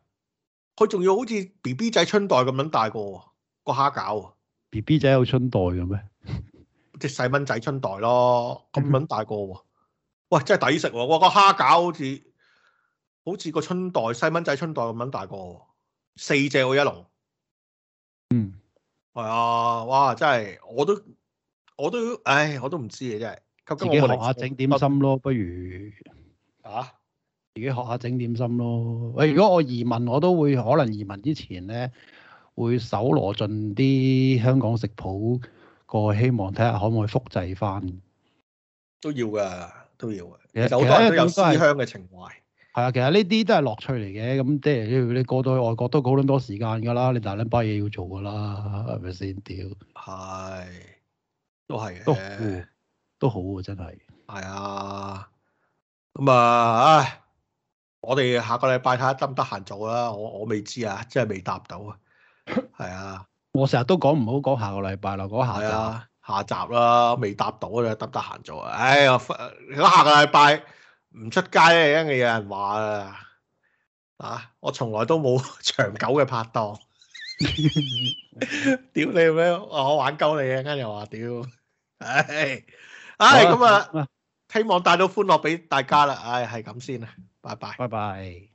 佢仲要好似 B B 仔春袋咁樣大個。個蝦餃 BB 仔有春袋嘅咩？隻細蚊仔春袋咯，咁樣大個喎，喂， 真係抵食喎、啊！哇，個蝦餃好似好似個春袋，細蚊仔春袋咁樣大個，四隻我一籠。嗯，係啊、哎，哇，真係我都我都唉，我都唔知嘅真係。我自己學下整點心咯，不如啊，自己學下整點心咯。喂，如果我移民，我都會可能移民之前咧。會搜羅盡啲香港食譜過去希望，睇下可唔可以複製翻。都要噶，其實 都要嘅。其實其實本身係思鄉嘅情懷。係啊，其實呢啲都係樂趣嚟嘅。咁即係，你你過到去外國都好撚多時間噶啦，你大撚把嘢要做噶啦，係咪先？屌。係。都係嘅。都。都好啊，真係。係啊。咁、嗯、啊、嗯，唉，我哋下個禮拜睇下得唔得閒做啊。我我未知啊，真係未答到啊。係啊，我成日都講唔好講下個禮拜啦，講下集、啊、下集啦，未答到啊，得唔得閒做啊，哎呀，你得下個禮拜唔出街，啱啱有人話啊，啊，我從來都冇長久嘅拍檔，屌 你咩，我玩夠你啊，跟又話屌，唉、哎，唉、哎，咁啊，希望帶到歡樂俾大家啦，唉、哎，係咁先啦，拜拜，拜拜。